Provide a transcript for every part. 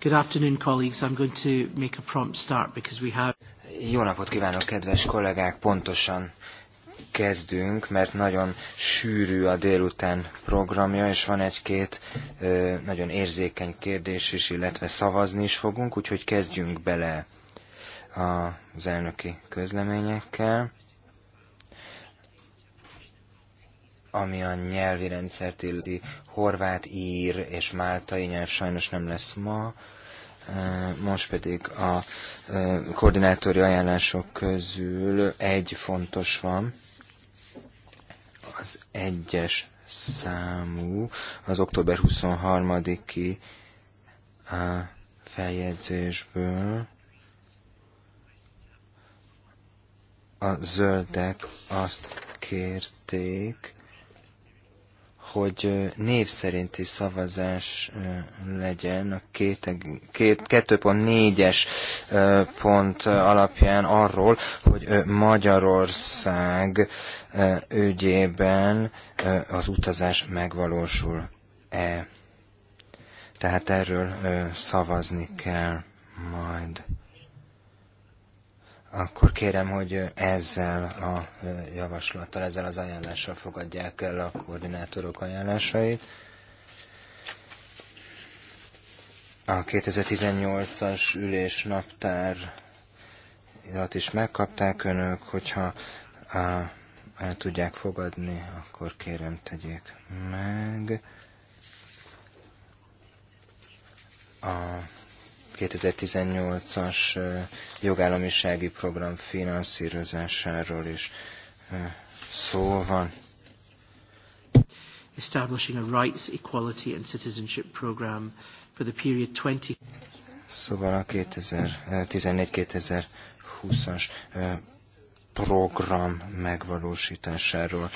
Good afternoon, colleagues. I'm going to make a prompt start because we have... Jó napot kívánok, kedves kollégák! Pontosan kezdünk, mert nagyon sűrű a délután programja, és van egy-két nagyon érzékeny kérdés is, illetve szavazni is fogunk, úgyhogy kezdjünk bele az elnöki közleményekkel. ami a nyelvi rendszert illeti horvát, ír és máltai nyelv sajnos nem lesz ma. Most pedig a koordinátori ajánlások közül egy fontos van, az egyes számú, az október 23-i feljegyzésből a zöldek azt kérték, hogy név szerinti szavazás legyen a 2.4-es pont alapján arról, hogy Magyarország ügyében az utazás megvalósul-e. Tehát erről szavazni kell majd akkor kérem, hogy ezzel a javaslattal, ezzel az ajánlással fogadják el a koordinátorok ajánlásait. A 2018-as ülés naptárat is megkapták önök, hogyha el tudják fogadni, akkor kérem tegyék meg. A 2018-as jogállamisági program finanszírozásáról is szó van. Establishing a Rights, Equality and Citizenship Program for the period 20... Szóval a 2014-2020-as program megvalósításáról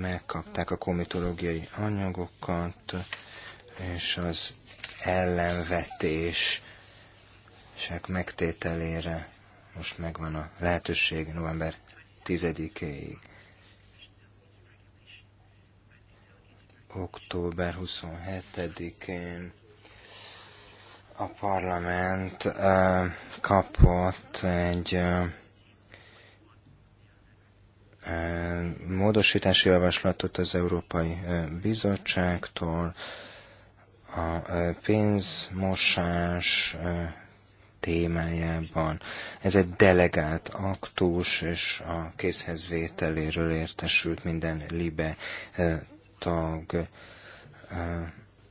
megkapták a komitológiai anyagokat, és az ellenvetés ság megtételére most megvan a lehetőség november 10-éig. Október 27-én a parlament uh, kapott egy uh, módosítási javaslatot az Európai Bizottságtól, a pénzmosás témájában. Ez egy delegált aktus, és a készhez vételéről értesült minden libe tag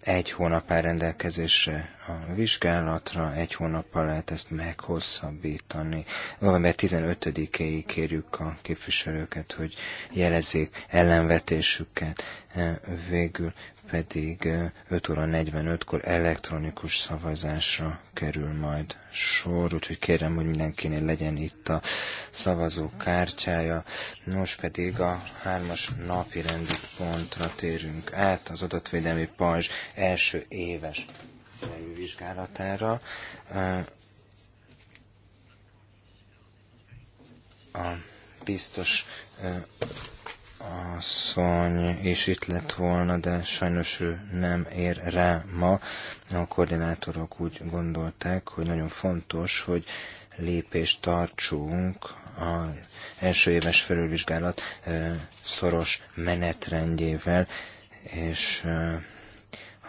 egy hónap rendelkezésre a vizsgálatra, egy hónappal lehet ezt meghosszabbítani. November 15-éig kérjük a képviselőket, hogy jelezzék ellenvetésüket. Végül pedig 5 óra 45-kor elektronikus szavazásra kerül majd sor, úgyhogy kérem, hogy mindenkinél legyen itt a szavazókártyája. Most pedig a hármas napi rendi pontra térünk át, az adatvédelmi pajzs első éves felülvizsgálatára. A biztos asszony is itt lett volna, de sajnos ő nem ér rá ma. A koordinátorok úgy gondolták, hogy nagyon fontos, hogy lépést tartsunk az első éves felülvizsgálat szoros menetrendjével, és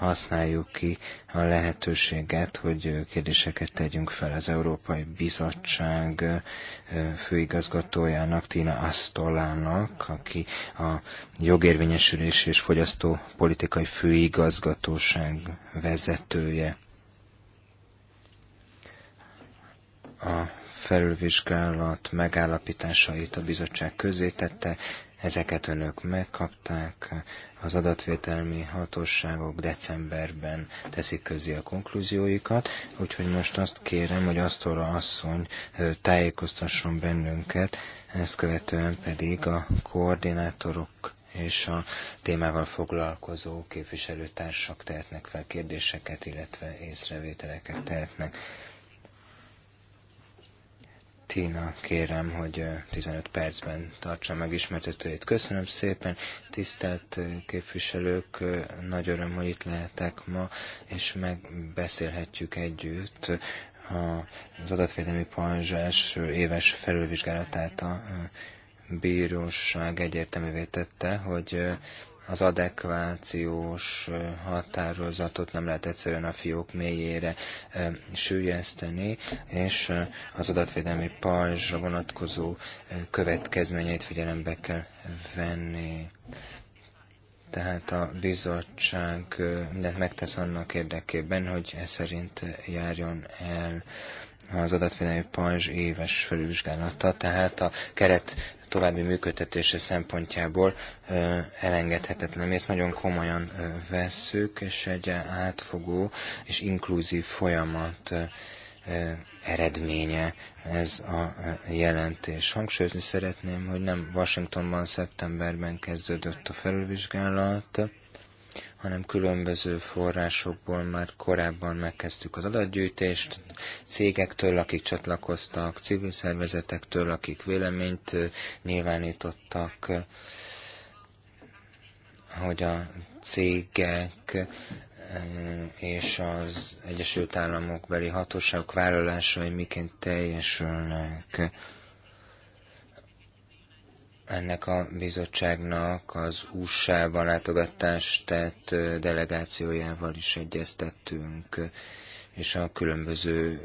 használjuk ki a lehetőséget, hogy kérdéseket tegyünk fel az Európai Bizottság főigazgatójának, Tina Asztolának, aki a jogérvényesülés és fogyasztópolitikai főigazgatóság vezetője. A felülvizsgálat megállapításait a bizottság közé tette, Ezeket önök megkapták, az adatvételmi hatóságok decemberben teszik közé a konklúzióikat, úgyhogy most azt kérem, hogy Asztora asszony tájékoztasson bennünket, ezt követően pedig a koordinátorok és a témával foglalkozó képviselőtársak tehetnek fel kérdéseket, illetve észrevételeket tehetnek. Tina, kérem, hogy 15 percben tartsa meg ismertetőjét. Köszönöm szépen, tisztelt képviselők, nagy öröm, hogy itt lehetek ma, és megbeszélhetjük együtt az adatvédelmi panzsás éves felülvizsgálatát a bíróság egyértelművé tette, hogy az adekvációs határozatot nem lehet egyszerűen a fiók mélyére sűjeszteni, és az adatvédelmi pajzsra vonatkozó következményeit figyelembe kell venni tehát a bizottság mindent megtesz annak érdekében, hogy ez szerint járjon el az adatvédelmi pajzs éves felülvizsgálata, tehát a keret további működtetése szempontjából elengedhetetlen. Ezt nagyon komolyan vesszük, és egy átfogó és inkluzív folyamat eredménye ez a jelentés. Hangsúlyozni szeretném, hogy nem Washingtonban, szeptemberben kezdődött a felülvizsgálat, hanem különböző forrásokból már korábban megkezdtük az adatgyűjtést, cégektől, akik csatlakoztak, civil szervezetektől, akik véleményt nyilvánítottak, hogy a cégek és az Egyesült Államok beli hatóságok vállalásai miként teljesülnek ennek a bizottságnak az USA-ban látogatást tett delegációjával is egyeztettünk, és a különböző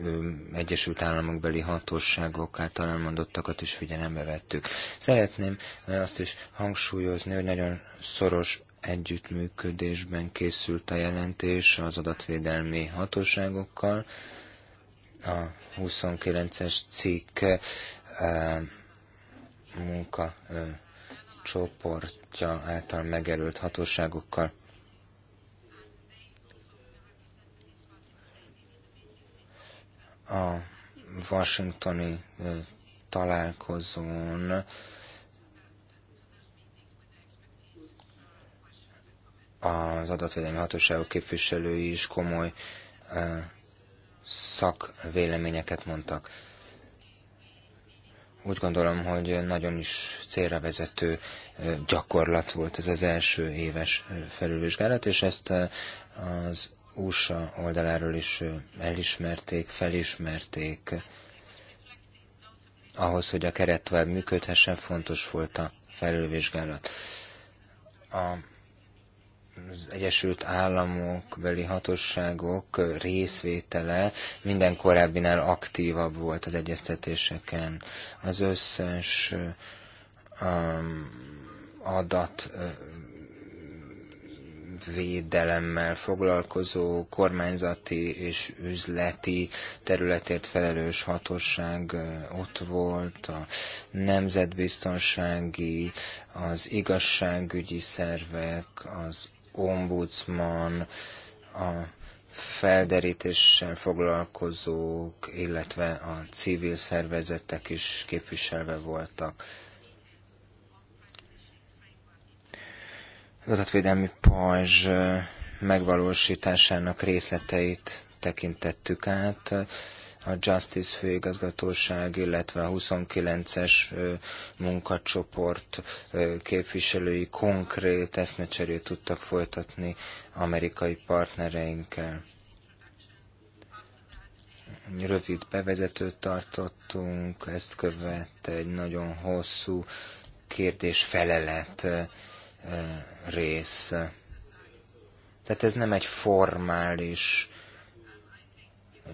Egyesült Államokbeli hatóságok által elmondottakat is figyelembe vettük. Szeretném azt is hangsúlyozni, hogy nagyon szoros együttműködésben készült a jelentés az adatvédelmi hatóságokkal. A 29-es cikk munka csoportja által megerült hatóságokkal. A washingtoni találkozón az adatvédelmi hatóságok képviselői is komoly szakvéleményeket mondtak úgy gondolom, hogy nagyon is célra vezető gyakorlat volt ez az első éves felülvizsgálat, és ezt az USA oldaláról is elismerték, felismerték. Ahhoz, hogy a keret tovább működhessen, fontos volt a felülvizsgálat. A az Egyesült Államok beli hatóságok részvétele minden korábbinál aktívabb volt az egyeztetéseken. Az összes um, adat védelemmel foglalkozó kormányzati és üzleti területért felelős hatóság ott volt, a nemzetbiztonsági, az igazságügyi szervek, az ombudsman, a felderítéssel foglalkozók, illetve a civil szervezetek is képviselve voltak. Az adatvédelmi pajzs eh, megvalósításának részleteit tekintettük át a Justice főigazgatóság, illetve a 29-es munkacsoport képviselői konkrét eszmecserét tudtak folytatni amerikai partnereinkkel. Rövid bevezetőt tartottunk, ezt követte egy nagyon hosszú kérdés-felelet rész. Tehát ez nem egy formális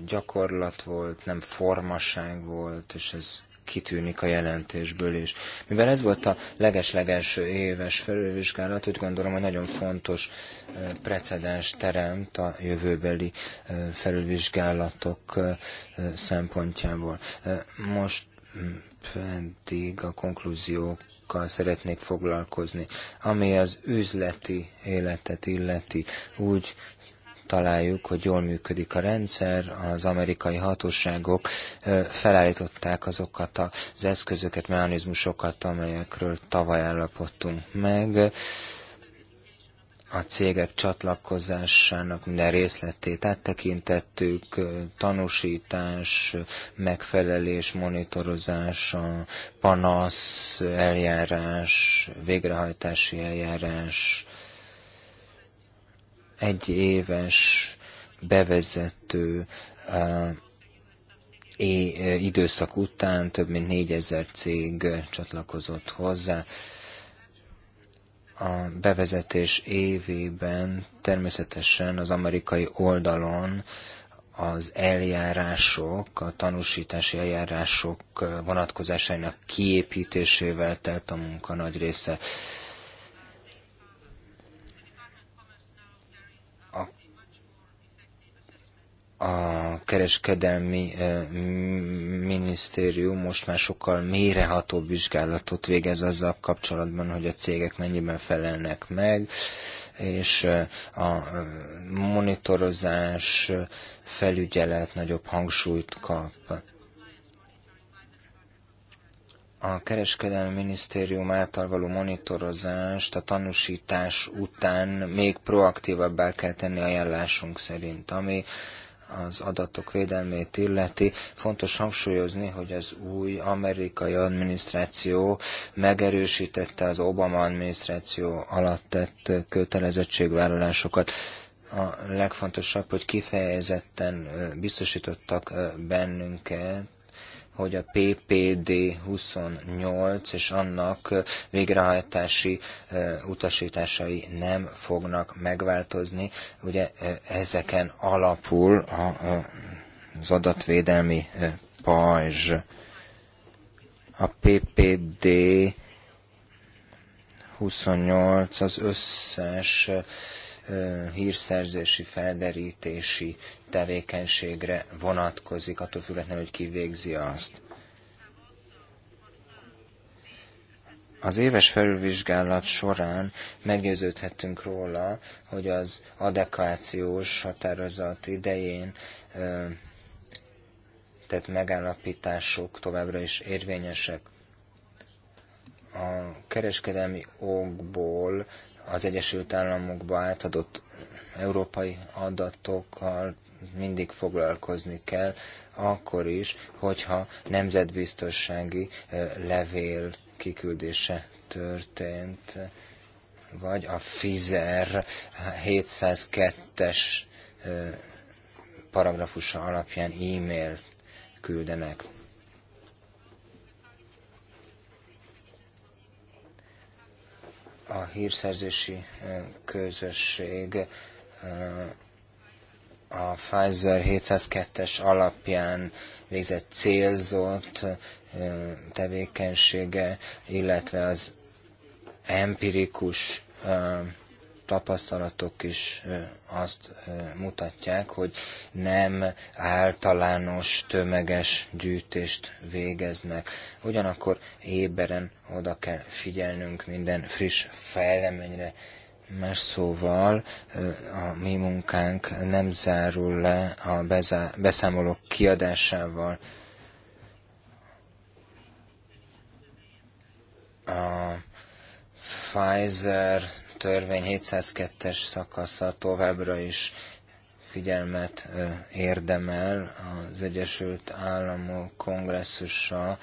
gyakorlat volt, nem formaság volt, és ez kitűnik a jelentésből is. Mivel ez volt a legesleges éves felülvizsgálat, úgy gondolom, hogy nagyon fontos precedens teremt a jövőbeli felülvizsgálatok szempontjából. Most hm, pedig a konklúziókkal szeretnék foglalkozni, ami az üzleti életet illeti. Úgy találjuk, hogy jól működik a rendszer, az amerikai hatóságok felállították azokat az eszközöket, mechanizmusokat, amelyekről tavaly állapodtunk meg a cégek csatlakozásának minden részletét áttekintettük, tanúsítás, megfelelés, a panasz, eljárás, végrehajtási eljárás, egy éves bevezető eh, eh, időszak után több mint 4000 cég csatlakozott hozzá. A bevezetés évében természetesen az amerikai oldalon az eljárások, a tanúsítási eljárások eh, vonatkozásainak kiépítésével telt a munka nagy része. a kereskedelmi eh, minisztérium most már sokkal mérehatóbb vizsgálatot végez azzal kapcsolatban, hogy a cégek mennyiben felelnek meg, és eh, a eh, monitorozás, felügyelet nagyobb hangsúlyt kap. A kereskedelmi minisztérium által való monitorozást a tanúsítás után még proaktívabbá kell tenni ajánlásunk szerint, ami az adatok védelmét illeti, fontos hangsúlyozni, hogy az új amerikai adminisztráció megerősítette az Obama adminisztráció alatt tett kötelezettségvállalásokat. A legfontosabb, hogy kifejezetten biztosítottak bennünket hogy a PPD 28 és annak végrehajtási utasításai nem fognak megváltozni. Ugye ezeken alapul a, az adatvédelmi pajzs. A PPD 28 az összes hírszerzési, felderítési tevékenységre vonatkozik, attól függetlenül, hogy ki végzi azt. Az éves felülvizsgálat során meggyőződhetünk róla, hogy az adekvációs határozat idején tett megállapítások továbbra is érvényesek. A kereskedelmi okból az Egyesült Államokba átadott európai adatokkal mindig foglalkozni kell, akkor is, hogyha nemzetbiztonsági levél kiküldése történt, vagy a FIZER 702-es paragrafusa alapján e-mail küldenek. A hírszerzési közösség a Pfizer 702-es alapján végzett célzott tevékenysége, illetve az empirikus tapasztalatok is azt mutatják, hogy nem általános tömeges gyűjtést végeznek. Ugyanakkor éberen oda kell figyelnünk minden friss fejleményre, Más szóval a mi munkánk nem zárul le a beszámolók kiadásával. A Pfizer törvény 702-es szakasza továbbra is figyelmet érdemel az Egyesült Államok kongresszusa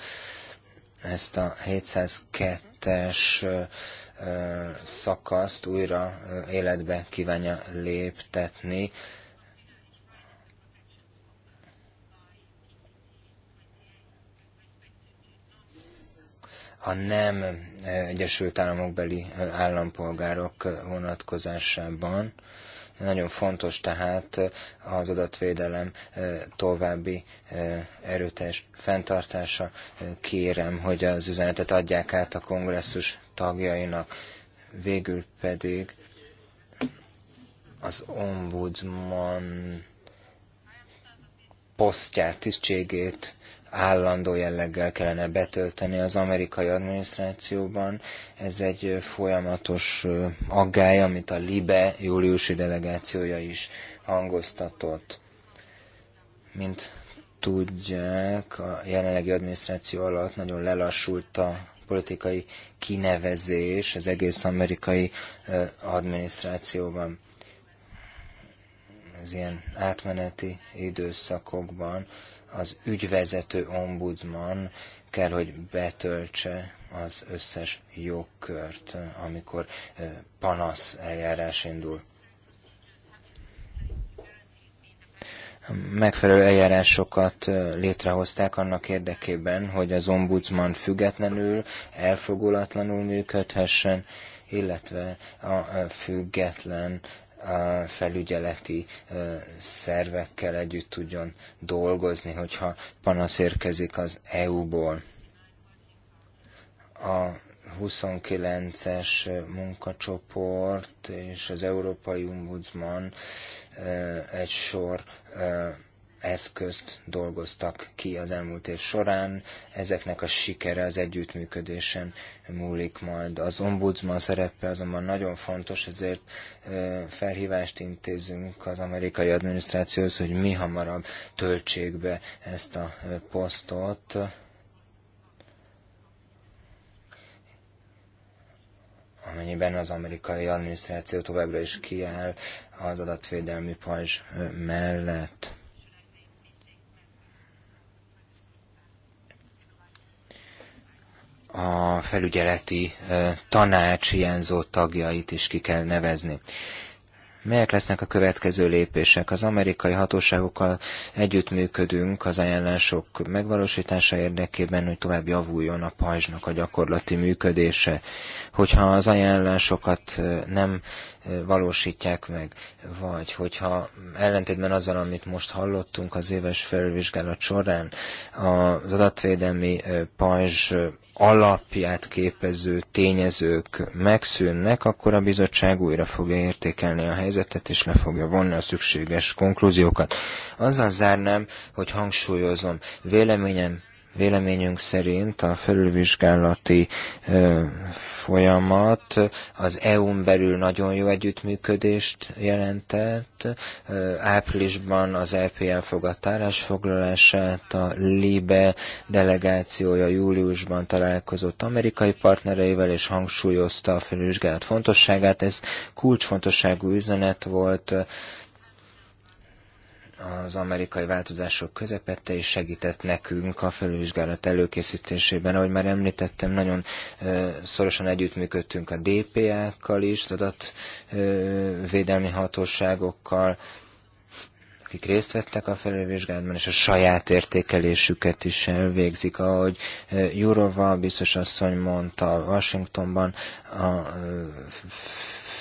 ezt a 702-es szakaszt újra életbe kívánja léptetni. a nem Egyesült Államokbeli állampolgárok vonatkozásában. Nagyon fontos tehát az adatvédelem további erőteljes fenntartása. Kérem, hogy az üzenetet adják át a kongresszus tagjainak. Végül pedig az ombudsman posztját, tisztségét állandó jelleggel kellene betölteni az amerikai adminisztrációban. Ez egy folyamatos aggály, amit a LIBE júliusi delegációja is hangoztatott. Mint tudják, a jelenlegi adminisztráció alatt nagyon lelassult a politikai kinevezés az egész amerikai adminisztrációban az ilyen átmeneti időszakokban az ügyvezető ombudsman kell, hogy betöltse az összes jogkört, amikor panasz eljárás indul. megfelelő eljárásokat létrehozták annak érdekében, hogy az ombudsman függetlenül, elfogulatlanul működhessen, illetve a független a felügyeleti szervekkel együtt tudjon dolgozni, hogyha panasz érkezik az EU-ból. A 29-es munkacsoport és az Európai Ombudsman egy sor eszközt dolgoztak ki az elmúlt év során. Ezeknek a sikere az együttműködésen múlik majd. Az ombudsman szerepe azonban nagyon fontos, ezért felhívást intézünk az amerikai adminisztrációhoz, hogy mi hamarabb töltsék be ezt a posztot. amennyiben az amerikai adminisztráció továbbra is kiáll az adatvédelmi pajzs mellett. A felügyeleti tanács hiányzó tagjait is ki kell nevezni. Melyek lesznek a következő lépések? Az amerikai hatóságokkal együttműködünk az ajánlások megvalósítása érdekében, hogy tovább javuljon a pajzsnak a gyakorlati működése. Hogyha az ajánlásokat nem valósítják meg, vagy hogyha ellentétben azzal, amit most hallottunk az éves felvizsgálat során, az adatvédelmi pajzs alapját képező tényezők megszűnnek, akkor a bizottság újra fogja értékelni a helyzetet, és le fogja vonni a szükséges konklúziókat. Azzal zárnám, hogy hangsúlyozom, véleményem Véleményünk szerint a felülvizsgálati folyamat az EU-n belül nagyon jó együttműködést jelentett. Áprilisban az EP elfogadta foglalását, a LIBE delegációja júliusban találkozott amerikai partnereivel, és hangsúlyozta a felülvizsgálat fontosságát. Ez kulcsfontosságú üzenet volt az amerikai változások közepette és segített nekünk a felülvizsgálat előkészítésében. Ahogy már említettem, nagyon szorosan együttműködtünk a DPA-kkal is, az adatvédelmi hatóságokkal, akik részt vettek a felülvizsgálatban, és a saját értékelésüket is elvégzik. Ahogy Jurova biztos asszony mondta Washingtonban, a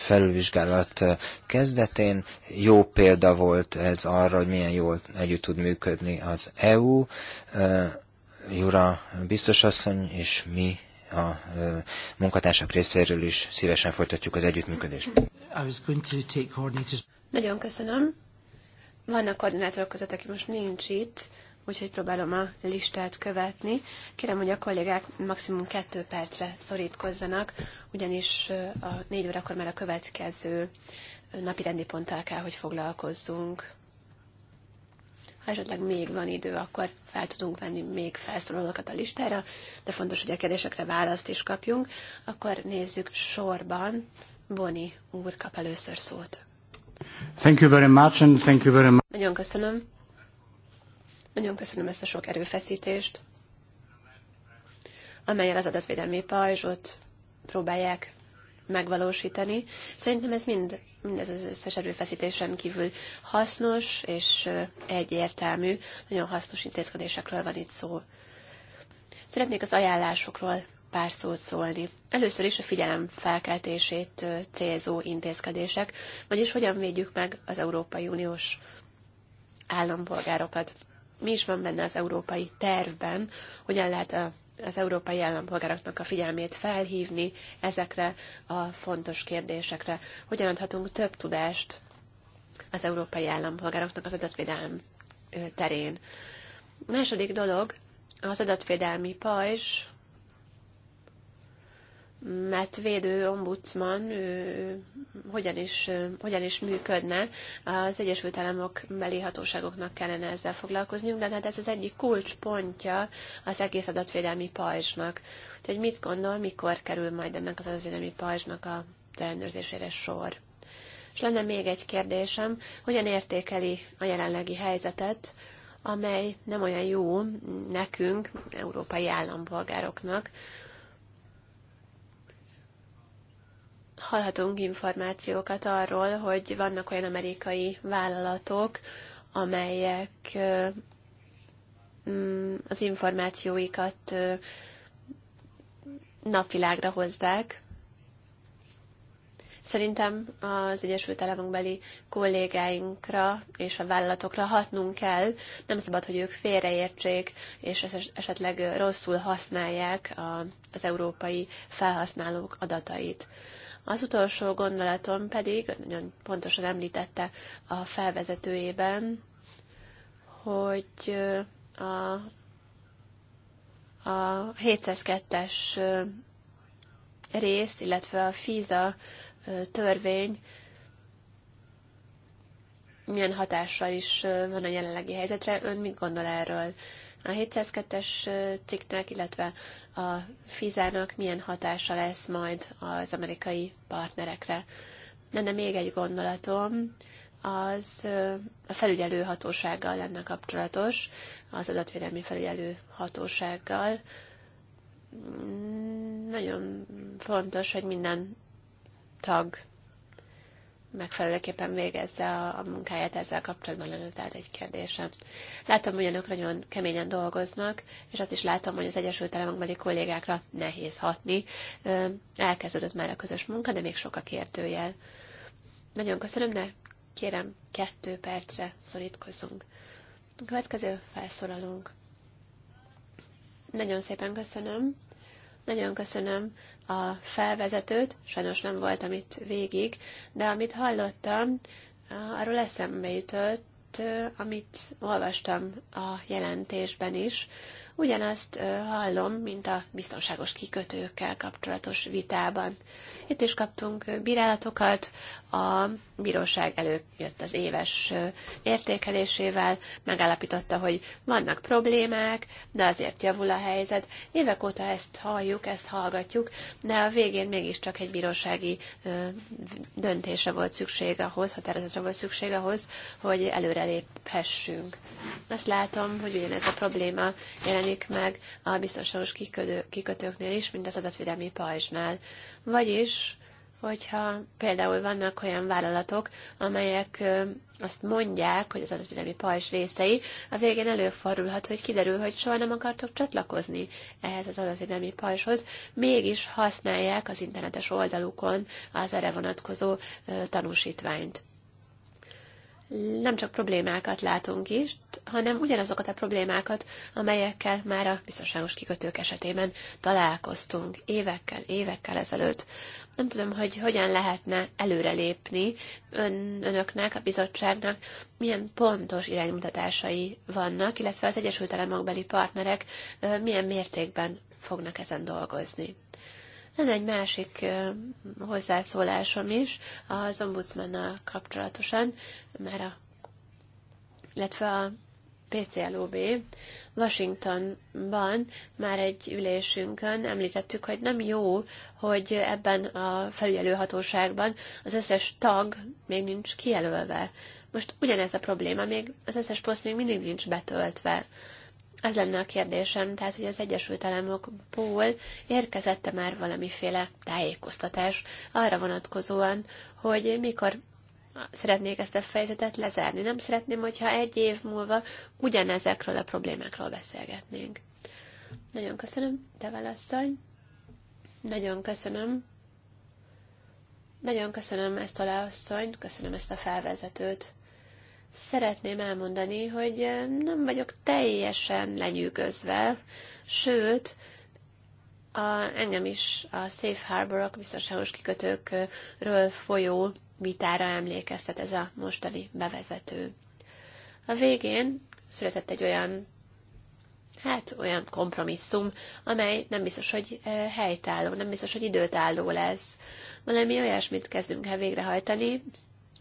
felülvizsgálat kezdetén. Jó példa volt ez arra, hogy milyen jól együtt tud működni az EU, Jura biztosasszony és mi a munkatársak részéről is szívesen folytatjuk az együttműködést. Nagyon köszönöm. Vannak koordinátorok között, aki most nincs itt, úgyhogy próbálom a listát követni. Kérem, hogy a kollégák maximum kettő percre szorítkozzanak, ugyanis a négy órakor már a következő napi rendi ponttal kell, hogy foglalkozzunk. Ha esetleg még van idő, akkor fel tudunk venni még felszólalókat a listára, de fontos, hogy a kérdésekre választ is kapjunk. Akkor nézzük sorban. Boni úr kap először szót. Thank you very much and thank you very much. Nagyon köszönöm. Nagyon köszönöm ezt a sok erőfeszítést, amelyen az adatvédelmi pajzsot próbálják megvalósítani. Szerintem ez mind, ez az összes erőfeszítésen kívül hasznos és egyértelmű, nagyon hasznos intézkedésekről van itt szó. Szeretnék az ajánlásokról pár szót szólni. Először is a figyelem felkeltését célzó intézkedések, vagyis hogyan védjük meg az Európai Uniós állampolgárokat mi is van benne az európai tervben, hogyan lehet a az európai állampolgároknak a figyelmét felhívni ezekre a fontos kérdésekre. Hogyan adhatunk több tudást az európai állampolgároknak az adatvédelem terén. A második dolog, az adatvédelmi pajzs mert védő ombudsman ő, hogyan, is, hogyan is működne. Az Egyesült Államok beli hatóságoknak kellene ezzel foglalkozniunk, de hát ez az egyik kulcspontja az egész adatvédelmi pajzsnak. Úgyhogy mit gondol, mikor kerül majd ennek az adatvédelmi pajzsnak a ellenőrzésére sor? És lenne még egy kérdésem, hogyan értékeli a jelenlegi helyzetet, amely nem olyan jó nekünk, európai állampolgároknak, hallhatunk információkat arról, hogy vannak olyan amerikai vállalatok, amelyek mm, az információikat napvilágra hozzák. Szerintem az Egyesült Államokbeli kollégáinkra és a vállalatokra hatnunk kell. Nem szabad, hogy ők félreértsék, és esetleg rosszul használják az európai felhasználók adatait. Az utolsó gondolatom pedig, nagyon pontosan említette a felvezetőjében, hogy a, a 702-es rész, illetve a FISA törvény milyen hatással is van a jelenlegi helyzetre. Ön mit gondol erről? a 702-es cikknek, illetve a Fizának milyen hatása lesz majd az amerikai partnerekre. Lenne még egy gondolatom, az a felügyelő hatósággal lenne kapcsolatos, az adatvédelmi felügyelő hatósággal. Mm, nagyon fontos, hogy minden tag megfelelőképpen végezze a, a munkáját, ezzel kapcsolatban lenne tehát egy kérdésem. Látom, hogy önök nagyon keményen dolgoznak, és azt is látom, hogy az Egyesült Államokbeli kollégákra nehéz hatni. Elkezdődött már a közös munka, de még sok a kértőjel. Nagyon köszönöm, de kérem, kettő percre szorítkozzunk. A következő felszólalunk. Nagyon szépen köszönöm. Nagyon köszönöm a felvezetőt, sajnos nem voltam itt végig, de amit hallottam, arról eszembe jutott, amit olvastam a jelentésben is, Ugyanazt hallom, mint a biztonságos kikötőkkel kapcsolatos vitában. Itt is kaptunk bírálatokat, a bíróság előjött az éves értékelésével, megállapította, hogy vannak problémák, de azért javul a helyzet. Évek óta ezt halljuk, ezt hallgatjuk, de a végén mégiscsak egy bírósági döntése volt szükség ahhoz, határozatra volt szükség ahhoz, hogy előreléphessünk. Azt látom, hogy ugyanez a probléma jelenik meg a biztonságos kikötőknél is, mint az adatvédelmi pajzsnál. Vagyis, hogyha például vannak olyan vállalatok, amelyek azt mondják, hogy az adatvédelmi pajzs részei, a végén előfordulhat, hogy kiderül, hogy soha nem akartok csatlakozni ehhez az adatvédelmi pajzshoz, mégis használják az internetes oldalukon az erre vonatkozó tanúsítványt nem csak problémákat látunk is, hanem ugyanazokat a problémákat, amelyekkel már a biztonságos kikötők esetében találkoztunk évekkel, évekkel ezelőtt. Nem tudom, hogy hogyan lehetne előrelépni ön, önöknek, a bizottságnak, milyen pontos iránymutatásai vannak, illetve az Egyesült Államokbeli partnerek milyen mértékben fognak ezen dolgozni. Lenne egy másik hozzászólásom is az ombudsmannal kapcsolatosan, mert a, illetve a PCLOB Washingtonban már egy ülésünkön említettük, hogy nem jó, hogy ebben a felügyelőhatóságban az összes tag még nincs kijelölve. Most ugyanez a probléma, még az összes poszt még mindig nincs betöltve. Ez lenne a kérdésem, tehát hogy az Egyesült Államokból érkezette már valamiféle tájékoztatás arra vonatkozóan, hogy mikor szeretnék ezt a fejezetet lezárni. Nem szeretném, hogyha egy év múlva ugyanezekről a problémákról beszélgetnénk. Nagyon köszönöm, te válaszolj. Nagyon köszönöm. Nagyon köszönöm ezt a asszony, köszönöm ezt a felvezetőt szeretném elmondani, hogy eh, nem vagyok teljesen lenyűgözve, sőt, a, engem is a Safe Harborok, biztonságos kikötőkről folyó vitára emlékeztet ez a mostani bevezető. A végén született egy olyan, hát olyan kompromisszum, amely nem biztos, hogy eh, helytálló, nem biztos, hogy időtálló lesz. Valami olyasmit kezdünk el végrehajtani,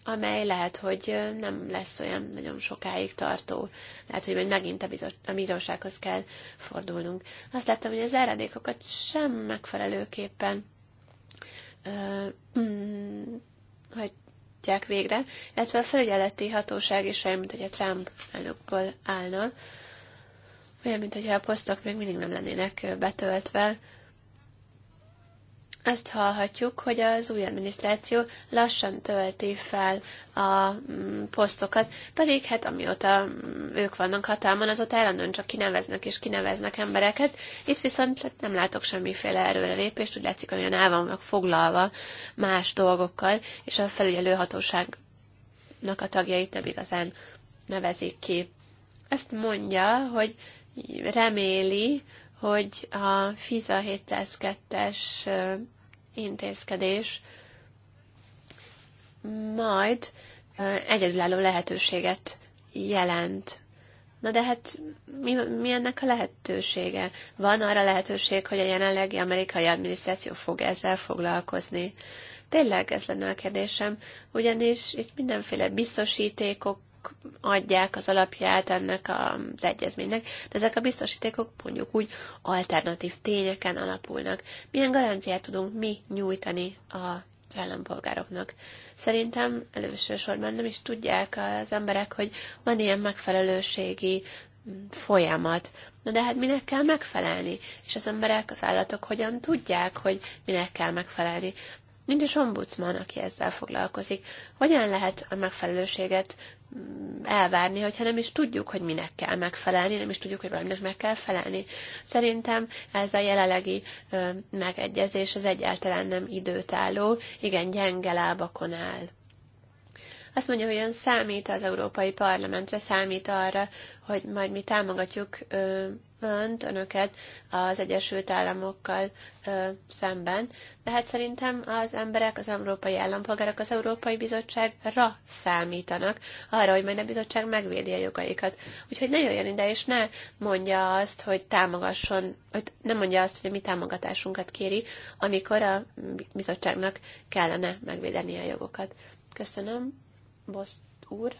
amely lehet, hogy nem lesz olyan nagyon sokáig tartó. Lehet, hogy majd megint a, bizot, a bírósághoz kell fordulnunk. Azt láttam, hogy az eredékokat sem megfelelőképpen ö, mm, hagyják végre, illetve a felügyeleti hatóság is olyan, mint hogy a Trump elnökből állna, olyan, mint hogyha a posztok még mindig nem lennének betöltve, azt hallhatjuk, hogy az új adminisztráció lassan tölti fel a mm, posztokat, pedig hát amióta mm, ők vannak hatalmon, azóta állandóan csak kineveznek és kineveznek embereket. Itt viszont hát nem látok semmiféle lépést, úgy látszik, hogy olyan el van foglalva más dolgokkal, és a felügyelő hatóságnak a tagjait nem igazán nevezik ki. Ezt mondja, hogy reméli, hogy a FISA 702-es intézkedés majd egyedülálló lehetőséget jelent. Na de hát mi, mi ennek a lehetősége? Van arra lehetőség, hogy a jelenlegi amerikai adminisztráció fog ezzel foglalkozni? Tényleg ez lenne a kérdésem, ugyanis itt mindenféle biztosítékok adják az alapját ennek az egyezménynek, de ezek a biztosítékok mondjuk úgy alternatív tényeken alapulnak. Milyen garanciát tudunk mi nyújtani a az állampolgároknak. Szerintem elősősorban nem is tudják az emberek, hogy van ilyen megfelelőségi folyamat. Na de hát minek kell megfelelni? És az emberek, az állatok hogyan tudják, hogy minek kell megfelelni? Nincs is ombudsman, aki ezzel foglalkozik. Hogyan lehet a megfelelőséget elvárni, hogyha nem is tudjuk, hogy minek kell megfelelni, nem is tudjuk, hogy valaminek meg kell felelni. Szerintem ez a jelenlegi megegyezés az egyáltalán nem időtálló, igen gyenge lábakon áll. Azt mondja, hogy ön számít az Európai Parlamentre, számít arra, hogy majd mi támogatjuk önt, önöket az Egyesült Államokkal ö, szemben, de hát szerintem az emberek, az európai állampolgárok az Európai Bizottságra számítanak, arra, hogy majd a bizottság megvédi a jogaikat. Úgyhogy ne jöjjön ide, és ne mondja azt, hogy támogasson, hogy ne mondja azt, hogy a mi támogatásunkat kéri, amikor a bizottságnak kellene megvédeni a jogokat. Köszönöm. Boszt úr.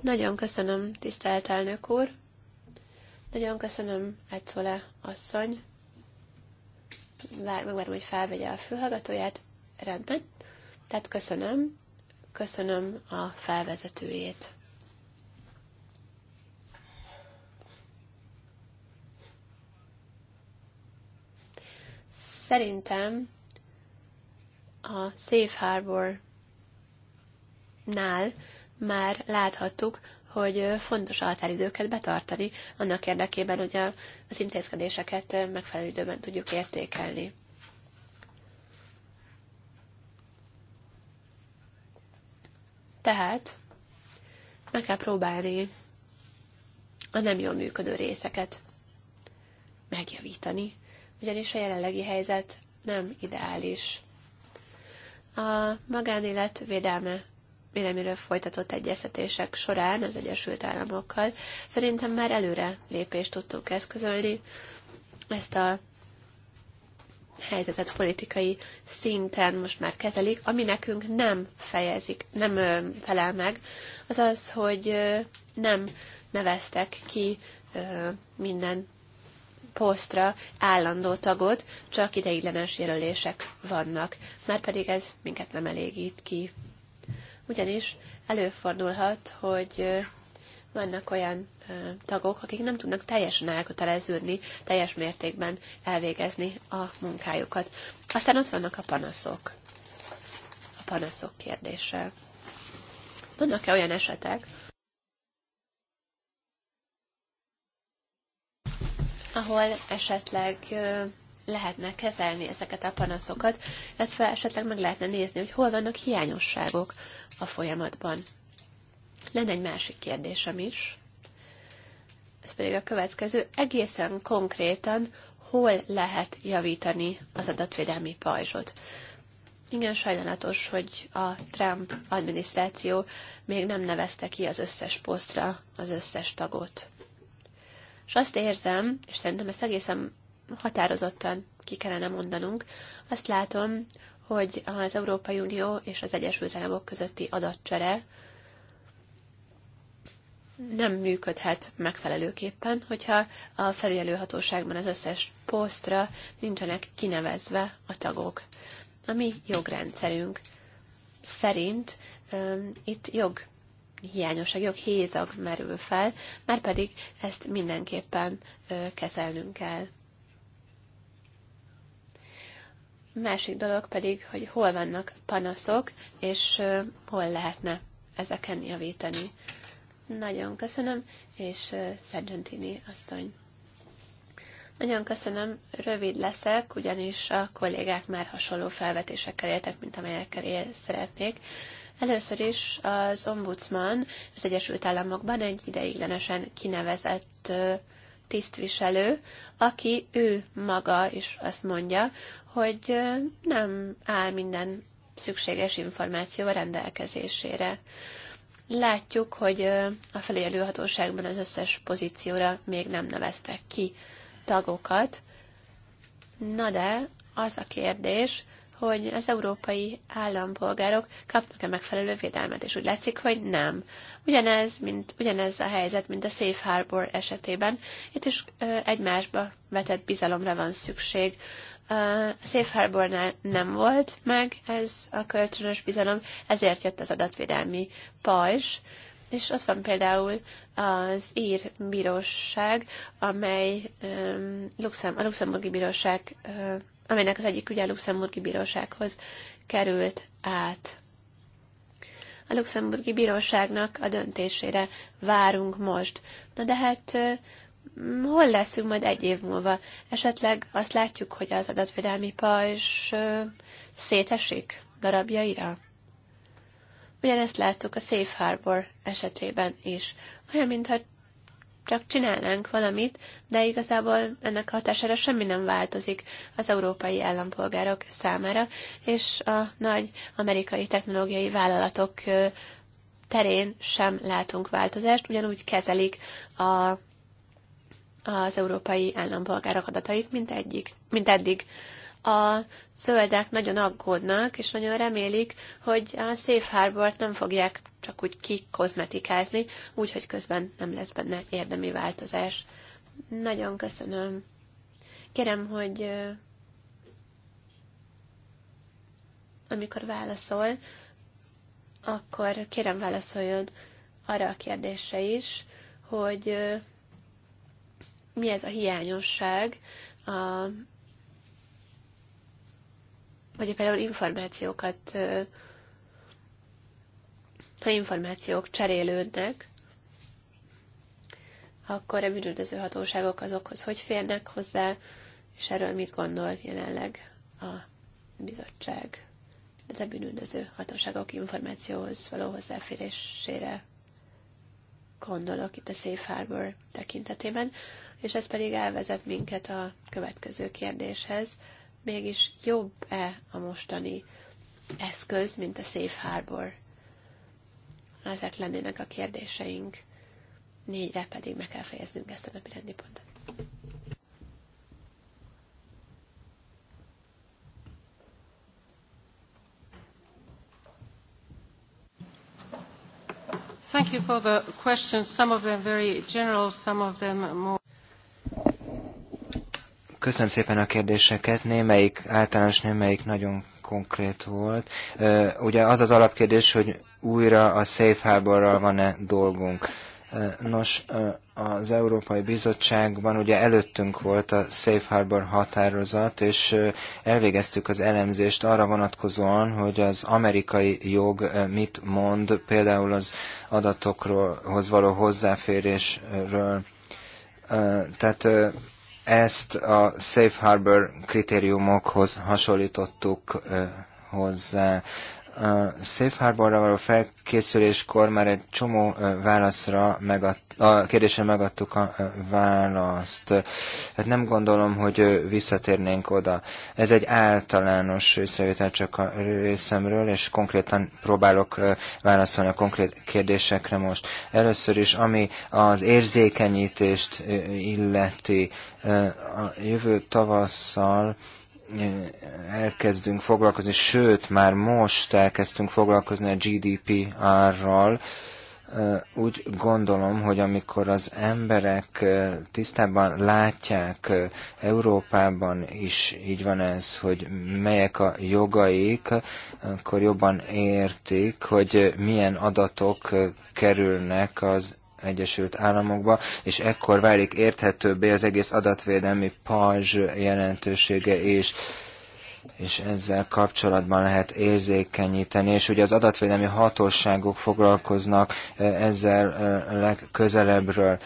Nagyon köszönöm, tisztelt elnök úr. Nagyon köszönöm, Etszole asszony. Vár, megvárom, hogy felvegye a fülhallgatóját. Rendben. Tehát köszönöm. Köszönöm a felvezetőjét. Szerintem a Safe Harbor nál már láthattuk, hogy fontos a határidőket betartani, annak érdekében, hogy a, az intézkedéseket megfelelő időben tudjuk értékelni. Tehát meg kell próbálni a nem jól működő részeket megjavítani, ugyanis a jelenlegi helyzet nem ideális. A magánélet védelme véleményről folytatott egyeztetések során az Egyesült Államokkal szerintem már előre lépést tudtunk eszközölni. Ezt a helyzetet politikai szinten most már kezelik, ami nekünk nem fejezik, nem ö, felel meg, az az, hogy ö, nem neveztek ki ö, minden posztra állandó tagot, csak ideiglenes jelölések vannak, már pedig ez minket nem elégít ki ugyanis előfordulhat, hogy vannak olyan tagok, akik nem tudnak teljesen elköteleződni, teljes mértékben elvégezni a munkájukat. Aztán ott vannak a panaszok. A panaszok kérdése. Vannak-e olyan esetek, ahol esetleg lehetne kezelni ezeket a panaszokat, illetve esetleg meg lehetne nézni, hogy hol vannak hiányosságok a folyamatban. Lenne egy másik kérdésem is, ez pedig a következő. Egészen konkrétan, hol lehet javítani az adatvédelmi pajzsot? Igen, sajnálatos, hogy a Trump adminisztráció még nem nevezte ki az összes posztra az összes tagot. És azt érzem, és szerintem ezt egészen határozottan ki kellene mondanunk. Azt látom, hogy az Európai Unió és az Egyesült Államok közötti adatcsere nem működhet megfelelőképpen, hogyha a felügyelőhatóságban az összes posztra nincsenek kinevezve a tagok. A mi jogrendszerünk szerint um, itt jog hiányosság, jog hézag merül fel, mert pedig ezt mindenképpen uh, kezelnünk kell. másik dolog pedig, hogy hol vannak panaszok, és hol lehetne ezeken javítani. Nagyon köszönöm, és Sargentini asszony. Nagyon köszönöm, rövid leszek, ugyanis a kollégák már hasonló felvetésekkel éltek, mint amelyekkel él szeretnék. Először is az ombudsman az Egyesült Államokban egy ideiglenesen kinevezett tisztviselő, aki ő maga is azt mondja, hogy nem áll minden szükséges információ a rendelkezésére. Látjuk, hogy a felélő hatóságban az összes pozícióra még nem neveztek ki tagokat. Na de az a kérdés, hogy az európai állampolgárok kapnak-e megfelelő védelmet, és úgy látszik, hogy nem. Ugyanez, mint, ugyanez a helyzet, mint a Safe Harbor esetében. Itt is ö, egymásba vetett bizalomra van szükség. A Safe Harbornál nem volt meg ez a kölcsönös bizalom, ezért jött az adatvédelmi pajzs, és ott van például az ír bíróság, amely um, a luxemburgi bíróság amelynek az egyik ügye a Luxemburgi Bírósághoz került át. A Luxemburgi Bíróságnak a döntésére várunk most. Na de hát hol leszünk majd egy év múlva? Esetleg azt látjuk, hogy az adatvédelmi pajzs szétesik darabjaira? Ugyanezt láttuk a Safe Harbor esetében is. Olyan, mintha csak csinálnánk valamit, de igazából ennek hatására semmi nem változik az európai állampolgárok számára, és a nagy amerikai technológiai vállalatok terén sem látunk változást, ugyanúgy kezelik a, az európai állampolgárok adatait, mint, egyik, mint eddig a zöldek nagyon aggódnak, és nagyon remélik, hogy a Safe harbor nem fogják csak úgy kikozmetikázni, úgyhogy közben nem lesz benne érdemi változás. Nagyon köszönöm. Kérem, hogy amikor válaszol, akkor kérem válaszoljon arra a kérdésre is, hogy mi ez a hiányosság a vagy például információkat, ha információk cserélődnek, akkor a bűnöldöző hatóságok azokhoz hogy férnek hozzá, és erről mit gondol jelenleg a bizottság, ez a bűnöldöző hatóságok információhoz való hozzáférésére gondolok itt a Safe Harbor tekintetében, és ez pedig elvezet minket a következő kérdéshez, mégis jobb-e a mostani eszköz, mint a Safe Harbor? Ezek lennének a kérdéseink. Négyre pedig meg kell fejeznünk ezt a napi rendi pontot. Thank you for the questions. Some of them very general, some of them more Köszönöm szépen a kérdéseket, némelyik általános, némelyik nagyon konkrét volt. Ugye az az alapkérdés, hogy újra a Safe Harborral van-e dolgunk. Nos, az Európai Bizottságban ugye előttünk volt a Safe Harbor határozat, és elvégeztük az elemzést arra vonatkozóan, hogy az amerikai jog mit mond, például az adatokhoz való hozzáférésről. Tehát ezt a Safe Harbor kritériumokhoz hasonlítottuk hozzá. A Safe Harborra való felkészüléskor már egy csomó válaszra megadtuk a kérdésre megadtuk a e, választ. Hát nem gondolom, hogy visszatérnénk oda. Ez egy általános összevétel csak a részemről, és konkrétan próbálok válaszolni a konkrét kérdésekre most. Először is, ami az érzékenyítést illeti a jövő tavasszal, elkezdünk foglalkozni, sőt, már most elkezdtünk foglalkozni a GDPR-ral, úgy gondolom, hogy amikor az emberek tisztában látják Európában is így van ez, hogy melyek a jogaik, akkor jobban értik, hogy milyen adatok kerülnek az Egyesült Államokba, és ekkor válik érthetőbbé az egész adatvédelmi pajzs jelentősége és és ezzel kapcsolatban lehet érzékenyíteni, és ugye az adatvédelmi hatóságok foglalkoznak e, ezzel e, legközelebbről.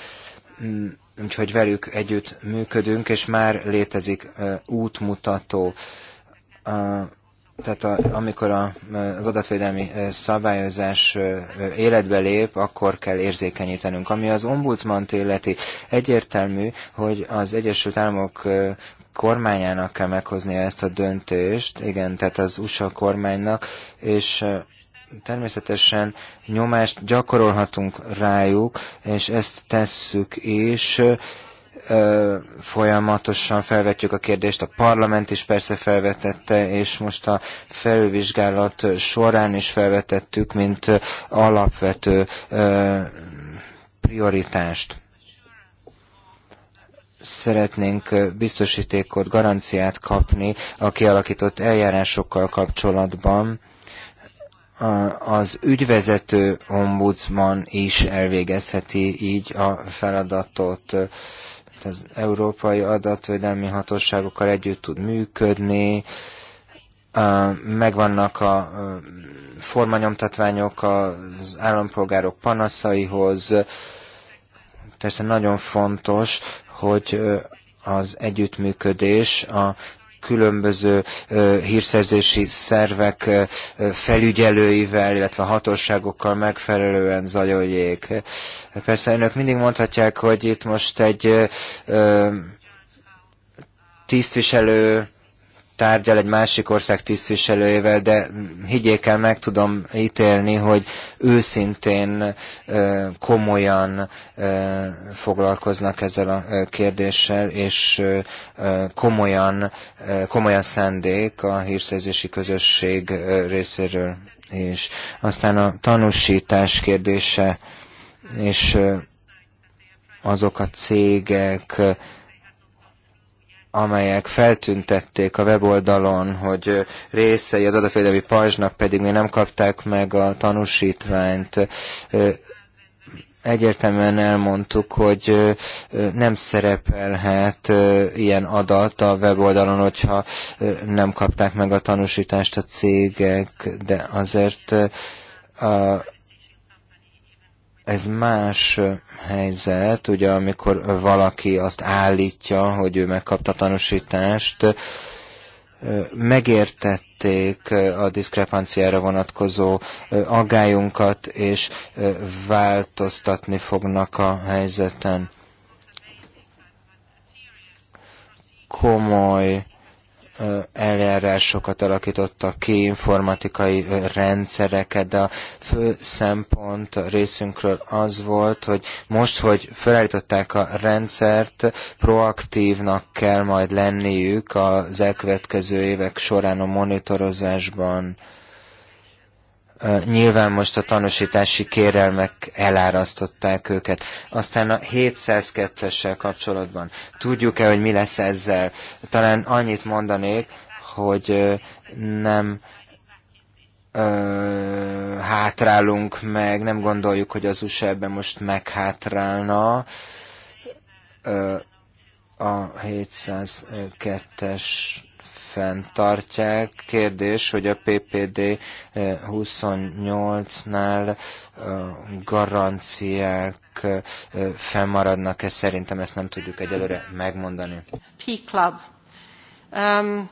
Mm, úgyhogy velük együtt működünk, és már létezik e, útmutató. Tehát a, amikor a, az adatvédelmi szabályozás életbe lép, akkor kell érzékenyítenünk. Ami az ombudsman illeti, egyértelmű, hogy az Egyesült Államok kormányának kell meghoznia ezt a döntést, igen, tehát az USA kormánynak, és természetesen nyomást gyakorolhatunk rájuk, és ezt tesszük is. Folyamatosan felvetjük a kérdést, a parlament is persze felvetette, és most a felülvizsgálat során is felvetettük, mint alapvető prioritást szeretnénk biztosítékot, garanciát kapni a kialakított eljárásokkal kapcsolatban. Az ügyvezető ombudsman is elvégezheti így a feladatot. Az európai adatvédelmi hatóságokkal együtt tud működni, megvannak a formanyomtatványok az állampolgárok panaszaihoz, persze nagyon fontos, hogy az együttműködés a különböző hírszerzési szervek felügyelőivel, illetve hatóságokkal megfelelően zajoljék. Persze önök mindig mondhatják, hogy itt most egy tisztviselő tárgyal egy másik ország tisztviselőjével, de higgyék el, meg tudom ítélni, hogy őszintén, komolyan foglalkoznak ezzel a kérdéssel, és komolyan, komolyan szándék a hírszerzési közösség részéről. És aztán a tanúsítás kérdése, és azok a cégek, amelyek feltüntették a weboldalon, hogy részei az adatvédelmi pajzsnak pedig még nem kapták meg a tanúsítványt. Egyértelműen elmondtuk, hogy nem szerepelhet ilyen adat a weboldalon, hogyha nem kapták meg a tanúsítást a cégek, de azért a ez más helyzet, ugye amikor valaki azt állítja, hogy ő megkapta tanúsítást, megértették a diszkrepanciára vonatkozó aggályunkat, és változtatni fognak a helyzeten. Komoly eljárásokat alakítottak ki, informatikai rendszereket, de a fő szempont részünkről az volt, hogy most, hogy felállították a rendszert, proaktívnak kell majd lenniük az elkövetkező évek során a monitorozásban, Nyilván most a tanúsítási kérelmek elárasztották őket. Aztán a 702-essel kapcsolatban tudjuk-e, hogy mi lesz ezzel? Talán annyit mondanék, hogy nem ö, hátrálunk meg, nem gondoljuk, hogy az USA ebben most meghátrálna. Ö, a 702-es fenntartják. Kérdés, hogy a PPD 28-nál eh, eh, garanciák eh, fennmaradnak-e? Szerintem ezt nem tudjuk egyelőre megmondani. P-Club. Um,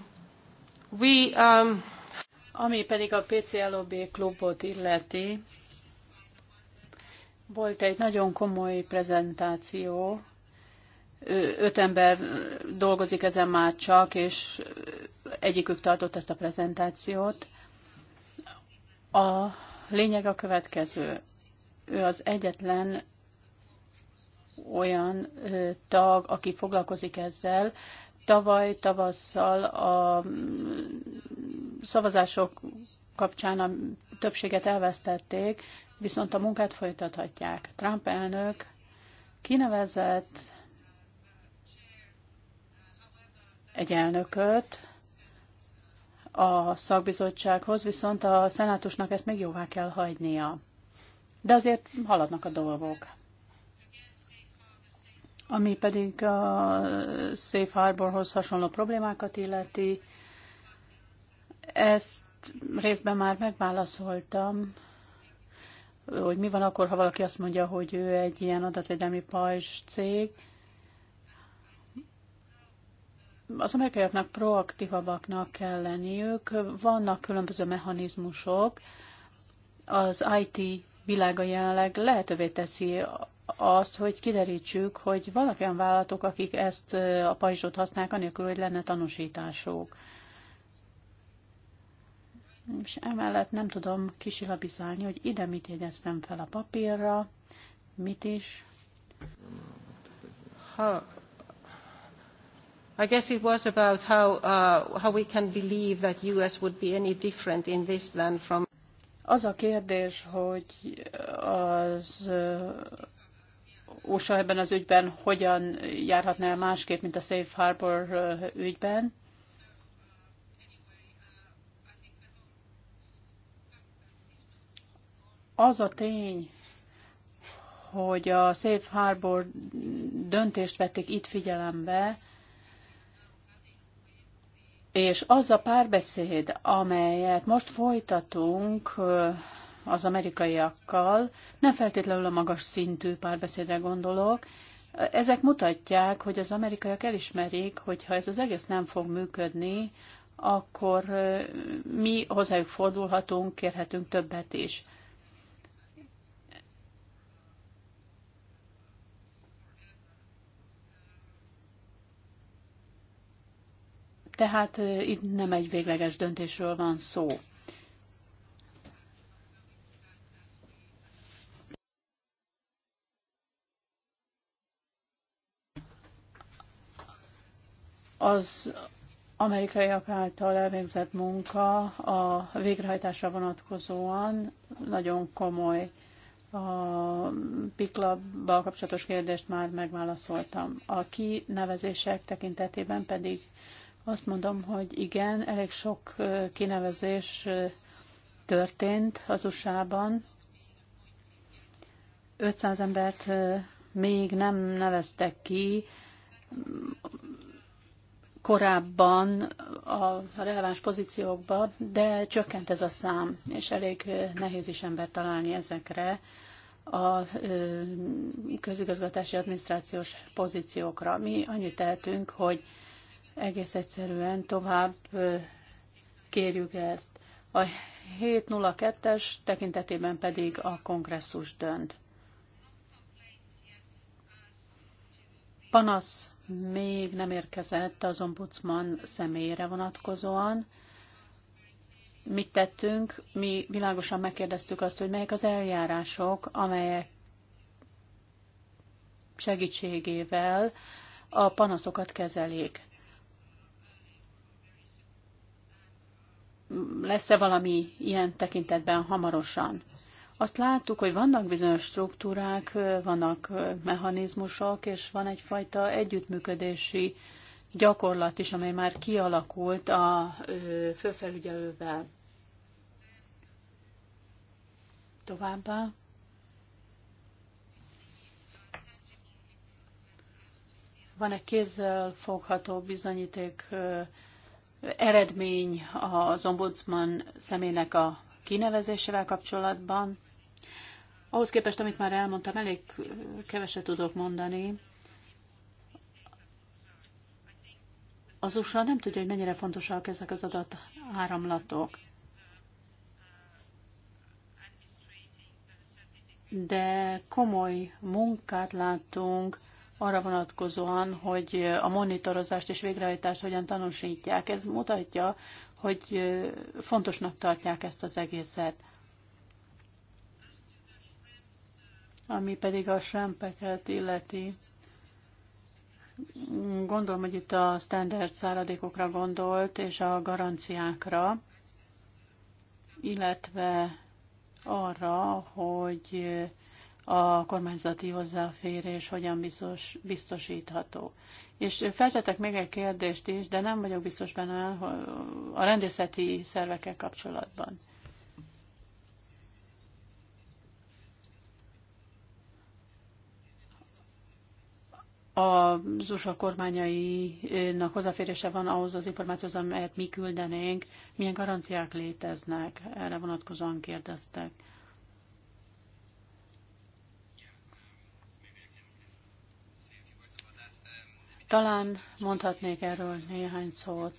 we, um... Ami pedig a PCLOB klubot illeti, volt egy nagyon komoly prezentáció öt ember dolgozik ezen már csak, és egyikük tartott ezt a prezentációt. A lényeg a következő. Ő az egyetlen olyan tag, aki foglalkozik ezzel. Tavaly tavasszal a mm, szavazások kapcsán a többséget elvesztették, viszont a munkát folytathatják. Trump elnök kinevezett egy elnököt a szakbizottsághoz, viszont a szenátusnak ezt még jóvá kell hagynia. De azért haladnak a dolgok. Ami pedig a Safe Harborhoz hasonló problémákat illeti, ezt részben már megválaszoltam, hogy mi van akkor, ha valaki azt mondja, hogy ő egy ilyen adatvédelmi pajzs cég, az amerikaiaknak proaktívabbaknak kell lenniük. Vannak különböző mechanizmusok. Az IT világa jelenleg lehetővé teszi azt, hogy kiderítsük, hogy vannak olyan vállalatok, akik ezt a pajzsot használják, anélkül, hogy lenne tanúsításuk. És emellett nem tudom kisilabizálni, hogy ide mit jegyeztem fel a papírra, mit is. Ha I guess it was about how, uh, how we can believe that US would be any different in this than from az a kérdés, hogy az uh, USA ebben az ügyben hogyan járhatná el másképp, mint a Safe Harbor uh, ügyben. Az a tény, hogy a Safe Harbor döntést vették itt figyelembe, és az a párbeszéd, amelyet most folytatunk az amerikaiakkal, nem feltétlenül a magas szintű párbeszédre gondolok, ezek mutatják, hogy az amerikaiak elismerik, hogy ha ez az egész nem fog működni, akkor mi hozzájuk fordulhatunk, kérhetünk többet is. Tehát itt nem egy végleges döntésről van szó. Az amerikaiak által elvégzett munka a végrehajtásra vonatkozóan nagyon komoly. A piklabbal kapcsolatos kérdést már megválaszoltam. A kinevezések tekintetében pedig azt mondom, hogy igen, elég sok kinevezés történt az USA-ban. 500 embert még nem neveztek ki. Korábban a releváns pozíciókba, de csökkent ez a szám, és elég nehéz is embert találni ezekre a közigazgatási adminisztrációs pozíciókra. Mi annyit tehetünk, hogy egész egyszerűen tovább kérjük ezt. A 702-es tekintetében pedig a kongresszus dönt. Panasz még nem érkezett az ombudsman személyére vonatkozóan. Mit tettünk? Mi világosan megkérdeztük azt, hogy melyek az eljárások, amelyek segítségével a panaszokat kezelik. lesz-e valami ilyen tekintetben hamarosan? Azt láttuk, hogy vannak bizonyos struktúrák, vannak mechanizmusok, és van egyfajta együttműködési gyakorlat is, amely már kialakult a főfelügyelővel. Továbbá. Van egy kézzel fogható bizonyíték eredmény az ombudsman személynek a kinevezésével kapcsolatban. Ahhoz képest, amit már elmondtam, elég keveset tudok mondani. Az USA nem tudja, hogy mennyire fontosak ezek az adat áramlatok. De komoly munkát látunk arra vonatkozóan, hogy a monitorozást és végrehajtást hogyan tanúsítják. Ez mutatja, hogy fontosnak tartják ezt az egészet. Ami pedig a sempeket illeti, gondolom, hogy itt a standard száradékokra gondolt, és a garanciákra, illetve arra, hogy a kormányzati hozzáférés hogyan biztos, biztosítható. És feltettek még egy kérdést is, de nem vagyok biztos benne a rendészeti szervekkel kapcsolatban. A USA kormányainak hozzáférése van ahhoz az információhoz, amelyet mi küldenénk, milyen garanciák léteznek, erre vonatkozóan kérdeztek. Talán mondhatnék erről néhány szót.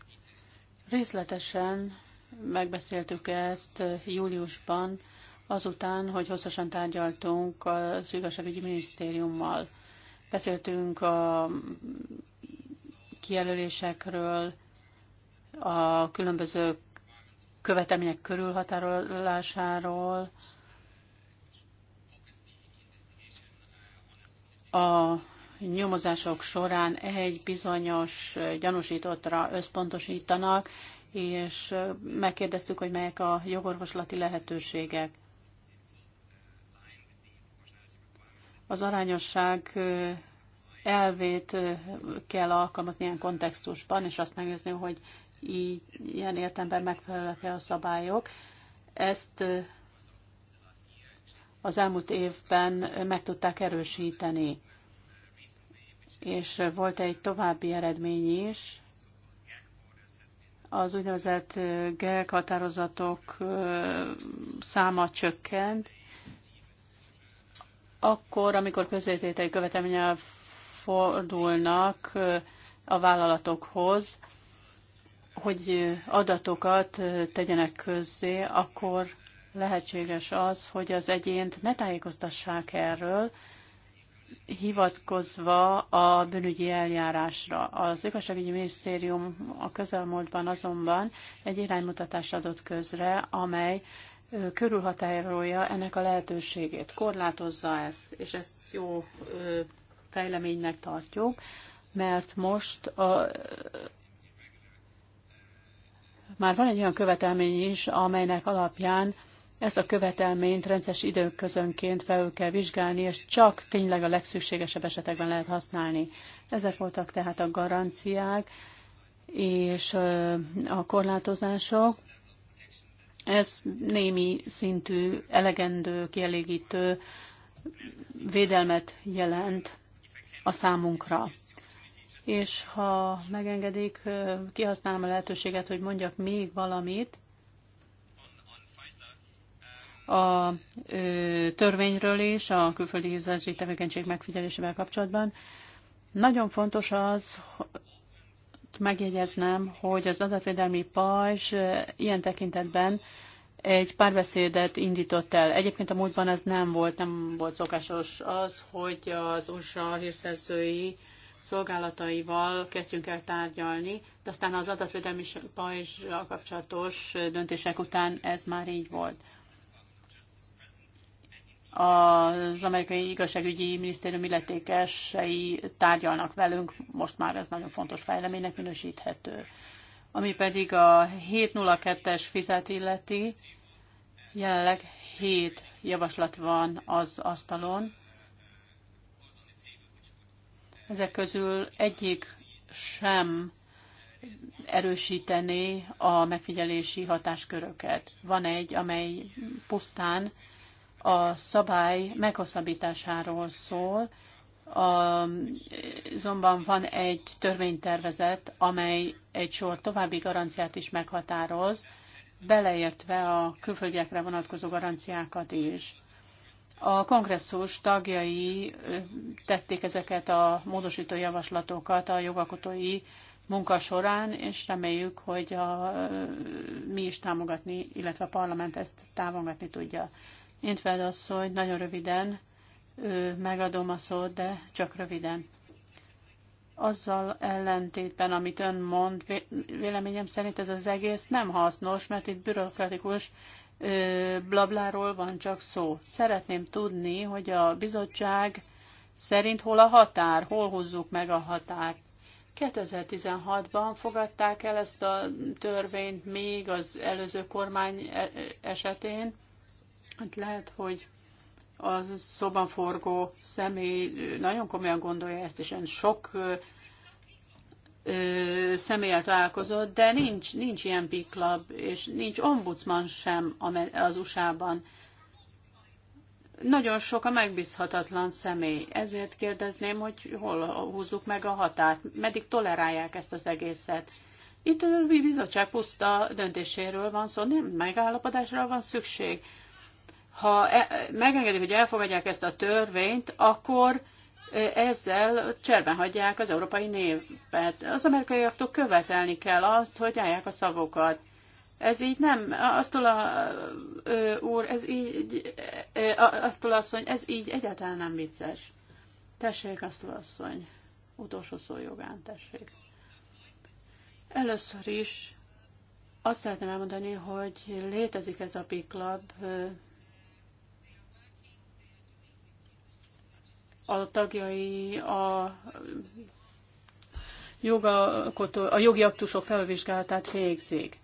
Részletesen megbeszéltük ezt júliusban, azután, hogy hosszasan tárgyaltunk az igazságügyi minisztériummal. Beszéltünk a kijelölésekről, a különböző követelmények körülhatárolásáról, a nyomozások során egy bizonyos gyanúsítottra összpontosítanak, és megkérdeztük, hogy melyek a jogorvoslati lehetőségek. Az arányosság elvét kell alkalmazni ilyen kontextusban, és azt megnézni, hogy így ilyen értemben megfelelőek-e a szabályok. Ezt az elmúlt évben meg tudták erősíteni és volt egy további eredmény is. Az úgynevezett GEG határozatok száma csökkent, akkor, amikor közétételi követelménnyel fordulnak a vállalatokhoz, hogy adatokat tegyenek közzé, akkor lehetséges az, hogy az egyént ne tájékoztassák erről, hivatkozva a bűnügyi eljárásra. Az igazságügyi minisztérium a közelmúltban azonban egy iránymutatást adott közre, amely körülhatárolja ennek a lehetőségét, korlátozza ezt, és ezt jó fejleménynek tartjuk, mert most a, már van egy olyan követelmény is, amelynek alapján ezt a követelményt rendszeres időközönként felül kell vizsgálni, és csak tényleg a legszükségesebb esetekben lehet használni. Ezek voltak tehát a garanciák és a korlátozások. Ez némi szintű, elegendő, kielégítő védelmet jelent a számunkra. És ha megengedik, kihasználom a lehetőséget, hogy mondjak még valamit a törvényről is, a külföldi üzleti tevékenység megfigyelésével kapcsolatban. Nagyon fontos az, megjegyeznem, hogy az adatvédelmi pajzs ilyen tekintetben egy párbeszédet indított el. Egyébként a múltban ez nem volt, nem volt szokásos az, hogy az USA hírszerzői szolgálataival kezdjünk el tárgyalni, de aztán az adatvédelmi pajzsra kapcsolatos döntések után ez már így volt az amerikai igazságügyi minisztérium illetékesei tárgyalnak velünk, most már ez nagyon fontos fejleménynek minősíthető. Ami pedig a 702-es fizet illeti, jelenleg 7 javaslat van az asztalon. Ezek közül egyik sem erősítené a megfigyelési hatásköröket. Van egy, amely pusztán a szabály meghosszabbításáról szól, azonban van egy törvénytervezet, amely egy sor további garanciát is meghatároz, beleértve a külföldiekre vonatkozó garanciákat is. A kongresszus tagjai tették ezeket a módosító javaslatokat a jogalkotói munka során, és reméljük, hogy a, mi is támogatni, illetve a parlament ezt támogatni tudja. Intveld asszony, nagyon röviden megadom a szót, de csak röviden. Azzal ellentétben, amit ön mond, véleményem szerint ez az egész nem hasznos, mert itt bürokratikus blabláról van csak szó. Szeretném tudni, hogy a bizottság szerint hol a határ, hol húzzuk meg a határt. 2016-ban fogadták el ezt a törvényt még az előző kormány e-, e-, esetén, Hát lehet, hogy a szoban forgó személy nagyon komolyan gondolja ezt, és sok személyel találkozott, de nincs, nincs ilyen piklab club és nincs ombudsman sem az USA-ban. Nagyon sok a megbízhatatlan személy. Ezért kérdezném, hogy hol húzzuk meg a határt, meddig tolerálják ezt az egészet. Itt a bizottság puszta döntéséről van szó, nem megállapodásra van szükség ha e, megengedik, hogy elfogadják ezt a törvényt, akkor e, ezzel cserben hagyják az európai népet. Az amerikaiaktól követelni kell azt, hogy állják a szavokat. Ez így nem, aztól a e, ö, úr, ez így, ö, aztól asszony, ez így egyáltalán nem vicces. Tessék, aztól asszony, utolsó szó jogán, tessék. Először is azt szeretném elmondani, hogy létezik ez a Big Club, a tagjai a jogalkotó, a jogi aktusok felvizsgálatát végzik.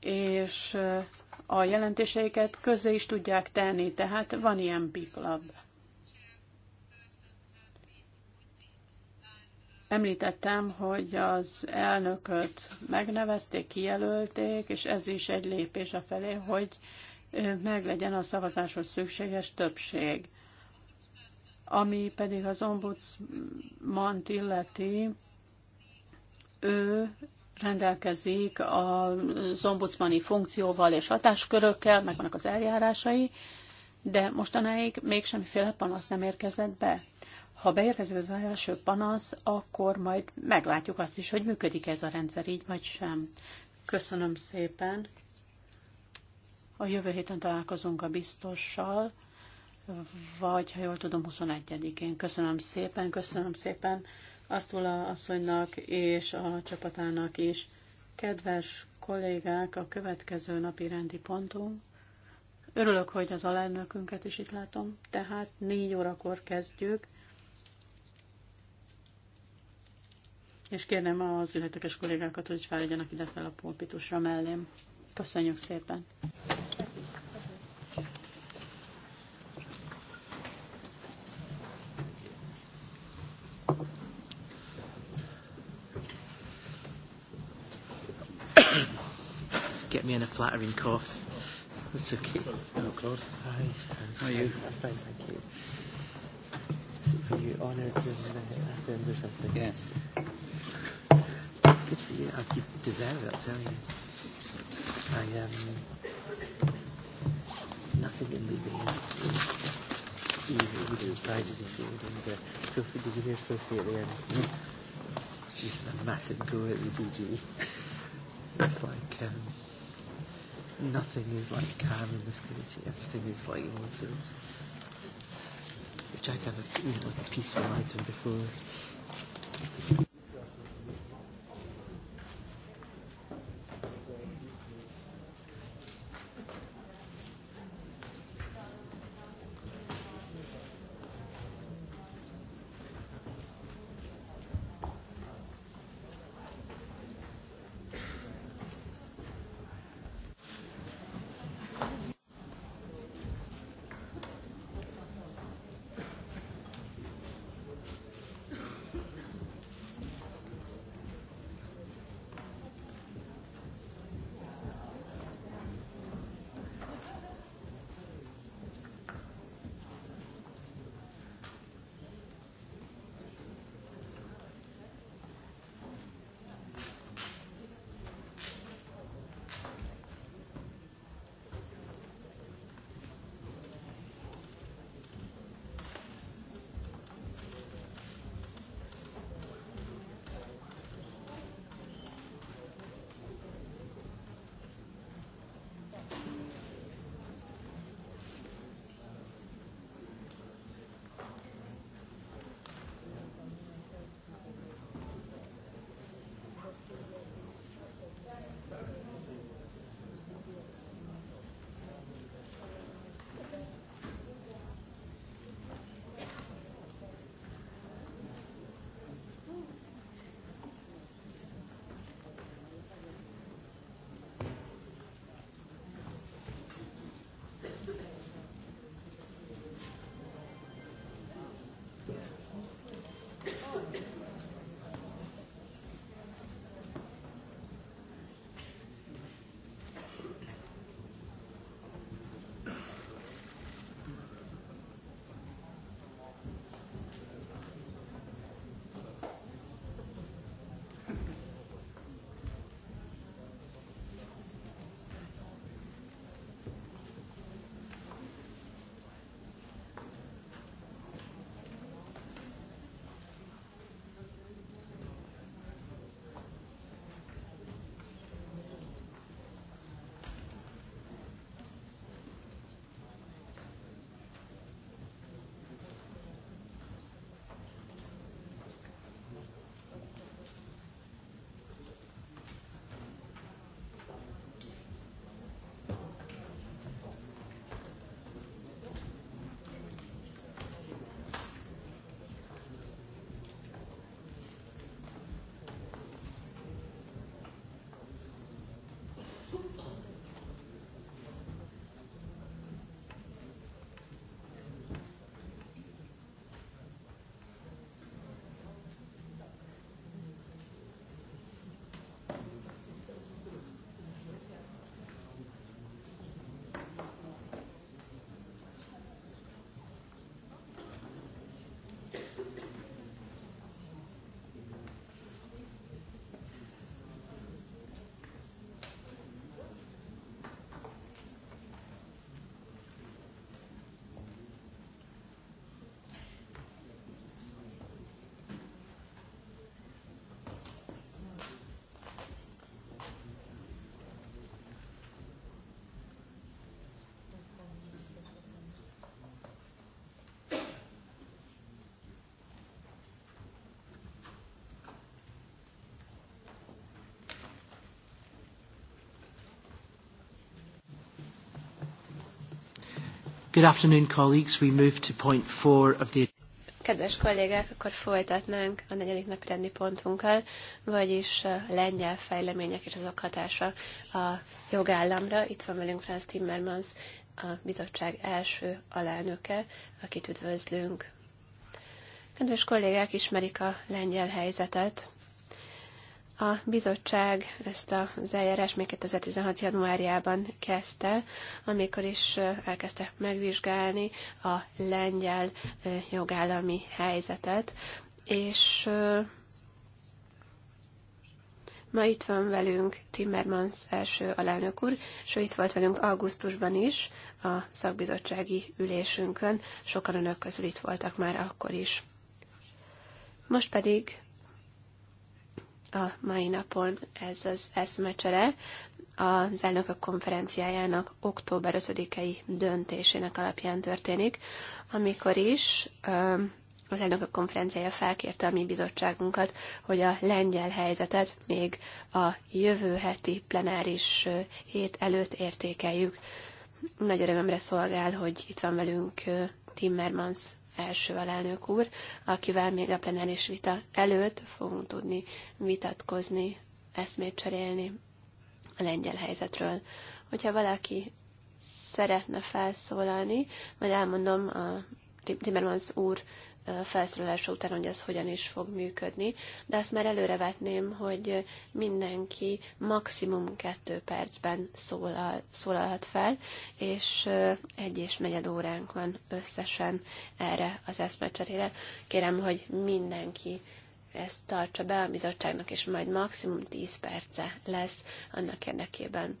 És eh, a jelentéseiket közé is tudják tenni, tehát van ilyen piklab. Említettem, hogy az elnököt megnevezték, kijelölték, és ez is egy lépés a felé, hogy eh, meglegyen a szavazáshoz szükséges többség. Ami pedig az ombudsmant illeti, ő rendelkezik az ombudsmani funkcióval és hatáskörökkel, vannak az eljárásai, de mostanáig még semmiféle panasz nem érkezett be. Ha beérkezik az első panasz, akkor majd meglátjuk azt is, hogy működik ez a rendszer így vagy sem. Köszönöm szépen. A jövő héten találkozunk a biztossal vagy ha jól tudom, 21-én. Köszönöm szépen, köszönöm szépen Asztula asszonynak és a csapatának is. Kedves kollégák, a következő napi rendi pontunk. Örülök, hogy az alelnökünket is itt látom, tehát négy órakor kezdjük. És kérném az illetékes kollégákat, hogy felvegyenek ide fel a pulpitusra mellém. Köszönjük szépen! get me in a flattering cough. That's okay. Oh, Claude. Hi. How are you? I'm fine, thank you. Are you honoured to have end or something? Yes. Good for you. I ah, keep deserve it, I tell you. I um, nothing in Libya is, is easy. We do prizes and food. And uh, Sophie, did you hear Sophie at the end? Yeah. Mm-hmm. She's a massive go at the DG. It's like um, nothing is like calm in this community. Everything is like you want to. We tried to have a, you know, like a peaceful item before. Good afternoon, colleagues. We move to point four of the... Kedves kollégák, akkor folytatnánk a negyedik napi rendi pontunkkal, vagyis a lengyel fejlemények és azok hatása a jogállamra. Itt van velünk Franz Timmermans, a bizottság első alelnöke, akit üdvözlünk. Kedves kollégák, ismerik a lengyel helyzetet. A bizottság ezt az eljárás még 2016. januárjában kezdte, amikor is elkezdte megvizsgálni a lengyel jogállami helyzetet, és Ma itt van velünk Timmermans első alelnök úr, és ő itt volt velünk augusztusban is a szakbizottsági ülésünkön, sokan önök közül itt voltak már akkor is. Most pedig a mai napon ez az eszmecsere az elnökök konferenciájának október 5-i döntésének alapján történik, amikor is az elnökök konferenciája felkérte a mi bizottságunkat, hogy a lengyel helyzetet még a jövő heti plenáris hét előtt értékeljük. Nagy örömömre szolgál, hogy itt van velünk Timmermans első alelnök úr, akivel még a plenáris vita előtt fogunk tudni vitatkozni, eszmét cserélni a lengyel helyzetről. Hogyha valaki szeretne felszólalni, majd elmondom a Timmermans úr felszólalása után, hogy ez hogyan is fog működni, de azt már előrevetném, hogy mindenki maximum kettő percben szólal, szólalhat fel, és egy és negyed óránk van összesen erre az eszmecserére. Kérem, hogy mindenki ezt tartsa be a bizottságnak, és majd maximum 10 perce lesz annak érdekében,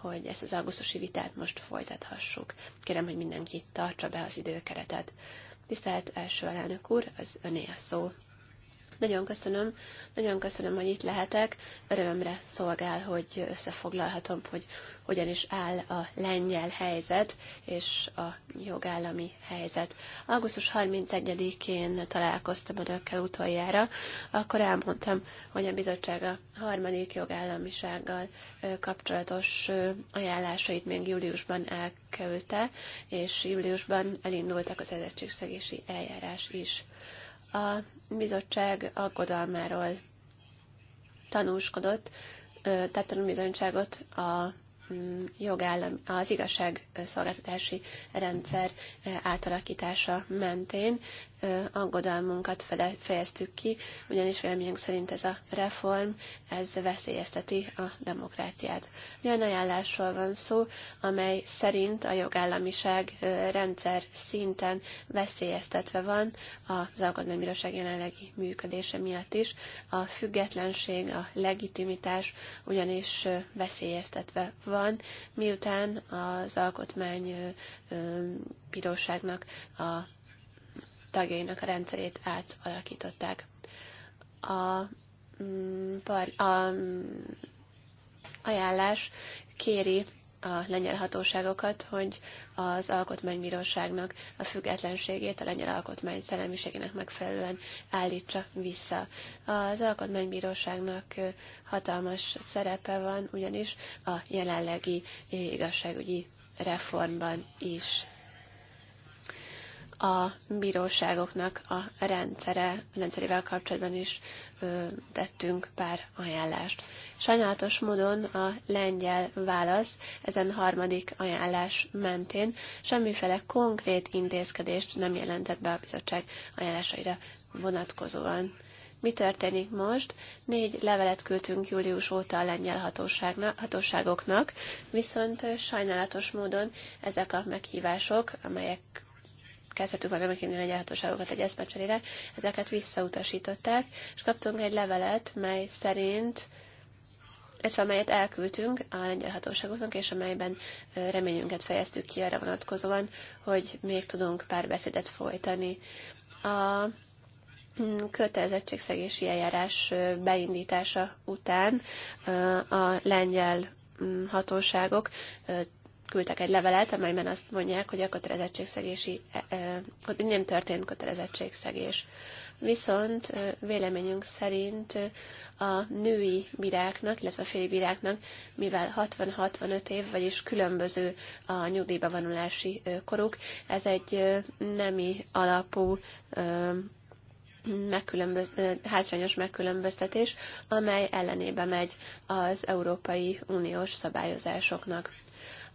hogy ezt az augusztusi vitát most folytathassuk. Kérem, hogy mindenki tartsa be az időkeretet. Tisztelt első alelnök úr, az öné a szó. Nagyon köszönöm, nagyon köszönöm, hogy itt lehetek. Örömre szolgál, hogy összefoglalhatom, hogy hogyan is áll a lengyel helyzet és a jogállami helyzet. Augusztus 31-én találkoztam önökkel utoljára, akkor elmondtam, hogy a bizottság a harmadik jogállamisággal kapcsolatos ajánlásait még júliusban elkölte, és júliusban elindultak az ezettségszegési eljárás is a bizottság aggodalmáról tanúskodott, tett tanúbizonyságot a jogállam, az igazságszolgáltatási rendszer átalakítása mentén aggodalmunkat fejeztük ki, ugyanis véleményünk szerint ez a reform, ez veszélyezteti a demokráciát. Olyan ajánlásról van szó, amely szerint a jogállamiság rendszer szinten veszélyeztetve van az Alkotmánybíróság jelenlegi működése miatt is. A függetlenség, a legitimitás ugyanis veszélyeztetve van van, miután az alkotmány bíróságnak a tagjainak a rendszerét átalakították. A, mm, a mm, ajánlás kéri a lengyel hatóságokat, hogy az alkotmánybíróságnak a függetlenségét a lengyel alkotmány szellemiségének megfelelően állítsa vissza. Az alkotmánybíróságnak hatalmas szerepe van ugyanis a jelenlegi igazságügyi reformban is a bíróságoknak a rendszere, a rendszerével kapcsolatban is ö, tettünk pár ajánlást. Sajnálatos módon a lengyel válasz ezen harmadik ajánlás mentén semmiféle konkrét intézkedést nem jelentett be a bizottság ajánlásaira vonatkozóan. Mi történik most? Négy levelet küldtünk július óta a lengyel hatóságoknak, viszont sajnálatos módon ezek a meghívások, amelyek kezdhetünk a nemekérni egy hatóságokat egy eszmecserére, ezeket visszautasították, és kaptunk egy levelet, mely szerint illetve amelyet elküldtünk a lengyel hatóságoknak, és amelyben reményünket fejeztük ki arra vonatkozóan, hogy még tudunk párbeszédet folytani. A mm, kötelezettségszegési eljárás beindítása után a lengyel mm, hatóságok küldtek egy levelet, amelyben azt mondják, hogy a kötelezettségszegési, e, e, nem történt kötelezettségszegés. Viszont véleményünk szerint a női bíráknak, illetve a féli bíráknak, mivel 60-65 év, vagyis különböző a nyugdíjba vonulási koruk, ez egy nemi alapú megkülönböz, hátrányos megkülönböztetés, amely ellenébe megy az Európai Uniós szabályozásoknak.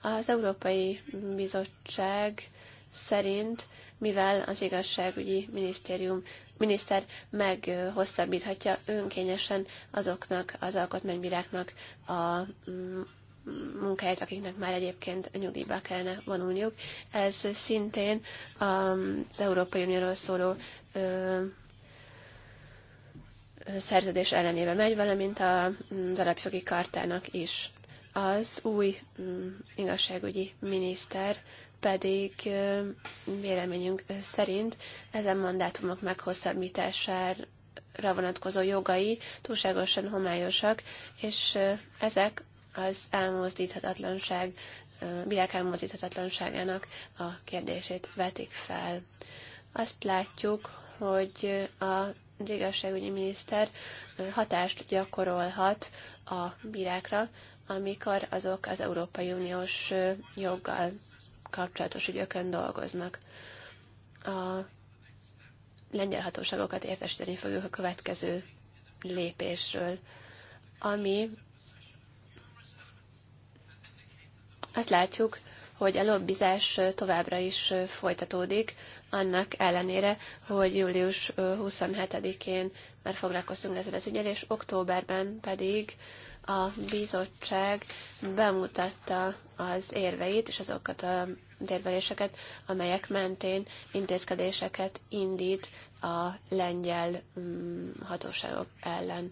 Az Európai Bizottság szerint, mivel az igazságügyi minisztérium miniszter meghosszabbíthatja önkényesen azoknak az alkotmánybíráknak a mm, munkáját, akiknek már egyébként nyugdíjba kellene vonulniuk. Ez szintén az Európai Unióról szóló szerződés ellenébe megy, valamint mm, az alapjogi kartának is az új mm, igazságügyi miniszter pedig mm, véleményünk szerint ezen mandátumok meghosszabbítására vonatkozó jogai túlságosan homályosak, és ezek az elmozdíthatatlanság, világ elmozdíthatatlanságának a kérdését vetik fel. Azt látjuk, hogy a az igazságügyi miniszter hatást gyakorolhat a bírákra, amikor azok az Európai Uniós joggal kapcsolatos ügyökön dolgoznak. A lengyel hatóságokat értesíteni fogjuk a következő lépésről, ami azt látjuk, hogy a lobbizás továbbra is folytatódik, annak ellenére, hogy július 27-én már foglalkoztunk ezzel az ügyel, és októberben pedig a bizottság bemutatta az érveit és azokat a érveléseket, amelyek mentén intézkedéseket indít a lengyel mm, hatóságok ellen.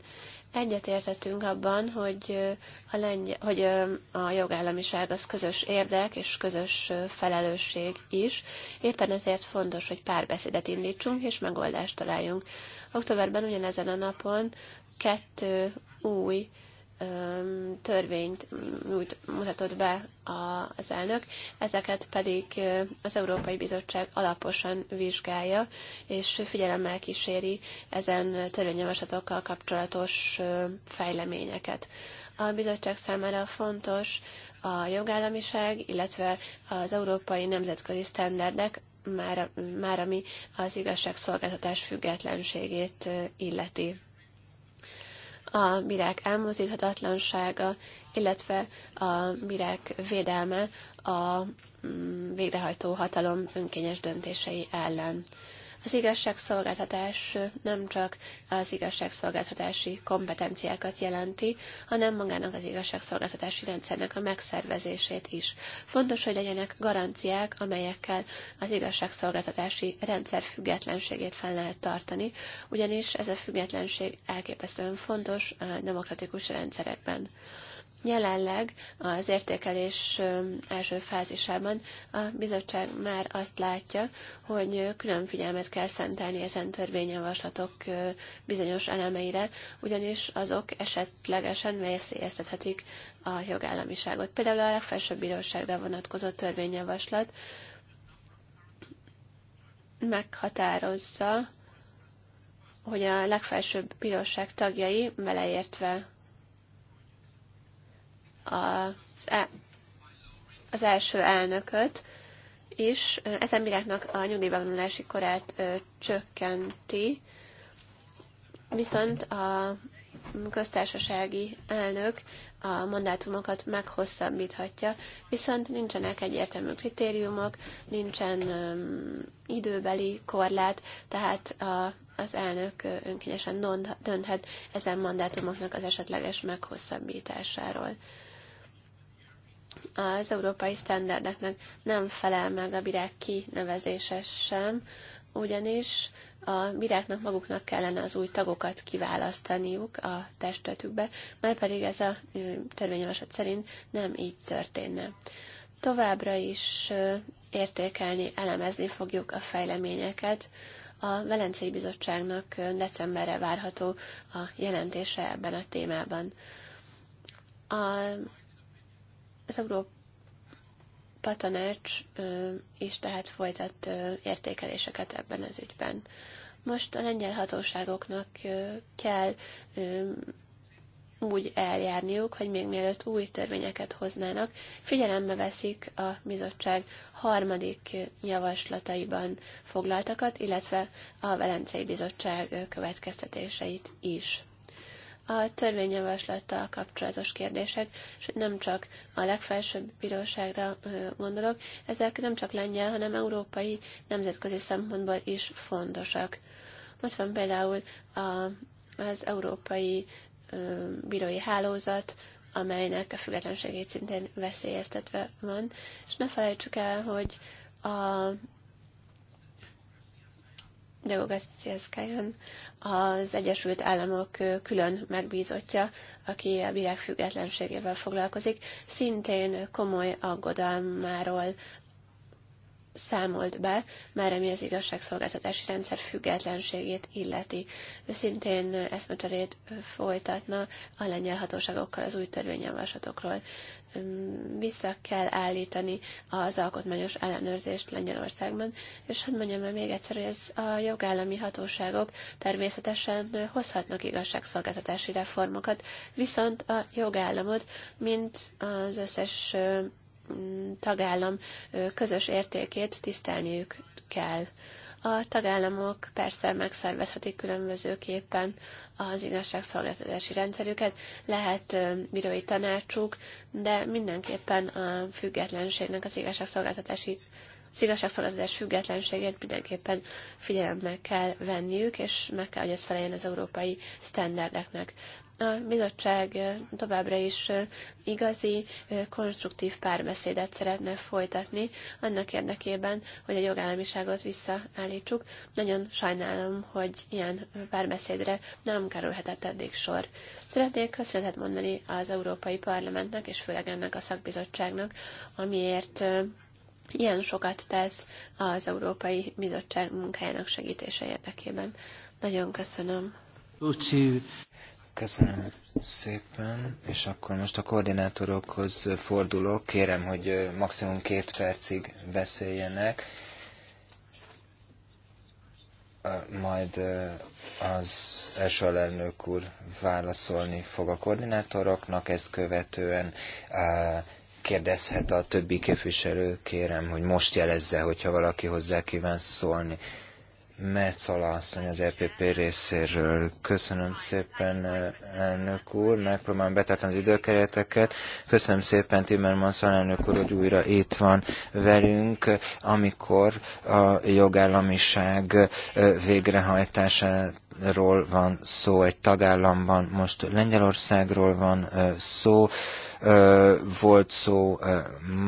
Egyetértettünk abban, hogy a, lengyel, hogy a jogállamiság az közös érdek és közös felelősség is. Éppen ezért fontos, hogy párbeszédet indítsunk és megoldást találjunk. Októberben ugyanezen a napon kettő új törvényt úgy mutatott be az elnök, ezeket pedig az Európai Bizottság alaposan vizsgálja, és figyelemmel kíséri ezen törvényjavaslatokkal kapcsolatos fejleményeket. A bizottság számára fontos a jogállamiság, illetve az európai nemzetközi sztenderdek, már, már ami az igazságszolgáltatás függetlenségét illeti a mirák elmozdíthatatlansága, illetve a mirák védelme a mm, végrehajtó hatalom önkényes döntései ellen. Az igazságszolgáltatás nem csak az igazságszolgáltatási kompetenciákat jelenti, hanem magának az igazságszolgáltatási rendszernek a megszervezését is. Fontos, hogy legyenek garanciák, amelyekkel az igazságszolgáltatási rendszer függetlenségét fel lehet tartani, ugyanis ez a függetlenség elképesztően fontos a demokratikus rendszerekben. Jelenleg az értékelés első fázisában a bizottság már azt látja, hogy külön figyelmet kell szentelni ezen törvényjavaslatok bizonyos elemeire, ugyanis azok esetlegesen veszélyeztethetik a jogállamiságot. Például a legfelsőbb bíróságra vonatkozó törvényjavaslat meghatározza, hogy a legfelsőbb bíróság tagjai, beleértve az, e- az első elnököt, és ezen bíráknak a nyugdíjbevonulási korát ö, csökkenti, viszont a köztársasági elnök a mandátumokat meghosszabbíthatja, viszont nincsenek egyértelmű kritériumok, nincsen ö, időbeli korlát, tehát a, az elnök önkényesen dönthet ezen mandátumoknak az esetleges meghosszabbításáról az európai sztenderdeknek nem felel meg a bírák kinevezése sem, ugyanis a bíráknak maguknak kellene az új tagokat kiválasztaniuk a testületükbe, mert pedig ez a törvényjavaslat szerint nem így történne. Továbbra is értékelni, elemezni fogjuk a fejleményeket. A Velencei Bizottságnak decemberre várható a jelentése ebben a témában. A az Európa Tanács is tehát folytat értékeléseket ebben az ügyben. Most a lengyel hatóságoknak kell úgy eljárniuk, hogy még mielőtt új törvényeket hoznának, figyelembe veszik a bizottság harmadik javaslataiban foglaltakat, illetve a Velencei Bizottság következtetéseit is a törvényjavaslattal kapcsolatos kérdések, és nem csak a legfelsőbb bíróságra gondolok, ezek nem csak lengyel, hanem európai nemzetközi szempontból is fontosak. Ott van például a, az európai bírói hálózat, amelynek a függetlenségét szintén veszélyeztetve van, és ne felejtsük el, hogy a Diego Gassiaszkáján, az Egyesült Államok külön megbízottja, aki a világ függetlenségével foglalkozik, szintén komoly aggodalmáról számolt be, már ami az igazságszolgáltatási rendszer függetlenségét illeti. Ő szintén eszmeterét folytatna a lengyel hatóságokkal az új törvényjavaslatokról. Vissza kell állítani az alkotmányos ellenőrzést Lengyelországban, és hát mondjam el még egyszer, hogy ez a jogállami hatóságok természetesen hozhatnak igazságszolgáltatási reformokat, viszont a jogállamot, mint az összes tagállam közös értékét tisztelniük kell. A tagállamok persze megszervezhetik különbözőképpen az igazságszolgáltatási rendszerüket, lehet bírói tanácsuk, de mindenképpen a függetlenségnek az igazságszolgáltatási az igazságszolgáltatás függetlenségét mindenképpen figyelembe kell venniük, és meg kell, hogy ez feleljen az európai sztenderdeknek a bizottság továbbra is igazi, konstruktív párbeszédet szeretne folytatni, annak érdekében, hogy a jogállamiságot visszaállítsuk. Nagyon sajnálom, hogy ilyen párbeszédre nem kerülhetett eddig sor. Szeretnék köszönetet mondani az Európai Parlamentnek, és főleg ennek a szakbizottságnak, amiért ilyen sokat tesz az Európai Bizottság munkájának segítése érdekében. Nagyon köszönöm. Köszönöm szépen, és akkor most a koordinátorokhoz fordulok. Kérem, hogy maximum két percig beszéljenek, majd az első alelnök úr válaszolni fog a koordinátoroknak, ezt követően kérdezhet a többi képviselő, kérem, hogy most jelezze, hogyha valaki hozzá kíván szólni. Metzola asszony az EPP részéről. Köszönöm szépen, elnök úr, megpróbálom betartani az időkereteket. Köszönöm szépen Timmermans elnök úr, hogy újra itt van velünk, amikor a jogállamiság végrehajtását ról van szó egy tagállamban, most Lengyelországról van szó, volt szó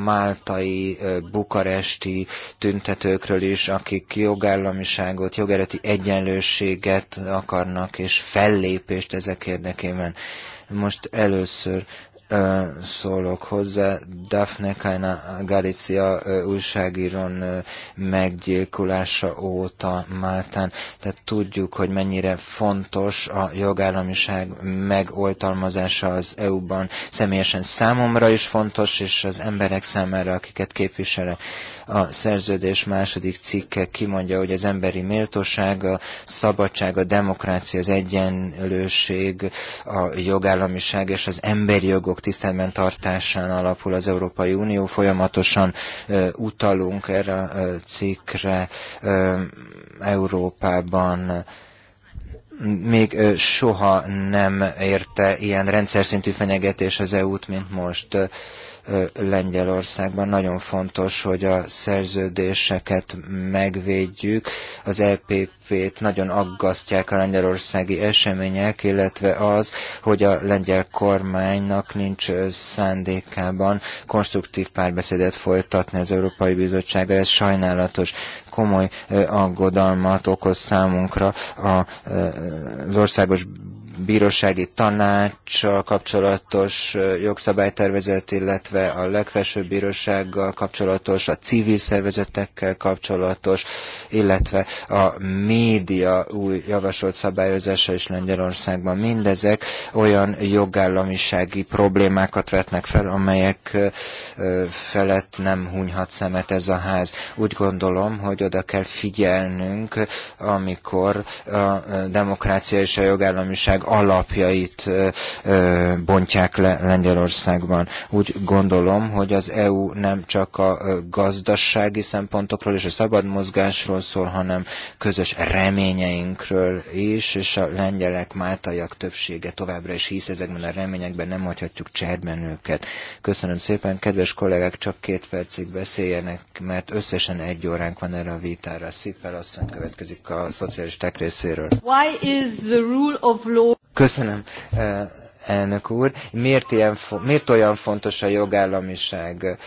máltai, bukaresti tüntetőkről is, akik jogállamiságot, jogereti egyenlőséget akarnak, és fellépést ezek érdekében. Most először szólok hozzá. Daphne Kajna Galicia újságíron meggyilkulása óta Máltán. Tehát tudjuk, hogy mennyire fontos a jogállamiság megoltalmazása az EU-ban. Személyesen számomra is fontos, és az emberek számára, akiket képviselek. A szerződés második cikke kimondja, hogy az emberi méltóság, a szabadság, a demokrácia, az egyenlőség, a jogállamiság és az emberi jogok tiszteletben tartásán alapul az Európai Unió. Folyamatosan utalunk erre a cikkre Európában még soha nem érte ilyen rendszer szintű fenyegetés az EU-t, mint most. Lengyelországban. Nagyon fontos, hogy a szerződéseket megvédjük. Az LPP-t nagyon aggasztják a lengyelországi események, illetve az, hogy a lengyel kormánynak nincs szándékában konstruktív párbeszédet folytatni az Európai Bizottsággal. Ez sajnálatos komoly aggodalmat okoz számunkra az országos bírósági tanácssal kapcsolatos jogszabálytervezet, illetve a legfelsőbb bírósággal kapcsolatos, a civil szervezetekkel kapcsolatos, illetve a média új javasolt szabályozása is Lengyelországban. Mindezek olyan jogállamisági problémákat vetnek fel, amelyek felett nem hunyhat szemet ez a ház. Úgy gondolom, hogy oda kell figyelnünk, amikor a demokrácia és a jogállamiság alapjait bontják le Lengyelországban. Úgy gondolom, hogy az EU nem csak a gazdasági szempontokról és a szabad mozgásról szól, hanem közös reményeinkről is, és a lengyelek, máltaiak többsége továbbra is hisz ezekben a reményekben, nem hagyhatjuk cserben őket. Köszönöm szépen, kedves kollégák, csak két percig beszéljenek, mert összesen egy óránk van erre a vitára. Szippel asszony következik a szocialisták részéről. Why is the rule of law... Köszönöm, eh, elnök úr. Miért, ilyen, miért olyan fontos a jogállamiság?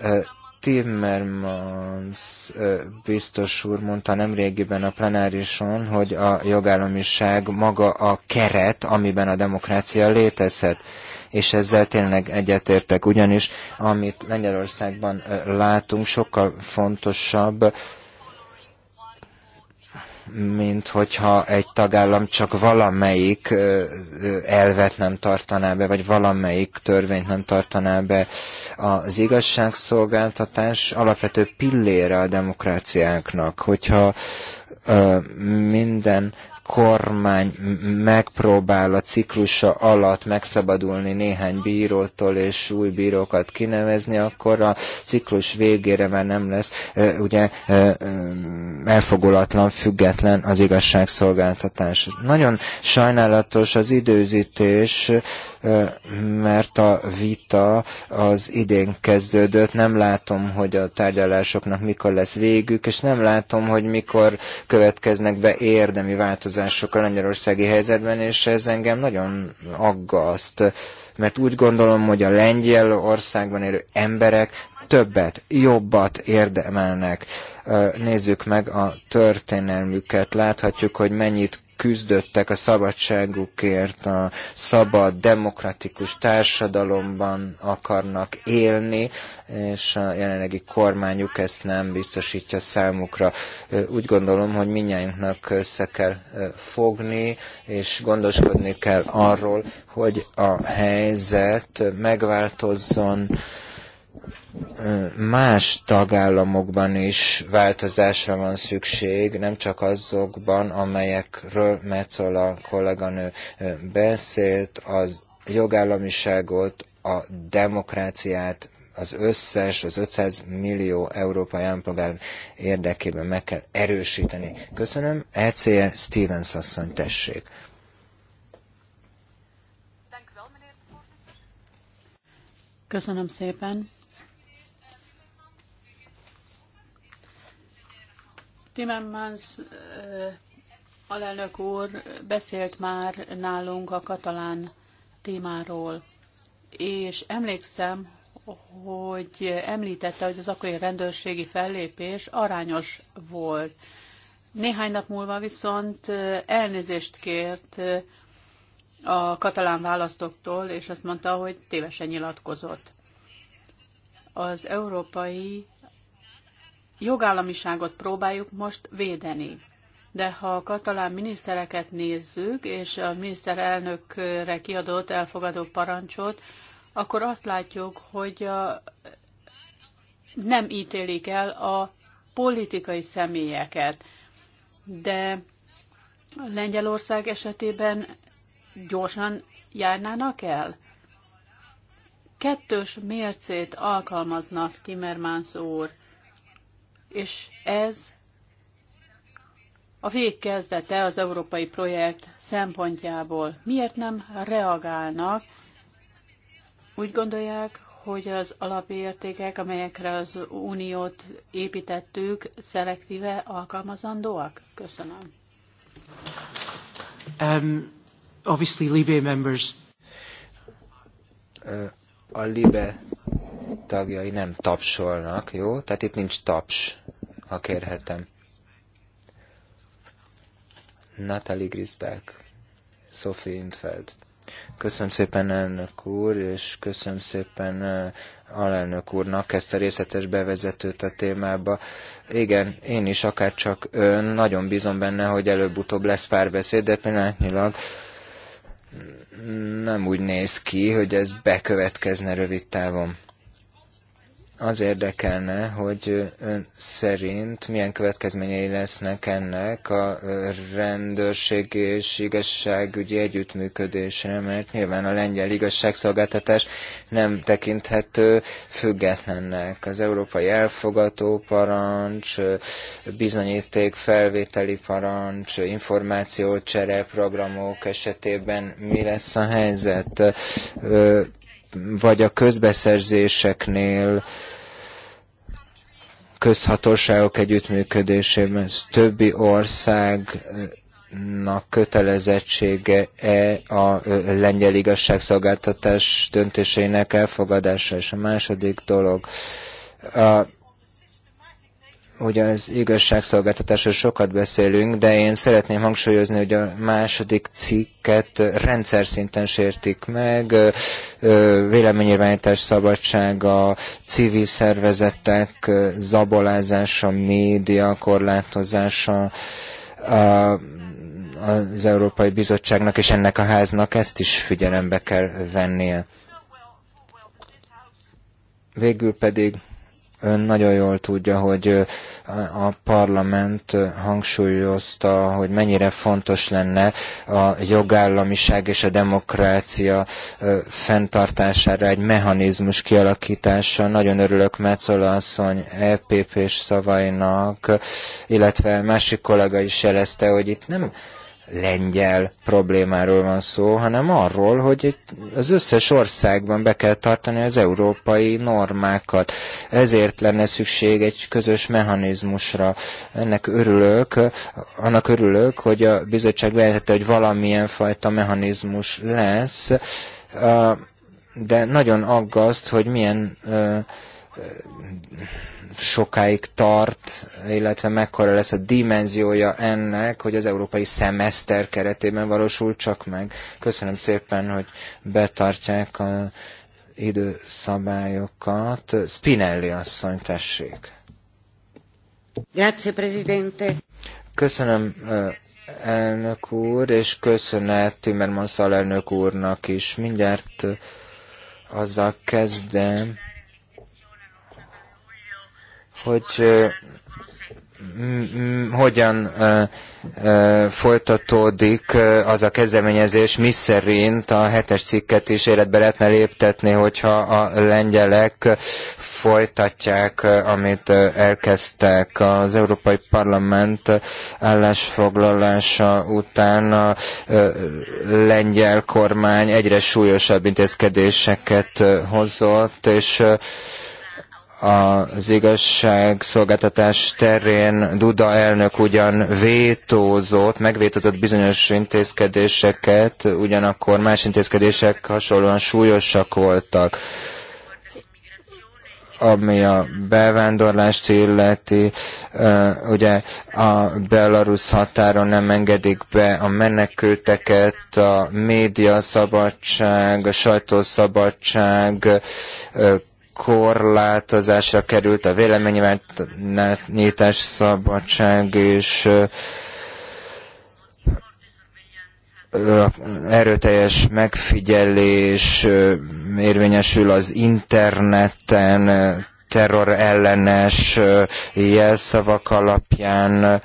Eh, Timmermans eh, biztos úr mondta nemrégiben a plenárison, hogy a jogállamiság maga a keret, amiben a demokrácia létezhet. És ezzel tényleg egyetértek, ugyanis amit Lengyelországban látunk, sokkal fontosabb mint hogyha egy tagállam csak valamelyik elvet nem tartaná be, vagy valamelyik törvényt nem tartaná be. Az igazságszolgáltatás alapvető pillére a demokráciánknak, hogyha minden kormány megpróbál a ciklusa alatt megszabadulni néhány bírótól és új bírókat kinevezni, akkor a ciklus végére már nem lesz ugye elfogulatlan, független az igazságszolgáltatás. Nagyon sajnálatos az időzítés, mert a vita az idén kezdődött, nem látom, hogy a tárgyalásoknak mikor lesz végük, és nem látom, hogy mikor következnek be érdemi változások a lengyelországi helyzetben, és ez engem nagyon aggaszt, mert úgy gondolom, hogy a lengyel országban élő emberek többet, jobbat érdemelnek. Nézzük meg a történelmüket, láthatjuk, hogy mennyit küzdöttek a szabadságukért, a szabad, demokratikus társadalomban akarnak élni, és a jelenlegi kormányuk ezt nem biztosítja számukra. Úgy gondolom, hogy minnyájunknak össze kell fogni, és gondoskodni kell arról, hogy a helyzet megváltozzon, más tagállamokban is változásra van szükség, nem csak azokban, amelyekről Metzola kolléganő beszélt, az jogállamiságot, a demokráciát, az összes, az 500 millió európai állampolgár érdekében meg kell erősíteni. Köszönöm. ECR e Stevens asszony, tessék. Köszönöm szépen. Timmermans alelnök úr beszélt már nálunk a katalán témáról, és emlékszem, hogy említette, hogy az akkori rendőrségi fellépés arányos volt. Néhány nap múlva viszont elnézést kért a katalán választóktól, és azt mondta, hogy tévesen nyilatkozott. Az európai jogállamiságot próbáljuk most védeni. De ha a katalán minisztereket nézzük, és a miniszterelnökre kiadott elfogadó parancsot, akkor azt látjuk, hogy nem ítélik el a politikai személyeket. De Lengyelország esetében gyorsan járnának el? Kettős mércét alkalmaznak, Timmermans úr és ez a végkezdete az európai projekt szempontjából. Miért nem reagálnak? Úgy gondolják, hogy az alapértékek, amelyekre az uniót építettük, szelektíve alkalmazandóak? Köszönöm. Um, obviously, Libé members. A Libé tagjai nem tapsolnak, jó? Tehát itt nincs taps, ha kérhetem. Natalie Grisbeck, Sophie Intfeld. Köszönöm szépen elnök úr, és köszönöm szépen eh, alelnök úrnak ezt a részletes bevezetőt a témába. Igen, én is, akár csak ön, nagyon bízom benne, hogy előbb-utóbb lesz párbeszéd, de pillanatnyilag nem úgy néz ki, hogy ez bekövetkezne rövid távon az érdekelne, hogy ön szerint milyen következményei lesznek ennek a rendőrség és igazságügyi együttműködésre, mert nyilván a lengyel igazságszolgáltatás nem tekinthető függetlennek. Az európai elfogató parancs, bizonyíték felvételi parancs, információcsere programok esetében mi lesz a helyzet? vagy a közbeszerzéseknél, közhatóságok együttműködésében többi országnak kötelezettsége-e a lengyel igazságszolgáltatás döntéseinek elfogadása? És a második dolog, a hogy az igazságszolgáltatásról sokat beszélünk, de én szeretném hangsúlyozni, hogy a második cikket rendszer szinten sértik meg, véleménynyilvánítás szabadsága, civil szervezetek zabolázása, média korlátozása, az Európai Bizottságnak és ennek a háznak ezt is figyelembe kell vennie. Végül pedig Ön nagyon jól tudja, hogy a parlament hangsúlyozta, hogy mennyire fontos lenne a jogállamiság és a demokrácia fenntartására egy mechanizmus kialakítása. Nagyon örülök Metzola asszony EPP-s szavainak, illetve másik kollega is jelezte, hogy itt nem lengyel problémáról van szó, hanem arról, hogy az összes országban be kell tartani az európai normákat. Ezért lenne szükség egy közös mechanizmusra. Ennek örülök, annak örülök, hogy a bizottság bejelentette, hogy valamilyen fajta mechanizmus lesz, de nagyon aggaszt, hogy milyen sokáig tart, illetve mekkora lesz a dimenziója ennek, hogy az európai szemeszter keretében valósul csak meg. Köszönöm szépen, hogy betartják a időszabályokat. Spinelli asszony, tessék. Grazie, Presidente. Köszönöm, elnök úr, és köszönet Timmermans alelnök úrnak is. Mindjárt azzal kezdem, hogy hogyan folytatódik az a kezdeményezés, szerint a hetes cikket is életbe lehetne léptetni, hogyha a lengyelek folytatják, amit elkezdtek. Az Európai Parlament állásfoglalása után a lengyel kormány egyre súlyosabb intézkedéseket hozott, és az igazságszolgáltatás terén Duda elnök ugyan vétózott, megvétózott bizonyos intézkedéseket, ugyanakkor más intézkedések hasonlóan súlyosak voltak ami a bevándorlást illeti, ugye a Belarus határon nem engedik be a menekülteket, a médiaszabadság, a sajtószabadság korlátozásra került a véleménynyilvánítás szabadság és erőteljes megfigyelés érvényesül az interneten, terrorellenes jelszavak alapján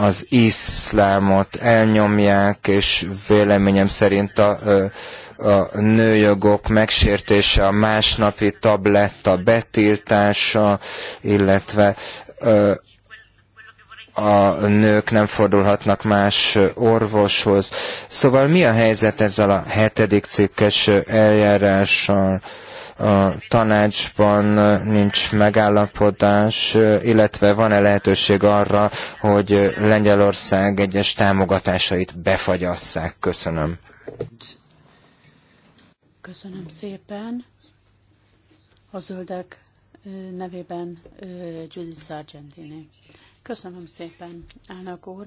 az iszlámot elnyomják, és véleményem szerint a a nőjogok megsértése, a másnapi tabletta betiltása, illetve a nők nem fordulhatnak más orvoshoz. Szóval mi a helyzet ezzel a hetedik cikkes eljárással? A tanácsban nincs megállapodás, illetve van-e lehetőség arra, hogy Lengyelország egyes támogatásait befagyasszák? Köszönöm. Köszönöm szépen. A zöldek nevében Judith Sargentini. Köszönöm szépen, elnök úr.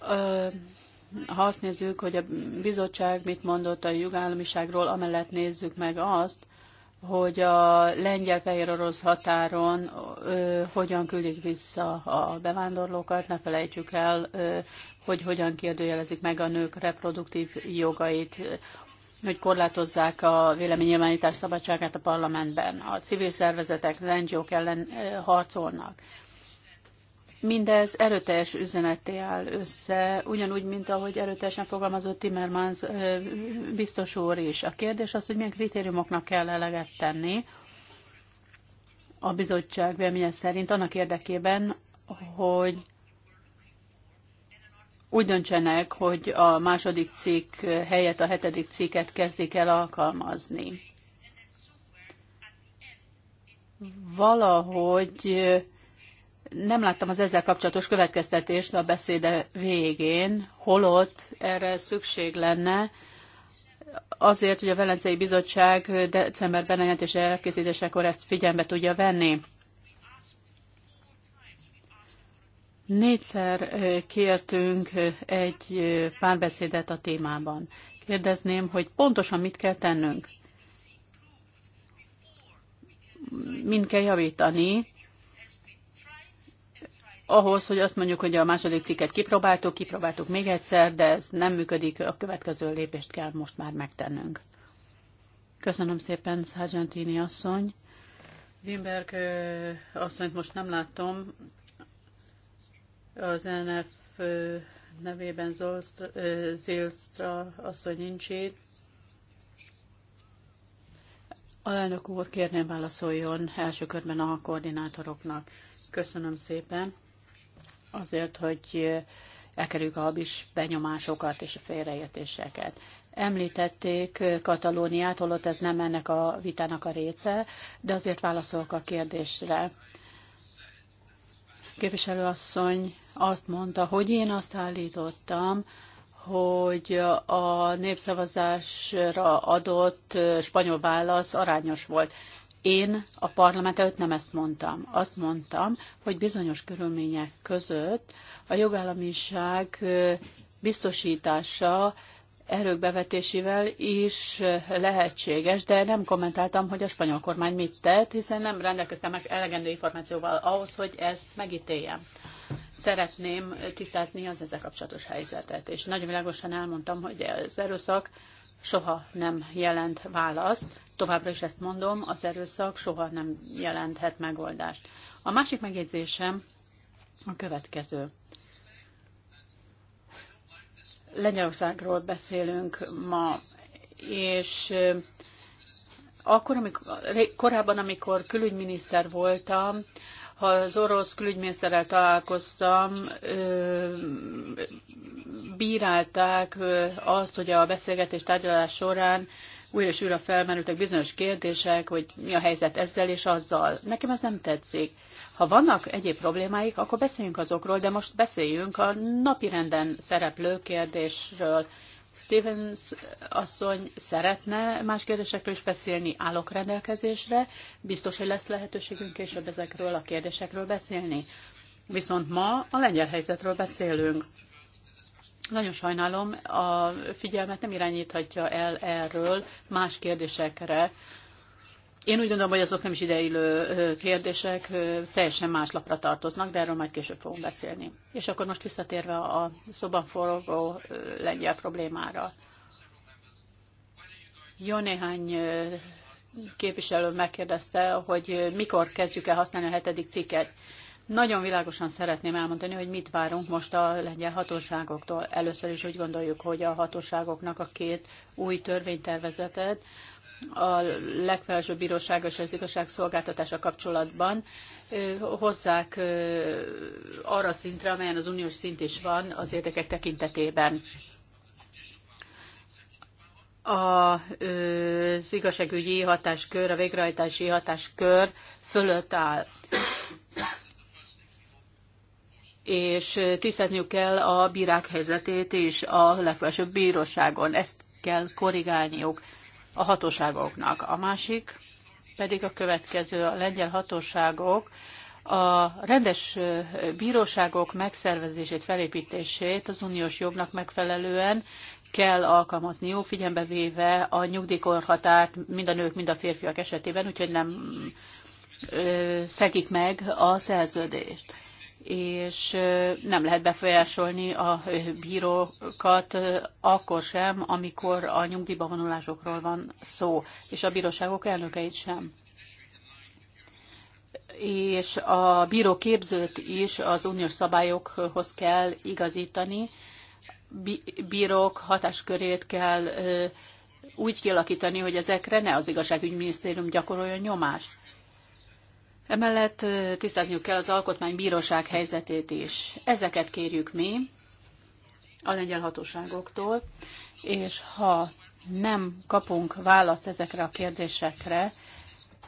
Ha azt nézzük, hogy a bizottság mit mondott a jogállamiságról, amellett nézzük meg azt, hogy a lengyel fehér orosz határon ö, hogyan küldik vissza a bevándorlókat, ne felejtsük el, ö, hogy hogyan kérdőjelezik meg a nők reproduktív jogait, hogy korlátozzák a véleménynyilvánítás szabadságát a parlamentben. A civil szervezetek, az NGO-k ellen harcolnak. Mindez erőteljes üzeneté áll össze, ugyanúgy, mint ahogy erőteljesen fogalmazott Timmermans biztos úr is. A kérdés az, hogy milyen kritériumoknak kell eleget tenni a bizottság véleménye szerint annak érdekében, hogy úgy döntsenek, hogy a második cikk helyett a hetedik cikket kezdik el alkalmazni. Valahogy nem láttam az ezzel kapcsolatos következtetést a beszéde végén, holott erre szükség lenne, azért, hogy a Velencei Bizottság decemberben a jelentés elkészítésekor ezt figyelme tudja venni. Négyszer kértünk egy párbeszédet a témában. Kérdezném, hogy pontosan mit kell tennünk? Mind kell javítani, ahhoz, hogy azt mondjuk, hogy a második cikket kipróbáltuk, kipróbáltuk még egyszer, de ez nem működik, a következő lépést kell most már megtennünk. Köszönöm szépen, Sargentini asszony. Wimberg asszonyt most nem látom. Az NF nevében Zolstra, Zilstra asszony nincs itt. Alelnök úr, kérném válaszoljon első körben a koordinátoroknak. Köszönöm szépen azért, hogy elkerüljük a habis benyomásokat és a félreértéseket. Említették Katalóniát, holott ez nem ennek a vitának a része, de azért válaszolok a kérdésre. Képviselőasszony azt mondta, hogy én azt állítottam, hogy a népszavazásra adott spanyol válasz arányos volt. Én a parlament előtt nem ezt mondtam. Azt mondtam, hogy bizonyos körülmények között a jogállamiság biztosítása erők bevetésével is lehetséges, de nem kommentáltam, hogy a spanyol kormány mit tett, hiszen nem rendelkeztem meg elegendő információval ahhoz, hogy ezt megítéljem. Szeretném tisztázni az ezzel kapcsolatos helyzetet, és nagyon világosan elmondtam, hogy az erőszak soha nem jelent választ, Továbbra is ezt mondom, az erőszak soha nem jelenthet megoldást. A másik megjegyzésem a következő. Lengyelországról beszélünk ma, és eh, akkor, amikor, korábban, amikor külügyminiszter voltam, ha az orosz külügyminiszterrel találkoztam, eh, bírálták eh, azt, hogy a beszélgetés tárgyalás során újra és újra felmerültek bizonyos kérdések, hogy mi a helyzet ezzel és azzal. Nekem ez nem tetszik. Ha vannak egyéb problémáik, akkor beszéljünk azokról, de most beszéljünk a napirenden szereplő kérdésről. Stevens asszony szeretne más kérdésekről is beszélni, állok rendelkezésre, biztos, hogy lesz lehetőségünk később ezekről a kérdésekről beszélni. Viszont ma a lengyel helyzetről beszélünk. Nagyon sajnálom, a figyelmet nem irányíthatja el erről más kérdésekre. Én úgy gondolom, hogy azok nem is ideillő kérdések, teljesen más lapra tartoznak, de erről majd később fogunk beszélni. És akkor most visszatérve a szoban forgó lengyel problémára. Jó néhány képviselő megkérdezte, hogy mikor kezdjük el használni a hetedik cikket. Nagyon világosan szeretném elmondani, hogy mit várunk most a lengyel hatóságoktól. Először is úgy gondoljuk, hogy a hatóságoknak a két új törvénytervezetet a legfelsőbb bíróság és az igazságszolgáltatása kapcsolatban hozzák arra szintre, amelyen az uniós szint is van az érdekek tekintetében. A, az igazságügyi hatáskör, a végrehajtási hatáskör fölött áll és tisztázniuk kell a bírák helyzetét is a legfelsőbb bíróságon. Ezt kell korrigálniuk a hatóságoknak. A másik pedig a következő, a lengyel hatóságok a rendes bíróságok megszervezését, felépítését az uniós jognak megfelelően kell jó figyelembe véve a nyugdíjkorhatárt mind a nők, mind a férfiak esetében, úgyhogy nem szegik meg a szerződést és nem lehet befolyásolni a bírókat akkor sem, amikor a nyugdíjba vonulásokról van szó, és a bíróságok elnökeit sem. És a bíróképzőt is az uniós szabályokhoz kell igazítani, bírók hatáskörét kell úgy kialakítani, hogy ezekre ne az igazságügyminisztérium gyakoroljon nyomást Emellett tisztázniuk kell az alkotmánybíróság helyzetét is. Ezeket kérjük mi a lengyel hatóságoktól, és ha nem kapunk választ ezekre a kérdésekre,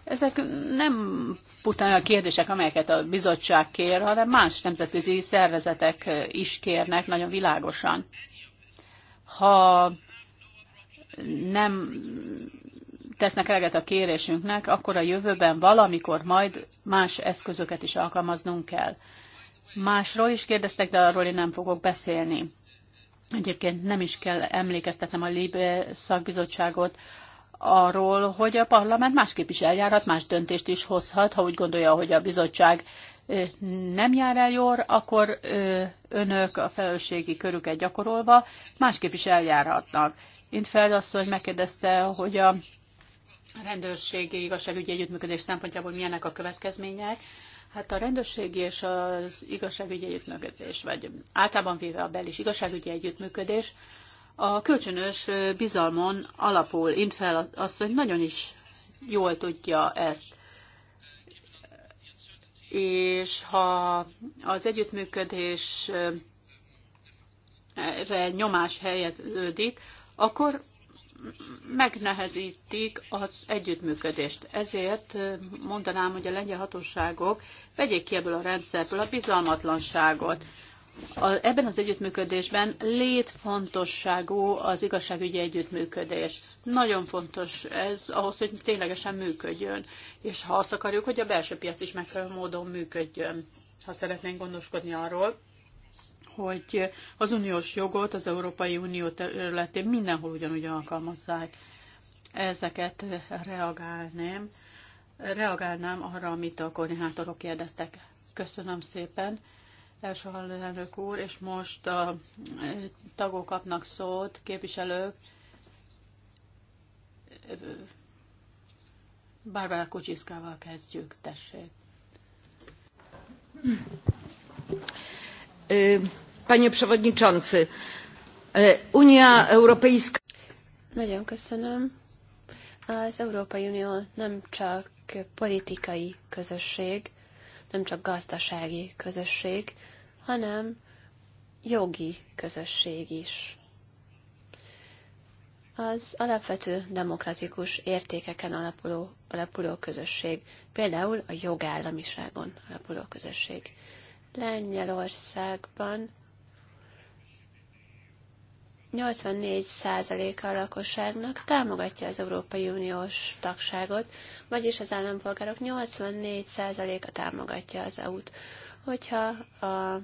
ezek nem pusztán olyan kérdések, amelyeket a bizottság kér, hanem más nemzetközi szervezetek is kérnek nagyon világosan. Ha nem tesznek eleget a kérésünknek, akkor a jövőben valamikor majd más eszközöket is alkalmaznunk kell. Másról is kérdeztek, de arról én nem fogok beszélni. Egyébként nem is kell emlékeztetnem a Libé szakbizottságot arról, hogy a parlament másképp is eljárhat, más döntést is hozhat, ha úgy gondolja, hogy a bizottság nem jár el jól, akkor önök a felelősségi körüket gyakorolva másképp is eljárhatnak. Intfeld asszony megkérdezte, hogy a rendőrségi igazságügyi együttműködés szempontjából milyenek a következmények. Hát a rendőrségi és az igazságügyi együttműködés, vagy általában véve a belis igazságügyi együttműködés a kölcsönös bizalmon alapul. fel, azt, hogy nagyon is jól tudja ezt. És ha az együttműködésre nyomás helyeződik, akkor megnehezítik az együttműködést. Ezért mondanám, hogy a lengyel hatóságok vegyék ki ebből a rendszerből a bizalmatlanságot. A, ebben az együttműködésben létfontosságú az igazságügyi együttműködés. Nagyon fontos ez ahhoz, hogy ténylegesen működjön. És ha azt akarjuk, hogy a belső piac is megfelelő módon működjön, ha szeretnénk gondoskodni arról, hogy az uniós jogot az Európai Unió területén mindenhol ugyanúgy alkalmazzák. Ezeket reagálném. Reagálnám arra, amit a koordinátorok kérdeztek. Köszönöm szépen, első elnök úr, és most a e, tagok kapnak szót, képviselők. Bárbara Kucsiszkával kezdjük, tessék. Panie Przewodniczący, e, Unia Europejska... Nagyon köszönöm. Az Európai Unió nem csak politikai közösség, nem csak gazdasági közösség, hanem jogi közösség is. Az alapvető demokratikus értékeken alapuló, alapuló közösség, például a jogállamiságon alapuló közösség. Lengyelországban 84%-a a lakosságnak támogatja az Európai Uniós tagságot, vagyis az állampolgárok 84%-a támogatja az EU-t. Hogyha a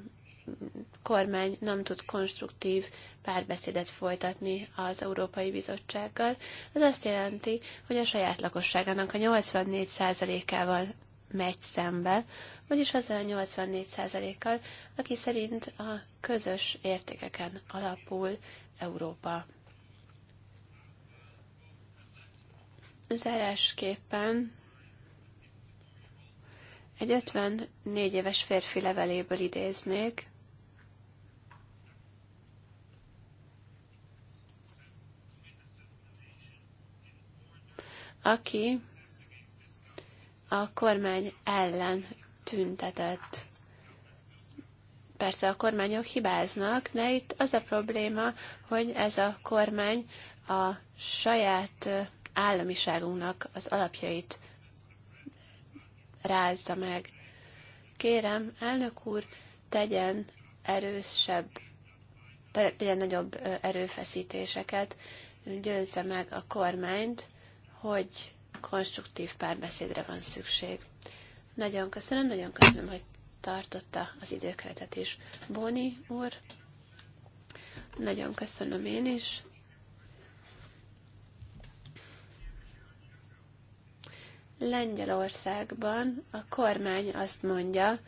kormány nem tud konstruktív párbeszédet folytatni az Európai Bizottsággal, ez azt jelenti, hogy a saját lakosságának a 84%-ával megy szembe, vagyis az a 84%-kal, aki szerint a közös értékeken alapul Európa. Zárásképpen egy 54 éves férfi leveléből idéznék, aki a kormány ellen tüntetett. Persze a kormányok hibáznak, de itt az a probléma, hogy ez a kormány a saját államiságunknak az alapjait rázza meg. Kérem, elnök úr, tegyen erősebb, tegyen nagyobb erőfeszítéseket, győzze meg a kormányt, hogy konstruktív párbeszédre van szükség. Nagyon köszönöm, nagyon köszönöm, hogy tartotta az időkeretet is. Boni úr, nagyon köszönöm én is. Lengyelországban a kormány azt mondja,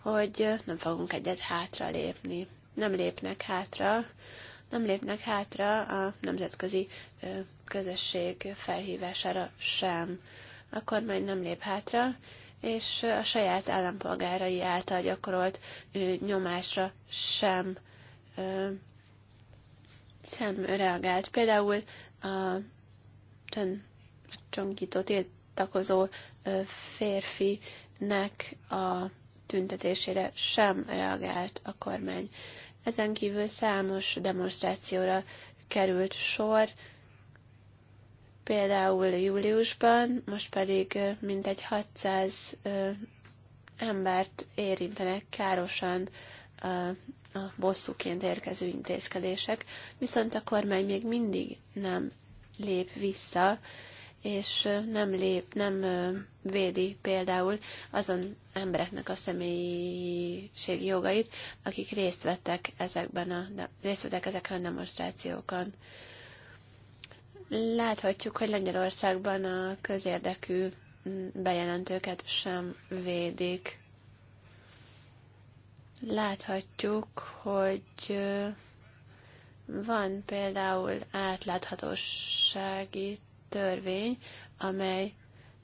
hogy nem fogunk egyet hátra lépni. Nem lépnek hátra, nem lépnek hátra a nemzetközi közösség felhívására sem. A kormány nem lép hátra, és a saját állampolgárai által gyakorolt nyomásra sem, sem reagált. Például a megcsonkító tiltakozó férfinek a tüntetésére sem reagált a kormány. Ezen kívül számos demonstrációra került sor, például júliusban, most pedig mintegy 600 embert érintenek károsan a bosszúként érkező intézkedések, viszont a kormány még mindig nem lép vissza, és nem lép, nem védi például azon embereknek a személyiségi jogait, akik részt vettek ezekben a, részt vettek ezekben a demonstrációkon. Láthatjuk, hogy Lengyelországban a közérdekű mm, bejelentőket sem védik. Láthatjuk, hogy van például átláthatósági törvény, amely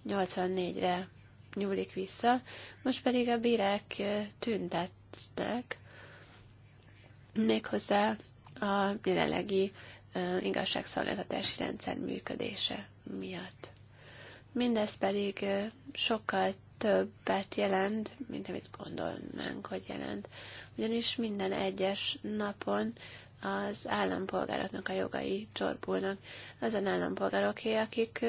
84-re nyúlik vissza, most pedig a bírák tüntetnek, méghozzá a jelenlegi igazságszolgáltatási rendszer működése miatt. Mindez pedig sokkal többet jelent, mint amit gondolnánk, hogy jelent. Ugyanis minden egyes napon az állampolgároknak a jogai csorbulnak. Azon állampolgároké, akik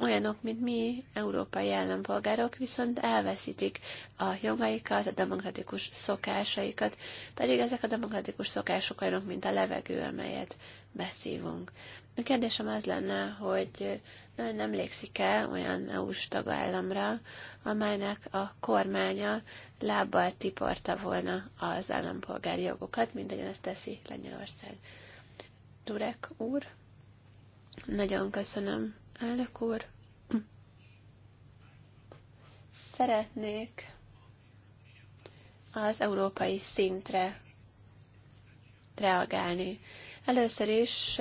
olyanok, mint mi, európai állampolgárok, viszont elveszítik a jogaikat, a demokratikus szokásaikat, pedig ezek a demokratikus szokások olyanok, mint a levegő, amelyet beszívunk. A kérdésem az lenne, hogy ön emlékszik-e olyan EU-s tagállamra, amelynek a kormánya lábbal tiporta volna az állampolgári jogokat, mint ahogyan ezt teszi Lengyelország. Durek úr, nagyon köszönöm Elnök úr, szeretnék az európai szintre reagálni. Először is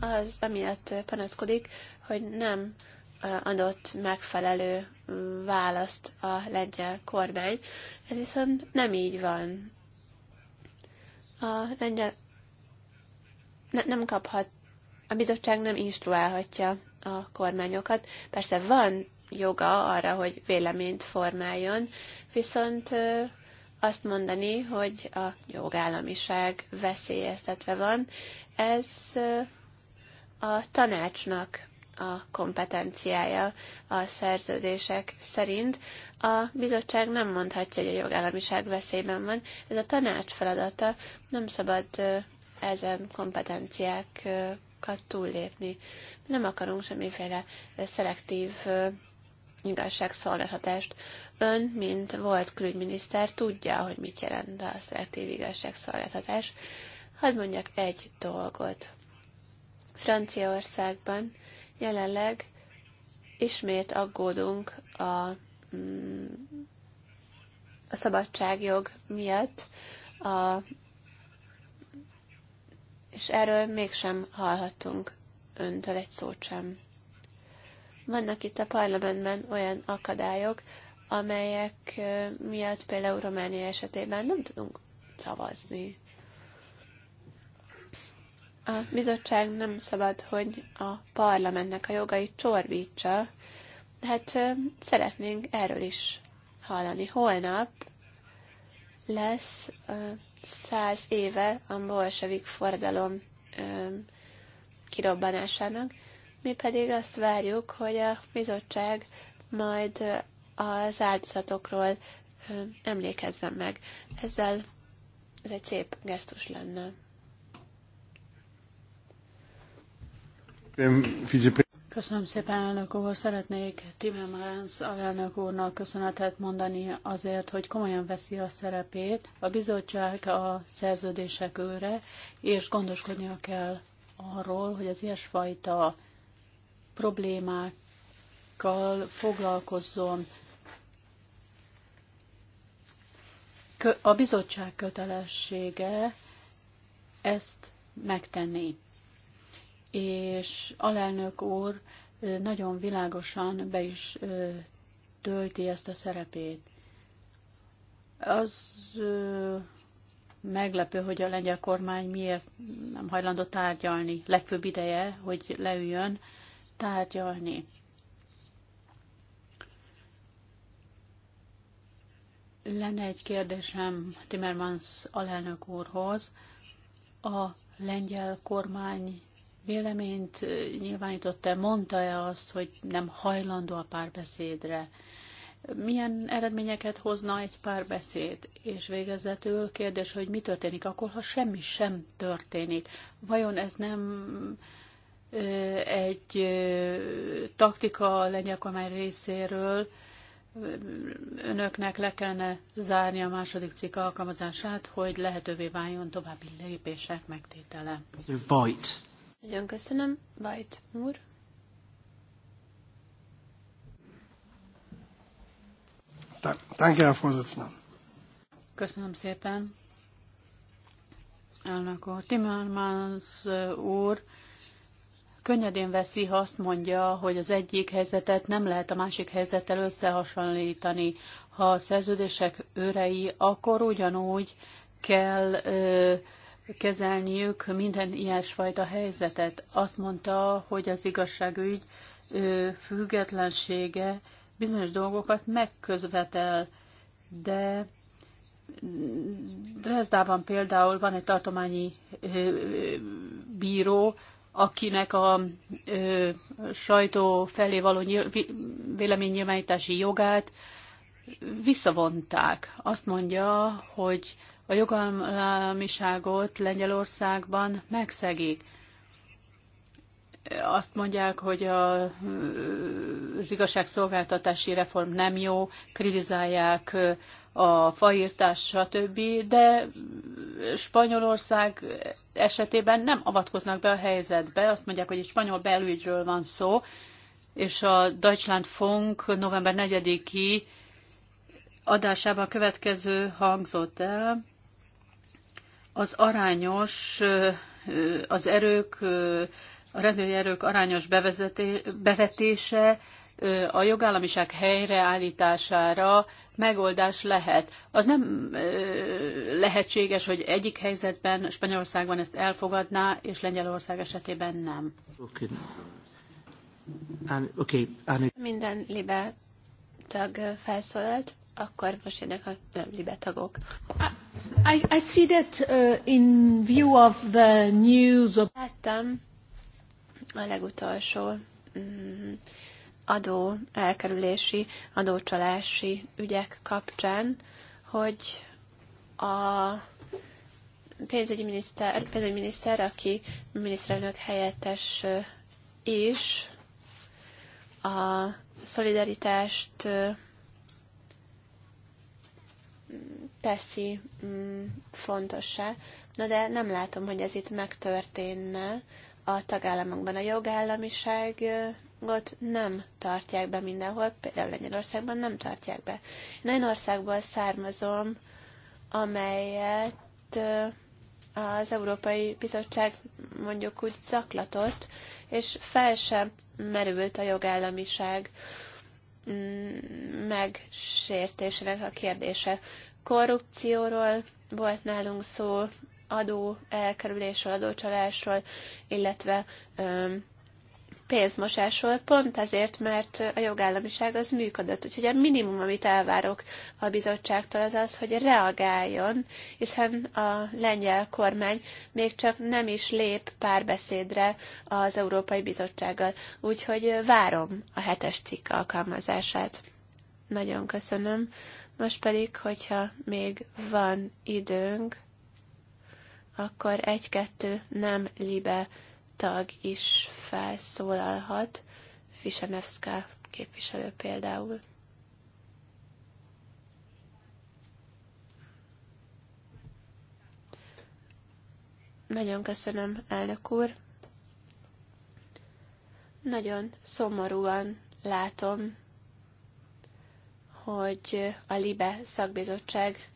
az amiatt panaszkodik, hogy nem adott megfelelő választ a lengyel kormány. Ez viszont nem így van. A lengyel ne, nem kaphat, a bizottság nem instruálhatja a kormányokat. Persze van joga arra, hogy véleményt formáljon, viszont azt mondani, hogy a jogállamiság veszélyeztetve van, ez a tanácsnak a kompetenciája a szerződések szerint. A bizottság nem mondhatja, hogy a jogállamiság veszélyben van. Ez a tanács feladata, nem szabad ezen kompetenciák határokat túllépni. Nem akarunk semmiféle szelektív igazságszolgáltatást. Ön, mint volt külügyminiszter, tudja, hogy mit jelent a szelektív igazságszolgáltatás. Hadd mondjak egy dolgot. Franciaországban jelenleg ismét aggódunk a, mm, a szabadságjog miatt, a és erről mégsem hallhatunk öntől egy szót sem. Vannak itt a parlamentben olyan akadályok, amelyek miatt például Románia esetében nem tudunk szavazni. A bizottság nem szabad, hogy a parlamentnek a jogait csorbítsa, hát szeretnénk erről is hallani. Holnap lesz száz éve a bolsevik forradalom kirobbanásának, mi pedig azt várjuk, hogy a bizottság majd az áldozatokról emlékezzen meg. Ezzel ez egy szép gesztus lenne. Köszönöm szépen, elnök úr. Szeretnék Timmermans alelnök úrnak köszönetet mondani azért, hogy komolyan veszi a szerepét. A bizottság a szerződések őre, és gondoskodnia kell arról, hogy az ilyesfajta problémákkal foglalkozzon. A bizottság kötelessége ezt megtenni és alelnök úr nagyon világosan be is tölti ezt a szerepét. Az meglepő, hogy a lengyel kormány miért nem hajlandó tárgyalni. Legfőbb ideje, hogy leüljön tárgyalni. Lenne egy kérdésem Timmermans alelnök úrhoz. A lengyel kormány véleményt nyilvánított-e, mondta-e azt, hogy nem hajlandó a párbeszédre, milyen eredményeket hozna egy párbeszéd, és végezetül kérdés, hogy mi történik akkor, ha semmi sem történik. Vajon ez nem egy taktika a részéről, önöknek le kellene zárni a második cikk alkalmazását, hogy lehetővé váljon további lépések megtétele. Nagyon köszönöm, Vajt úr. Danke, Herr Köszönöm szépen. Elnök úr, Timmermans uh, úr könnyedén veszi, ha azt mondja, hogy az egyik helyzetet nem lehet a másik helyzettel összehasonlítani. Ha a szerződések őrei, akkor ugyanúgy kell ö, uh, kezelniük minden ilyesfajta helyzetet. Azt mondta, hogy az igazságügy függetlensége bizonyos dolgokat megközvetel, de Dresdában például van egy tartományi bíró, akinek a ö, sajtó felé való nyil, véleménynyilvánítási jogát visszavonták. Azt mondja, hogy a jogállamiságot Lengyelországban megszegik. Azt mondják, hogy a, az igazságszolgáltatási reform nem jó, kritizálják a faírtás, stb., de Spanyolország esetében nem avatkoznak be a helyzetbe, azt mondják, hogy egy spanyol belügyről van szó, és a Funk november 4-i adásában következő hangzott el, az arányos, az erők, a rendőri erők arányos bevezeté, bevetése a jogállamiság helyreállítására megoldás lehet. Az nem lehetséges, hogy egyik helyzetben Spanyolországban ezt elfogadná, és Lengyelország esetében nem. Okay. And, okay. And... Minden libe tag felszólalt, akkor most jönnek a nem libe tagok. I, I see that uh, in view of the news of... Láttam a legutolsó mm, adó elkerülési, adócsalási ügyek kapcsán, hogy a pénzügyi miniszter, pénzügyi miniszter aki miniszterelnök helyettes uh, is a szolidaritást uh, teszi mm, fontossá, na de nem látom, hogy ez itt megtörténne a tagállamokban. A jogállamiságot nem tartják be mindenhol, például Lengyelországban nem tartják be. Én olyan országból származom, amelyet az Európai Bizottság mondjuk úgy zaklatott, és fel sem merült a jogállamiság mm, megsértésének a kérdése. Korrupcióról volt nálunk szó, adó elkerülésről, adócsalásról, illetve öm, pénzmosásról, pont azért, mert a jogállamiság az működött. Úgyhogy a minimum, amit elvárok a bizottságtól, az az, hogy reagáljon, hiszen a lengyel kormány még csak nem is lép párbeszédre az Európai Bizottsággal. Úgyhogy várom a hetes cikk alkalmazását. Nagyon köszönöm. Most pedig, hogyha még van időnk, akkor egy-kettő nem libe tag is felszólalhat, Fisenevská képviselő például. Nagyon köszönöm, elnök úr. Nagyon szomorúan látom hogy a LIBE szakbizottság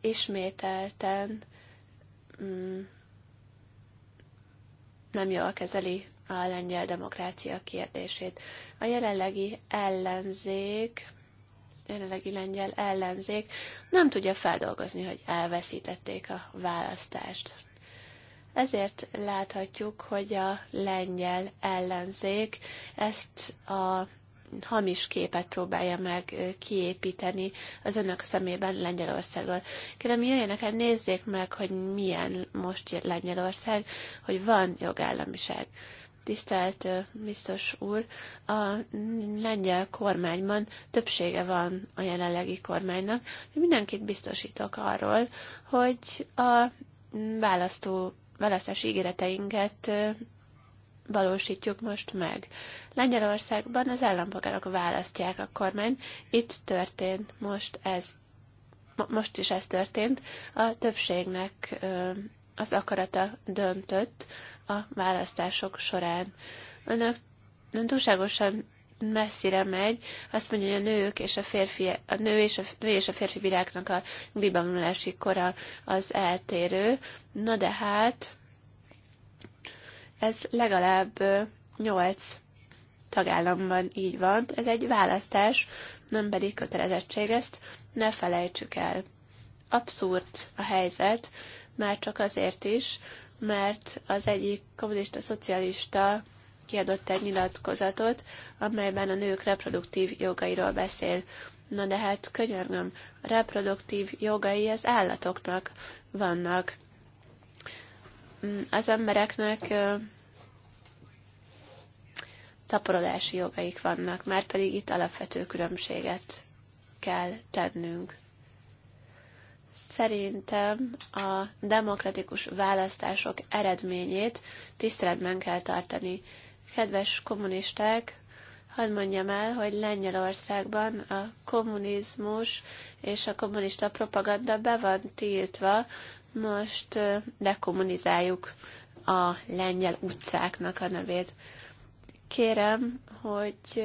ismételten mm, nem jól kezeli a lengyel demokrácia kérdését. A jelenlegi ellenzék, jelenlegi lengyel ellenzék nem tudja feldolgozni, hogy elveszítették a választást. Ezért láthatjuk, hogy a lengyel ellenzék ezt a hamis képet próbálja meg kiépíteni az önök szemében Lengyelországról. Kérem, jöjjenek el, nézzék meg, hogy milyen most Lengyelország, hogy van jogállamiság. Tisztelt biztos úr, a lengyel kormányban többsége van a jelenlegi kormánynak, hogy mindenkit biztosítok arról, hogy a választó, választási ígéreteinket valósítjuk most meg. Lengyelországban az állampolgárok választják a kormányt. Itt történt most ez, most is ez történt. A többségnek az akarata döntött a választások során. Önök ön túlságosan messzire megy, azt mondja, hogy a nők és a férfi, a nő és a, nő és a férfi világnak a nyugdíjbanulási kora az eltérő. Na de hát, ez legalább 8 tagállamban így van. Ez egy választás, nem pedig kötelezettség ezt, ne felejtsük el. Abszurd a helyzet, már csak azért is, mert az egyik kommunista-szocialista kiadott egy nyilatkozatot, amelyben a nők reproduktív jogairól beszél. Na de hát könyörgöm, a reproduktív jogai az állatoknak vannak. Mm, az embereknek szaporodási jogaik vannak, már pedig itt alapvető különbséget kell tennünk. Szerintem a demokratikus választások eredményét tiszteletben kell tartani. Kedves kommunisták, hadd mondjam el, hogy Lengyelországban a kommunizmus és a kommunista propaganda be van tiltva, most dekommunizáljuk a lengyel utcáknak a nevét. Kérem, hogy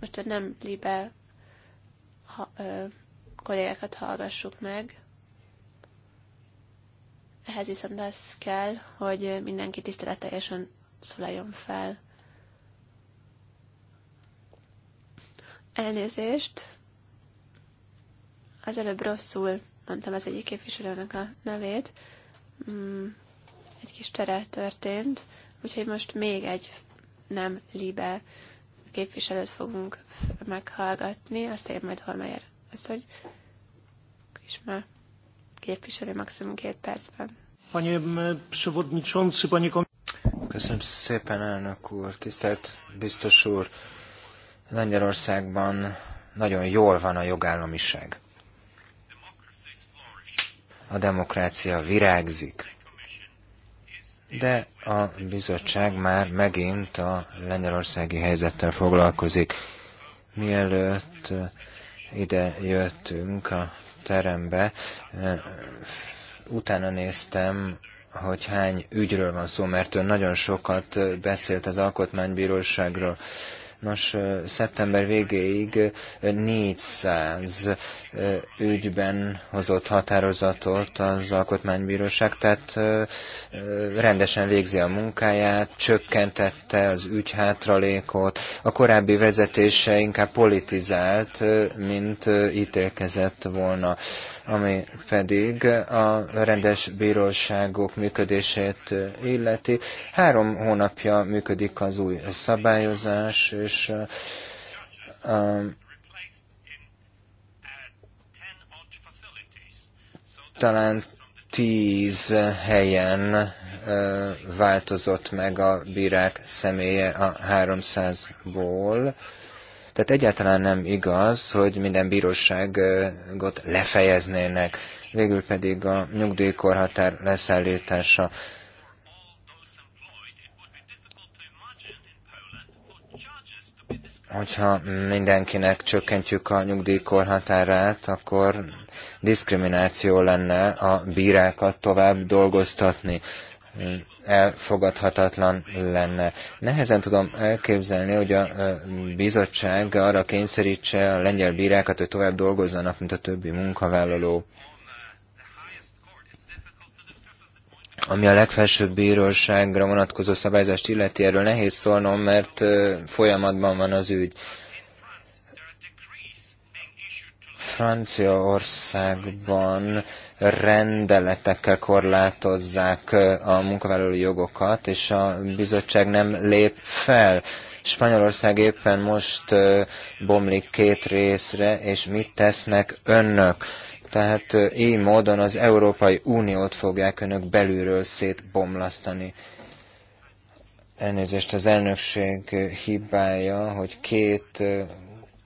most a nem libe ha, ö, kollégákat hallgassuk meg. Ehhez viszont az kell, hogy mindenki tiszteleteljesen szólaljon fel. Elnézést. Az előbb rosszul mondtam az egyik képviselőnek a nevét. Hmm, egy kis tere történt. Úgyhogy most még egy nem libe képviselőt fogunk meghallgatni, aztán majd Holmeyer asszony is már képviselő maximum két percben. Panie mm, przewodniczący, panie Köszönöm szépen, elnök úr, tisztelt biztos úr. Lengyelországban nagyon jól van a jogállamiság. A demokrácia virágzik de a bizottság már megint a lengyelországi helyzettel foglalkozik. Mielőtt eh, ide jöttünk a terembe, eh, utána néztem, hogy hány ügyről van szó, mert ő nagyon sokat eh, beszélt az alkotmánybíróságról. Nos, szeptember végéig 400 ügyben hozott határozatot az Alkotmánybíróság, tehát rendesen végzi a munkáját, csökkentette az ügyhátralékot. A korábbi vezetése inkább politizált, mint ítélkezett volna, ami pedig a rendes bíróságok működését illeti. Három hónapja működik az új szabályozás, és és talán tíz helyen változott meg a bírák személye a 300-ból. Tehát egyáltalán nem igaz, hogy minden bíróságot lefejeznének. Végül pedig a nyugdíjkorhatár leszállítása hogyha mindenkinek csökkentjük a nyugdíjkorhatárát, akkor diszkrimináció lenne a bírákat tovább dolgoztatni. Elfogadhatatlan lenne. Nehezen tudom elképzelni, hogy a bizottság arra kényszerítse a lengyel bírákat, hogy tovább dolgozzanak, mint a többi munkavállaló. Ami a legfelsőbb bíróságra vonatkozó szabályzást illeti, erről nehéz szólnom, mert folyamatban van az ügy. Franciaországban rendeletekkel korlátozzák a munkavállalói jogokat, és a bizottság nem lép fel. Spanyolország éppen most bomlik két részre, és mit tesznek önök? Tehát így módon az Európai Uniót fogják önök belülről szétbomlasztani. Elnézést az elnökség hibája, hogy két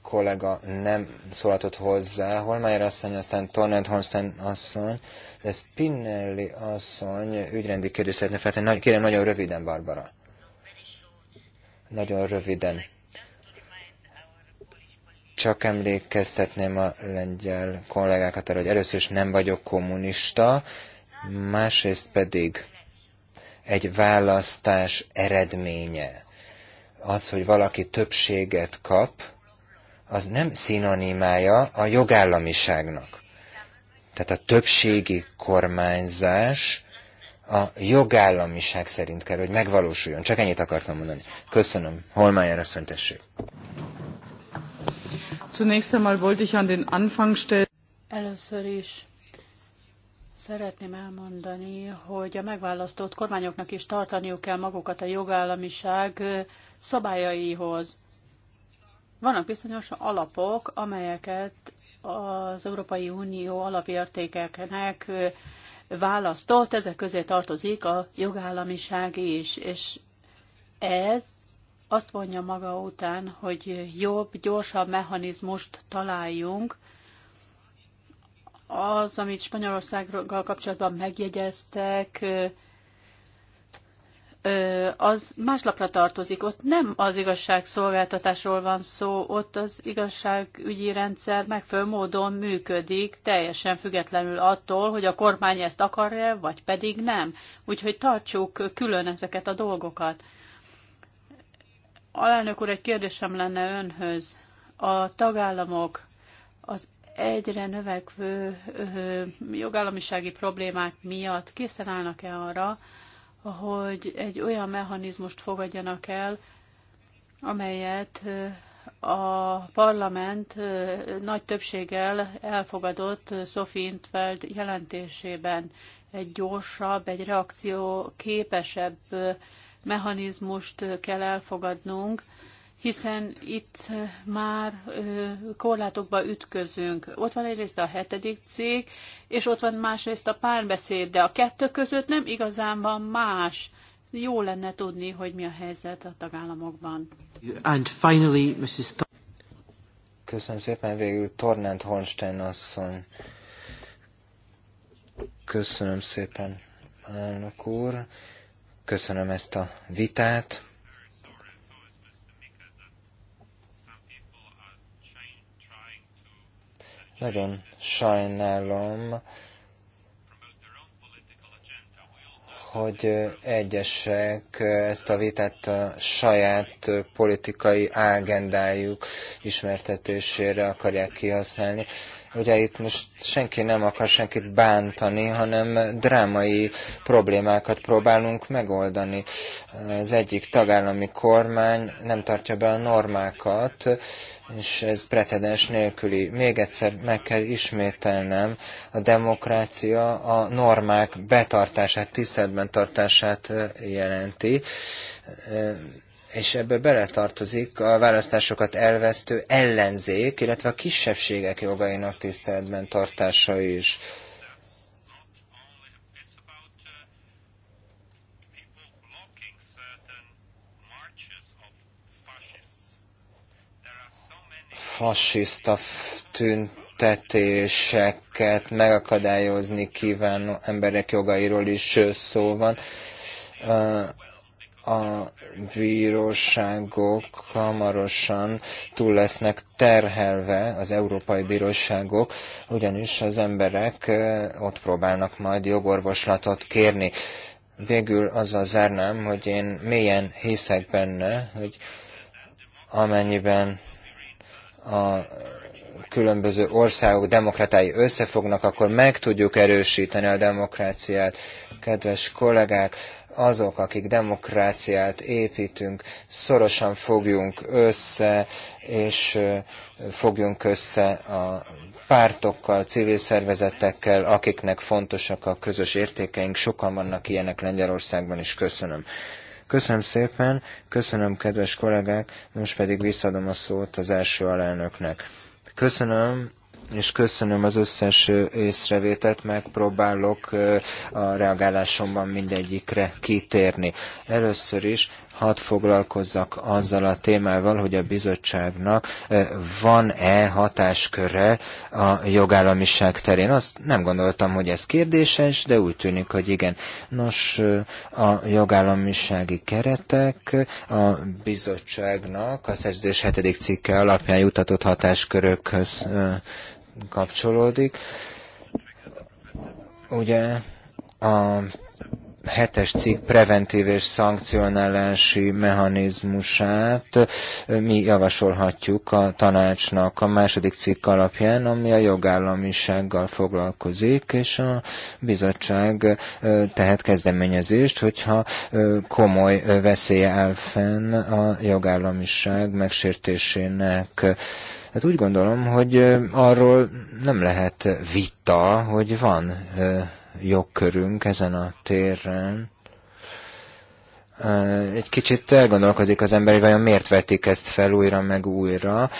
kollega nem szólhatott hozzá, Holmeyer asszony, aztán Tornett Honstein asszony, de Spinelli asszony ügyrendi kérdés szeretne feltenni. Nagy, kérem, nagyon röviden, Barbara. Nagyon röviden csak emlékeztetném a lengyel kollégákat arra, hogy először is nem vagyok kommunista, másrészt pedig egy választás eredménye. Az, hogy valaki többséget kap, az nem szinonimája a jogállamiságnak. Tehát a többségi kormányzás a jogállamiság szerint kell, hogy megvalósuljon. Csak ennyit akartam mondani. Köszönöm. Holmájára szöntessék. Zunächst einmal wollte ich an den Anfang stellen. Először is szeretném elmondani, hogy a megválasztott kormányoknak is tartaniuk kell magukat a jogállamiság szabályaihoz. Vannak bizonyos alapok, amelyeket az Európai Unió alapértékeknek választott, ezek közé tartozik a jogállamiság is, és ez azt vonja maga után, hogy jobb, gyorsabb mechanizmust találjunk. Az, amit Spanyolországgal kapcsolatban megjegyeztek, az más lapra tartozik. Ott nem az igazságszolgáltatásról van szó, ott az igazságügyi rendszer megfelelő módon működik, teljesen függetlenül attól, hogy a kormány ezt akarja vagy pedig nem. Úgyhogy tartsuk külön ezeket a dolgokat. Alelnök úr, egy kérdésem lenne önhöz. A tagállamok az egyre növekvő jogállamisági problémák miatt készen állnak-e arra, hogy egy olyan mechanizmust fogadjanak el, amelyet a parlament nagy többséggel elfogadott Sophie Intveld jelentésében egy gyorsabb, egy reakció képesebb mechanizmust kell elfogadnunk, hiszen itt már korlátokba ütközünk. Ott van egyrészt a hetedik cég, és ott van másrészt a párbeszéd, de a kettő között nem igazán van más. Jó lenne tudni, hogy mi a helyzet a tagállamokban. And finally, Mrs. Köszönöm szépen végül Tornent Hornstein asszony. Köszönöm szépen, elnök úr. Köszönöm ezt a vitát. Nagyon sajnálom, hogy egyesek ezt a vitát a saját politikai ágendájuk ismertetésére akarják kihasználni. Ugye itt most senki nem akar senkit bántani, hanem drámai problémákat próbálunk megoldani. Az egyik tagállami kormány nem tartja be a normákat, és ez precedens nélküli. Még egyszer meg kell ismételnem, a demokrácia a normák betartását, tiszteletben tartását jelenti és ebbe beletartozik a választásokat elvesztő ellenzék, illetve a kisebbségek jogainak tiszteletben tartása is. Fasiszta tüntetéseket megakadályozni kívánó emberek jogairól is szó van. A bíróságok hamarosan túl lesznek terhelve, az európai bíróságok, ugyanis az emberek ott próbálnak majd jogorvoslatot kérni. Végül azzal zárnám, hogy én mélyen hiszek benne, hogy amennyiben a különböző országok demokratái összefognak, akkor meg tudjuk erősíteni a demokráciát. Kedves kollégák, azok, akik demokráciát építünk, szorosan fogjunk össze, és fogjunk össze a pártokkal, civil szervezetekkel, akiknek fontosak a közös értékeink. Sokan vannak ilyenek Lengyelországban is. Köszönöm. Köszönöm szépen, köszönöm kedves kollégák, most pedig visszadom a szót az első alelnöknek. Köszönöm, és köszönöm az összes észrevételt, megpróbálok a reagálásomban mindegyikre kitérni. Először is hadd foglalkozzak azzal a témával, hogy a bizottságnak van-e hatásköre a jogállamiság terén. Azt nem gondoltam, hogy ez kérdéses, de úgy tűnik, hogy igen. Nos, a jogállamisági keretek a bizottságnak a szerződés 7. cikke alapján jutatott hatáskörökhöz kapcsolódik. Ugye a hetes cikk preventív és szankcionálási mechanizmusát mi javasolhatjuk a tanácsnak a második cikk alapján, ami a jogállamisággal foglalkozik, és a bizottság tehet kezdeményezést, hogyha komoly veszélye áll fenn a jogállamiság megsértésének Hát úgy gondolom, hogy arról nem lehet vita, hogy van jogkörünk ezen a téren. Egy kicsit elgondolkozik az ember, hogy vajon miért vetik ezt fel újra meg újra,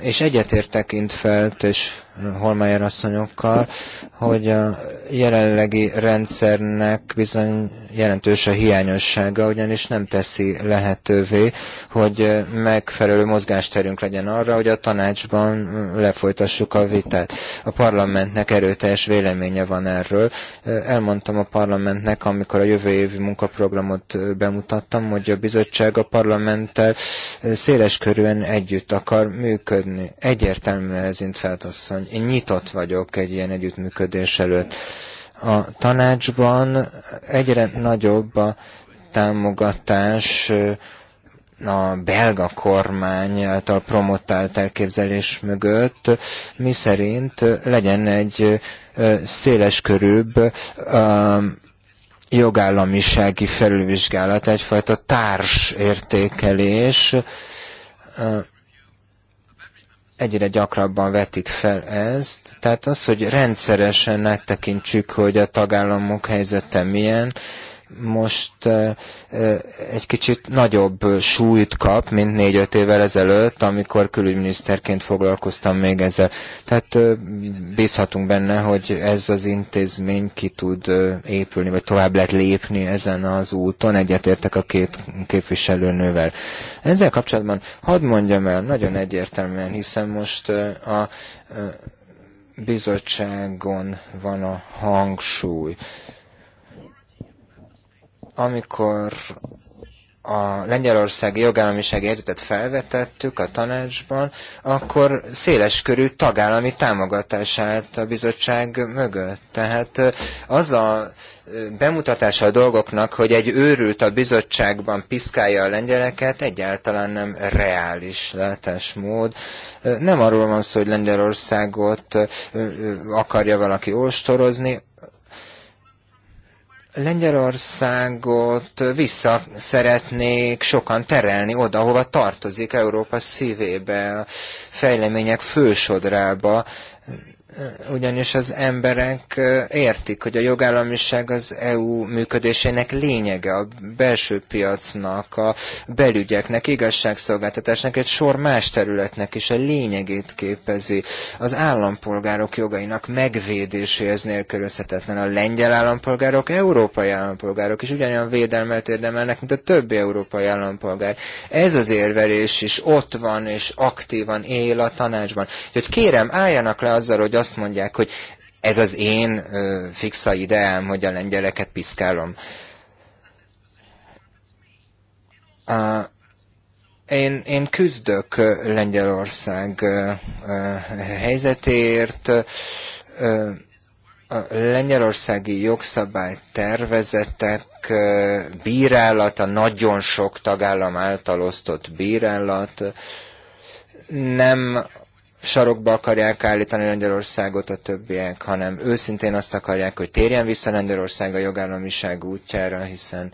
és egyetértek felt, és Holmeyer asszonyokkal, hogy a jelenlegi rendszernek bizony jelentős a hiányossága, ugyanis nem teszi lehetővé, hogy megfelelő mozgásterünk legyen arra, hogy a tanácsban lefolytassuk a vitát. A parlamentnek erőteljes véleménye van erről. Elmondtam a parlamentnek, amikor a jövő évi munkaprogramot bemutattam, hogy a bizottság a parlamenttel széleskörűen együtt akar működni. Egyértelmű ez Intfeld hogy én nyitott vagyok egy ilyen együttműködés előtt. A tanácsban egyre nagyobb a támogatás a belga kormány által promotált elképzelés mögött, mi szerint legyen egy széleskörűbb jogállamisági felülvizsgálat, egyfajta társértékelés, egyre gyakrabban vetik fel ezt, tehát az, hogy rendszeresen megtekintsük, hogy a tagállamok helyzete milyen, most egy kicsit nagyobb súlyt kap, mint négy-öt évvel ezelőtt, amikor külügyminiszterként foglalkoztam még ezzel. Tehát bízhatunk benne, hogy ez az intézmény ki tud épülni, vagy tovább lehet lépni ezen az úton. Egyetértek a két képviselőnővel. Ezzel kapcsolatban hadd mondjam el, nagyon egyértelműen, hiszen most a bizottságon van a hangsúly. Amikor a lengyelországi jogállamisági helyzetet felvetettük a tanácsban, akkor széleskörű tagállami támogatását a bizottság mögött. Tehát az a bemutatása a dolgoknak, hogy egy őrült a bizottságban piszkálja a lengyeleket, egyáltalán nem reális látásmód. Nem arról van szó, hogy Lengyelországot akarja valaki ostorozni, Lengyelországot vissza szeretnék sokan terelni oda, hova tartozik Európa szívébe, a fejlemények fősodrába, ugyanis az emberek értik, hogy a jogállamiság az EU működésének lényege, a belső piacnak, a belügyeknek, igazságszolgáltatásnak, egy sor más területnek is a lényegét képezi. Az állampolgárok jogainak megvédéséhez nélkülözhetetlen a lengyel állampolgárok, európai állampolgárok is ugyanolyan védelmet érdemelnek, mint a többi európai állampolgár. Ez az érvelés is ott van és aktívan él a tanácsban. Úgyhogy kérem, álljanak le azzal, hogy azt mondják, hogy ez az én fixa ideám, hogy a lengyeleket piszkálom. A, én, én küzdök Lengyelország helyzetért. A lengyelországi jogszabály tervezetek bírálata, nagyon sok tagállam által osztott bírálat nem sarokba akarják állítani Lengyelországot a többiek, hanem őszintén azt akarják, hogy térjen vissza Lengyelország a jogállamiság útjára, hiszen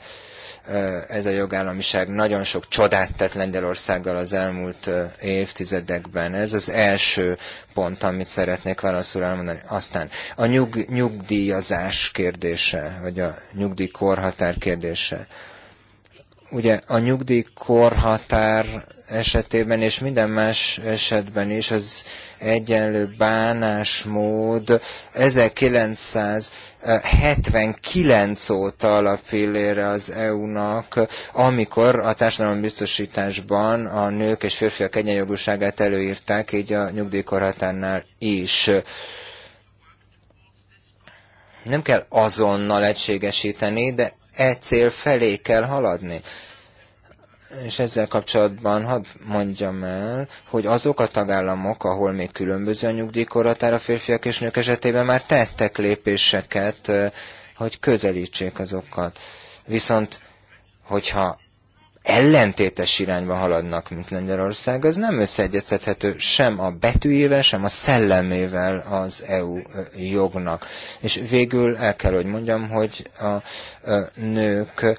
ez a jogállamiság nagyon sok csodát tett Lengyelországgal az elmúlt évtizedekben. Ez az első pont, amit szeretnék válaszul elmondani. Aztán a nyug, nyugdíjazás kérdése, vagy a nyugdíjkorhatár kérdése. Ugye a nyugdíjkorhatár esetében és minden más esetben is az egyenlő bánásmód 1979 óta alapillére az EU-nak, amikor a társadalombiztosításban a nők és férfiak egyenjogúságát előírták, így a nyugdíjkorhatárnál is nem kell azonnal egységesíteni, de e cél felé kell haladni és ezzel kapcsolatban hadd mondjam el, hogy azok a tagállamok, ahol még különböző a nyugdíjkorhatár a férfiak és nők esetében már tettek lépéseket, hogy közelítsék azokat. Viszont, hogyha ellentétes irányba haladnak, mint Lengyelország, az nem összeegyeztethető sem a betűjével, sem a szellemével az EU jognak. És végül el kell, hogy mondjam, hogy a nők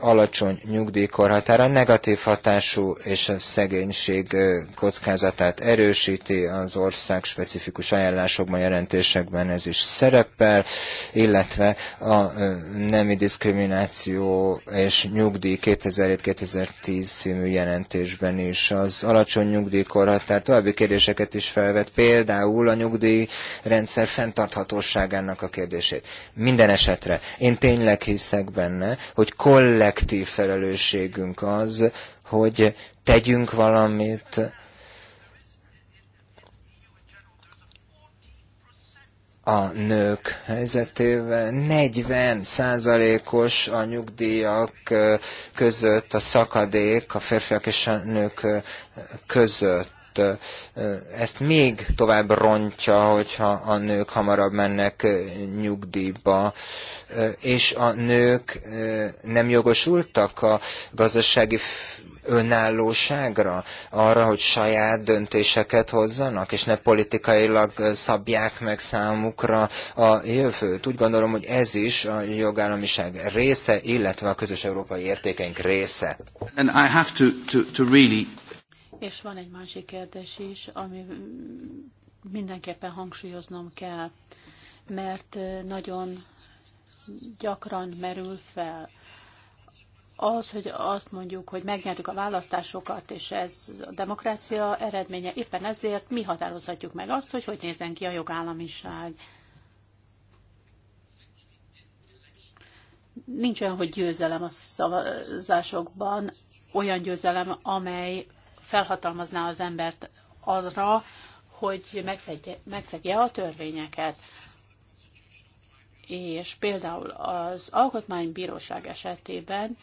alacsony nyugdíjkorhatára negatív hatású, és a szegénység kockázatát erősíti, az ország specifikus ajánlásokban, jelentésekben ez is szerepel, illetve a nemi diszkrimináció és nyugdíj 2007 2010 című jelentésben is. Az alacsony nyugdíjkorhatár további kérdéseket is felvet, például a nyugdíjrendszer fenntarthatóságának a kérdését. Minden esetre én tényleg hiszek benne, hogy kollektív felelősségünk az, hogy tegyünk valamit a nők helyzetével. 40 százalékos a nyugdíjak között a szakadék a férfiak és a nők között ezt még tovább rontja, hogyha a nők hamarabb mennek nyugdíjba, és a nők nem jogosultak a gazdasági önállóságra, arra, hogy saját döntéseket hozzanak, és ne politikailag szabják meg számukra a jövőt. Úgy gondolom, hogy ez is a jogállamiság része, illetve a közös európai értékeink része. And I have to, to, to really és van egy másik kérdés is, ami mindenképpen hangsúlyoznom kell, mert nagyon gyakran merül fel az, hogy azt mondjuk, hogy megnyertük a választásokat, és ez a demokrácia eredménye, éppen ezért mi határozhatjuk meg azt, hogy hogy nézzen ki a jogállamiság. Nincs olyan, hogy győzelem a szavazásokban, olyan győzelem, amely felhatalmazná az embert arra, hogy megszegje, megszegje a törvényeket. És például az Alkotmánybíróság esetében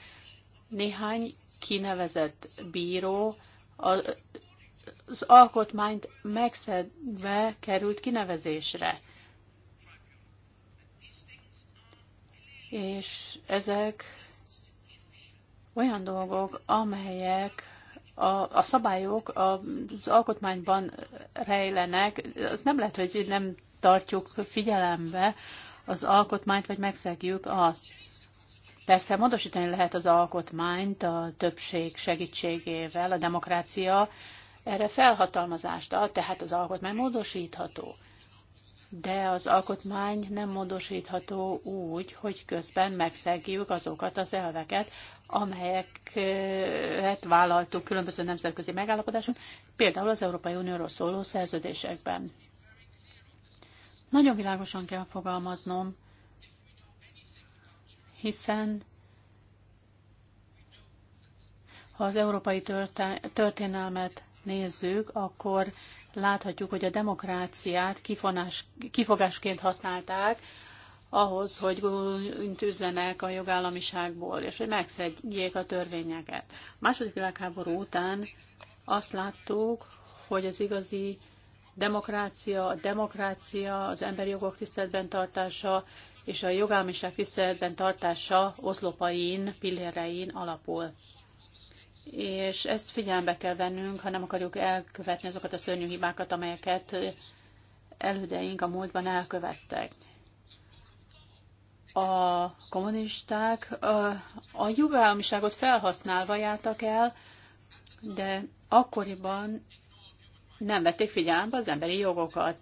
néhány kinevezett bíró az alkotmányt megszedve került kinevezésre. És ezek olyan dolgok, amelyek a, a szabályok az alkotmányban rejlenek, az nem lehet, hogy nem tartjuk figyelembe az alkotmányt, vagy megszegjük azt. Persze módosítani lehet az alkotmányt a többség segítségével, a demokrácia erre felhatalmazást ad, tehát az alkotmány módosítható de az alkotmány nem módosítható úgy, hogy közben megszegjük azokat az elveket, amelyeket vállaltuk különböző nemzetközi megállapodáson, például az Európai Unióról szóló szerződésekben. Nagyon világosan kell fogalmaznom, hiszen ha az európai történelmet nézzük, akkor láthatjuk, hogy a demokráciát kifonás, kifogásként használták ahhoz, hogy üntüzzenek a jogállamiságból, és hogy megszedjék a törvényeket. A második világháború után azt láttuk, hogy az igazi demokrácia, a demokrácia, az emberi jogok tiszteletben tartása és a jogállamiság tiszteletben tartása oszlopain, pillérein alapul és ezt figyelembe kell vennünk, ha nem akarjuk elkövetni azokat a szörnyű hibákat, amelyeket elődeink a múltban elkövettek. A kommunisták a, a jogállamiságot felhasználva jártak el, de akkoriban nem vették figyelembe az emberi jogokat.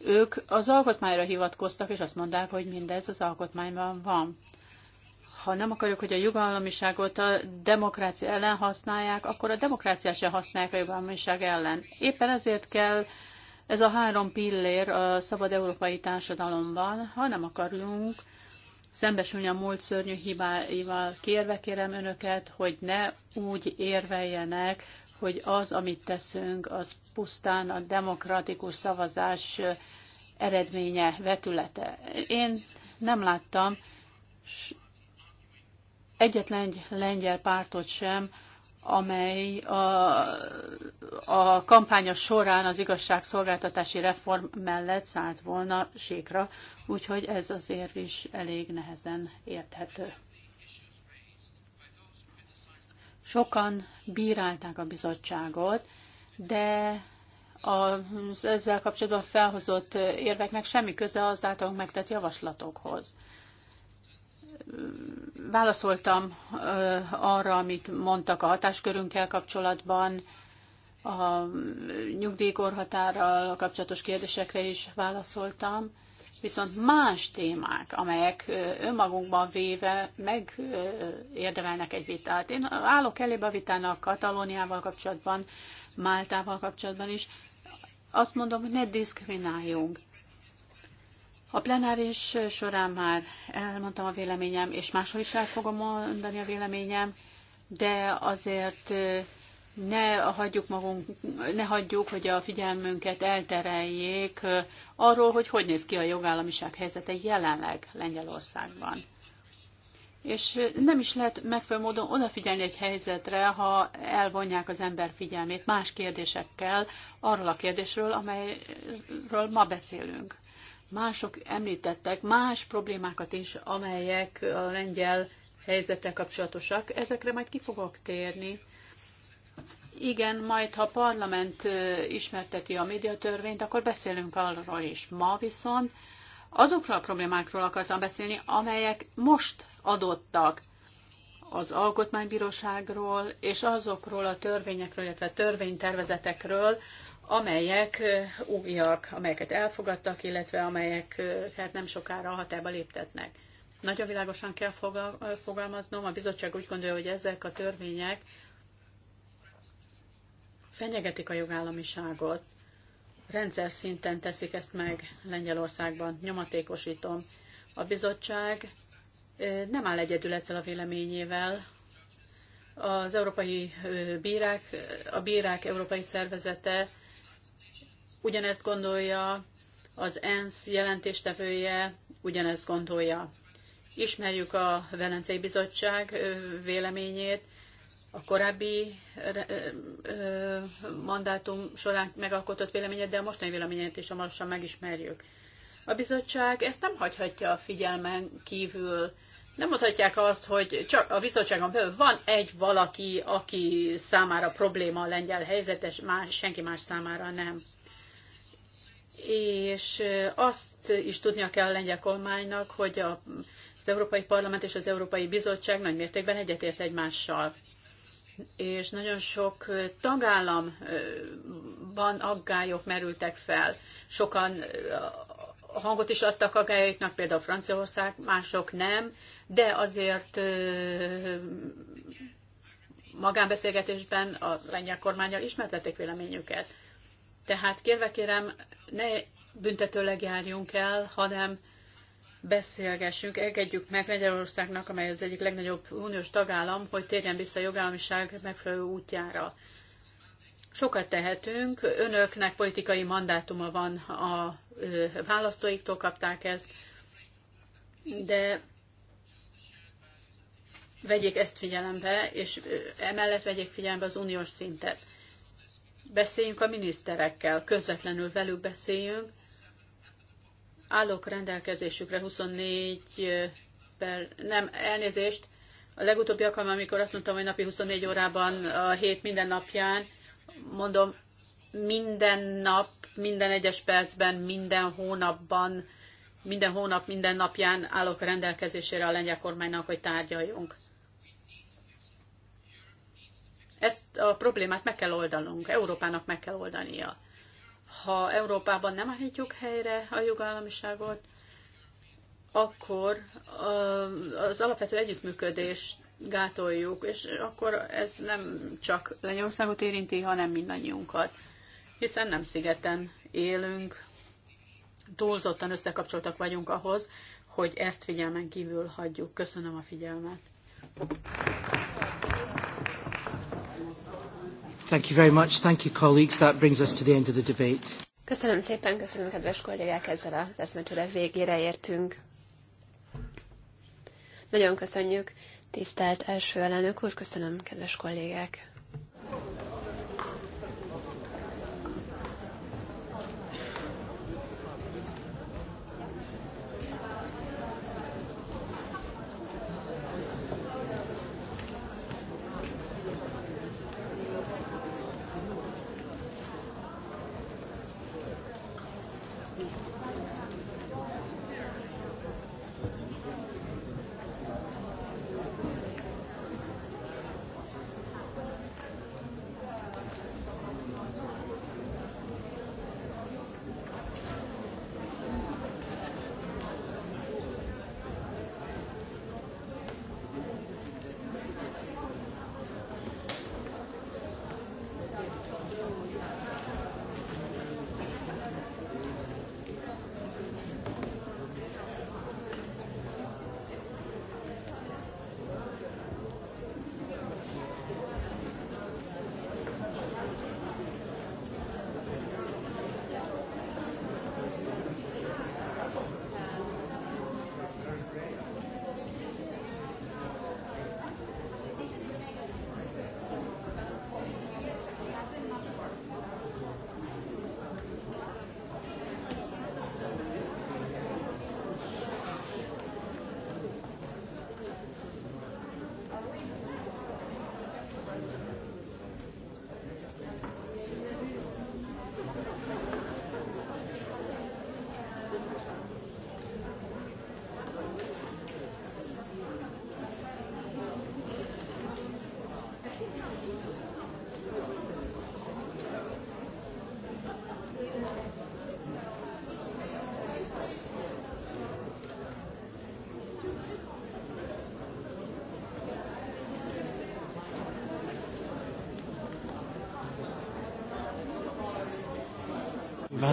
Ők az alkotmányra hivatkoztak, és azt mondták, hogy mindez az alkotmányban van ha nem akarjuk, hogy a jogállamiságot a demokrácia ellen használják, akkor a demokráciát sem használják a jogállamiság ellen. Éppen ezért kell ez a három pillér a szabad európai társadalomban, ha nem akarunk szembesülni a múlt szörnyű hibáival. Kérve kérem önöket, hogy ne úgy érveljenek, hogy az, amit teszünk, az pusztán a demokratikus szavazás eredménye, vetülete. Én nem láttam egyetlen lengyel pártot sem, amely a, a kampánya során az igazságszolgáltatási reform mellett szállt volna sékra, úgyhogy ez az érv is elég nehezen érthető. Sokan bírálták a bizottságot, de az ezzel kapcsolatban felhozott érveknek semmi köze az általunk megtett javaslatokhoz válaszoltam arra, amit mondtak a hatáskörünkkel kapcsolatban, a nyugdíjkorhatárral kapcsolatos kérdésekre is válaszoltam, viszont más témák, amelyek önmagunkban véve megérdemelnek egy vitát. Én állok elébe a vitának Katalóniával kapcsolatban, Máltával kapcsolatban is. Azt mondom, hogy ne diszkrimináljunk. A plenáris során már elmondtam a véleményem, és máshol is el fogom mondani a véleményem, de azért ne hagyjuk, magunk, ne hagyjuk, hogy a figyelmünket eltereljék arról, hogy hogy néz ki a jogállamiság helyzete jelenleg Lengyelországban. És nem is lehet megfelelő módon odafigyelni egy helyzetre, ha elvonják az ember figyelmét más kérdésekkel arról a kérdésről, amelyről ma beszélünk mások említettek más problémákat is, amelyek a lengyel helyzettel kapcsolatosak. Ezekre majd ki fogok térni. Igen, majd ha a parlament ismerteti a médiatörvényt, akkor beszélünk arról is. Ma viszont azokról a problémákról akartam beszélni, amelyek most adottak az Alkotmánybíróságról és azokról a törvényekről, illetve törvénytervezetekről, amelyek újak, amelyeket elfogadtak, illetve amelyek hát nem sokára a hatába léptetnek. Nagyon világosan kell fogalmaznom, a bizottság úgy gondolja, hogy ezek a törvények fenyegetik a jogállamiságot. Rendszer szinten teszik ezt meg Lengyelországban, nyomatékosítom. A bizottság nem áll egyedül ezzel a véleményével. Az európai bírák, a bírák európai szervezete Ugyanezt gondolja az ENSZ jelentéstevője, ugyanezt gondolja. Ismerjük a Velencei Bizottság véleményét, a korábbi mandátum során megalkotott véleményet, de a mostani véleményét is hamarosan megismerjük. A bizottság ezt nem hagyhatja a figyelmen kívül. Nem mondhatják azt, hogy csak a bizottságon belül van egy valaki, aki számára probléma a lengyel helyzetes, más, senki más számára nem és azt is tudnia kell a lengyel kormánynak, hogy a, az Európai Parlament és az Európai Bizottság nagy mértékben egyetért egymással. És nagyon sok tagállamban aggályok merültek fel. Sokan hangot is adtak aggályoknak, például Franciaország, mások nem, de azért magánbeszélgetésben a lengyel kormányjal ismertették véleményüket. Tehát kérve kérem, ne büntetőleg járjunk el, hanem beszélgessünk, engedjük meg Magyarországnak, amely az egyik legnagyobb uniós tagállam, hogy térjen vissza a jogállamiság megfelelő útjára. Sokat tehetünk, önöknek politikai mandátuma van, a választóiktól kapták ezt, de vegyék ezt figyelembe, és emellett vegyék figyelembe az uniós szintet. Beszéljünk a miniszterekkel, közvetlenül velük beszéljünk. Állok rendelkezésükre 24 per, nem, elnézést, a legutóbbi alkalom, amikor azt mondtam, hogy napi 24 órában a hét minden napján, mondom, minden nap, minden egyes percben, minden hónapban, minden hónap, minden napján állok rendelkezésére a lengyel kormánynak, hogy tárgyaljunk. Ezt a problémát meg kell oldanunk, Európának meg kell oldania. Ha Európában nem állítjuk helyre a jogállamiságot, akkor az alapvető együttműködést gátoljuk, és akkor ez nem csak Lengyelországot érinti, hanem mindannyiunkat. Hiszen nem szigeten élünk, túlzottan összekapcsoltak vagyunk ahhoz, hogy ezt figyelmen kívül hagyjuk. Köszönöm a figyelmet. Thank you very much. Thank you, colleagues. That brings us to the end of the debate. Köszönöm szépen, köszönöm, kedves kollégák, ezzel a eszmecsere végére értünk. Nagyon köszönjük, tisztelt első elnök úr, köszönöm, kedves kollégák.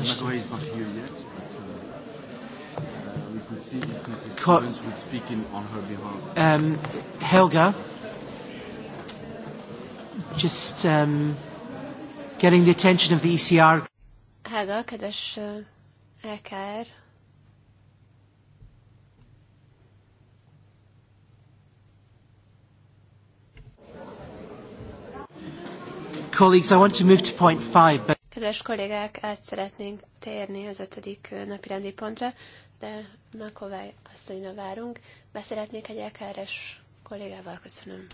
Uh, uh, um, Helga, just um, getting the attention of the ECR. Helga, kedves Eker, uh, EKR, Colleagues, I want to move to point five, but Kedves kollégák, át szeretnénk térni az ötödik rendi pontra, de Makovály asszonyra várunk. Beszeretnék egy lkr kollégával. Köszönöm.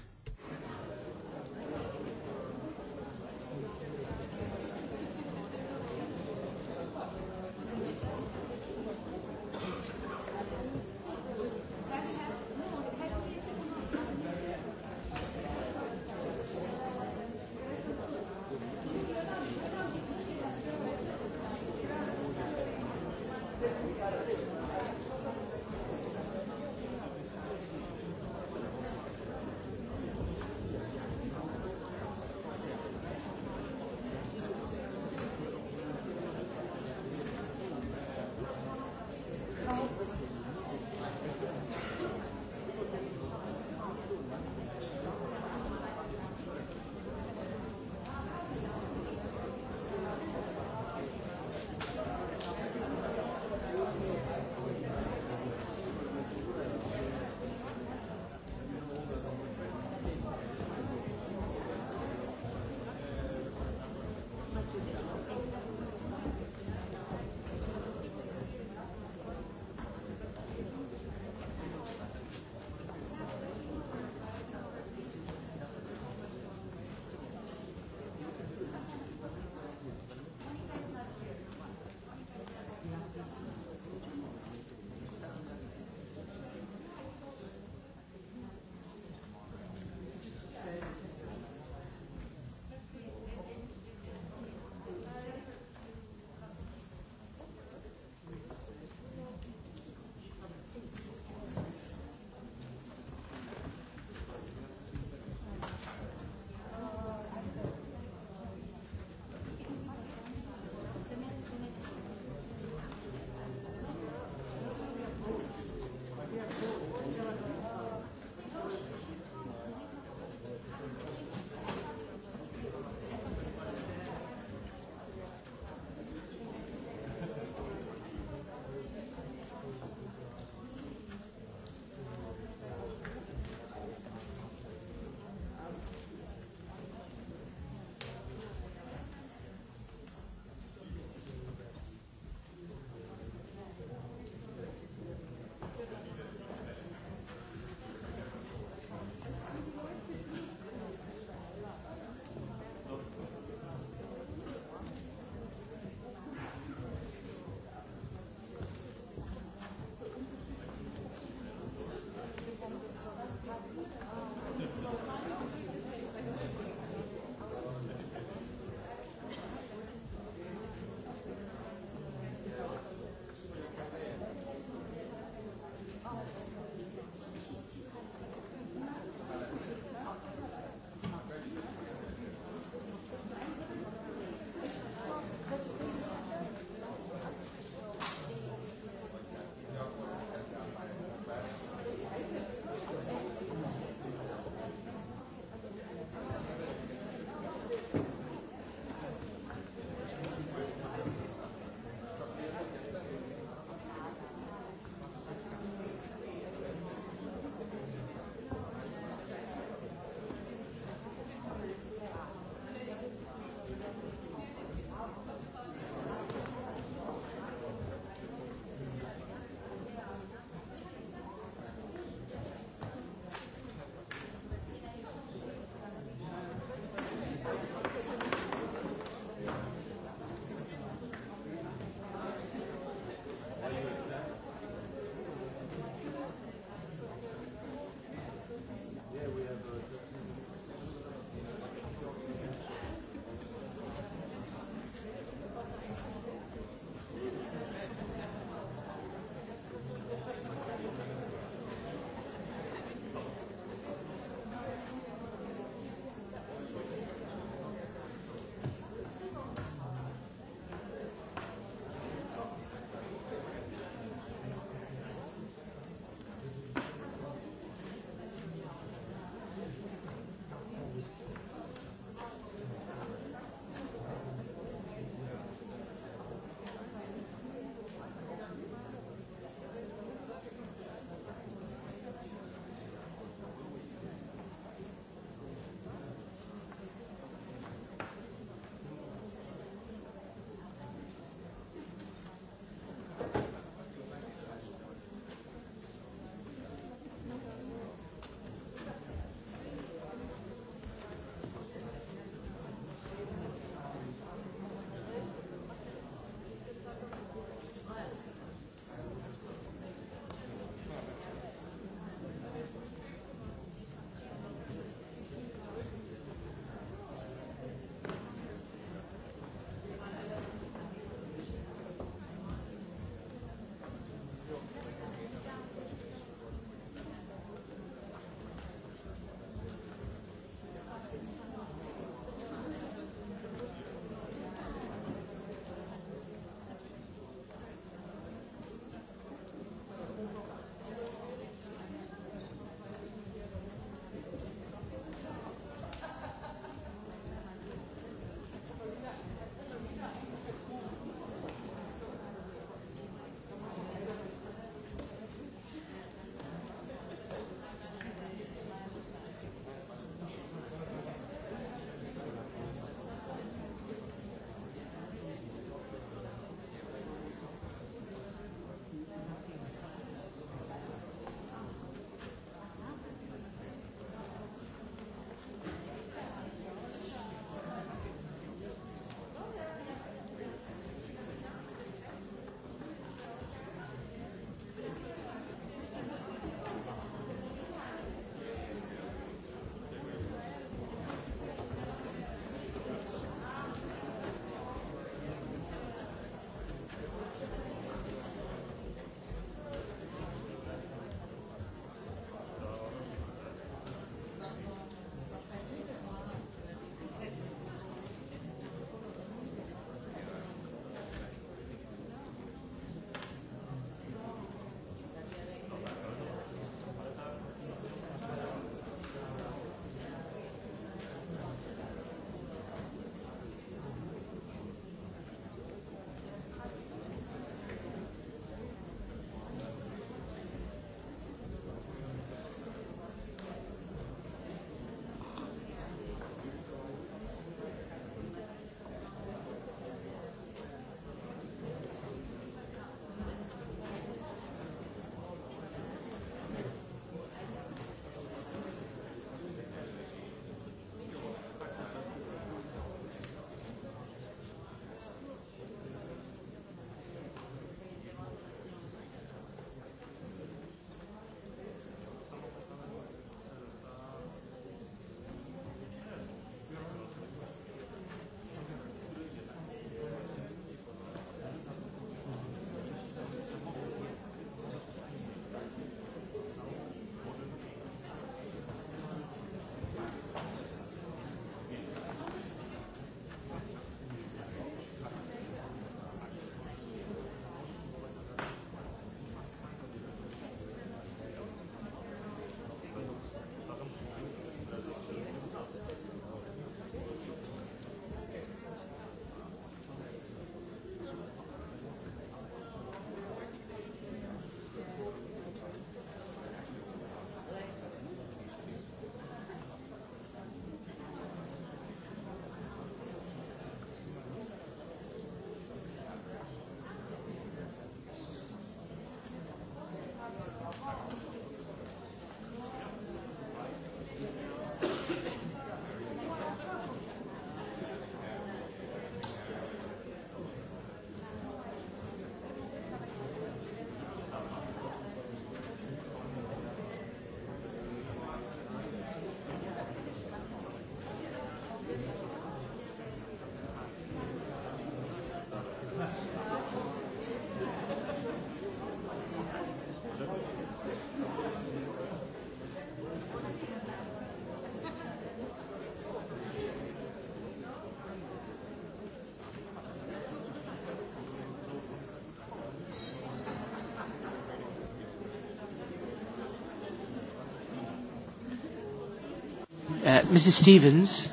Uh, Mrs. Stevens.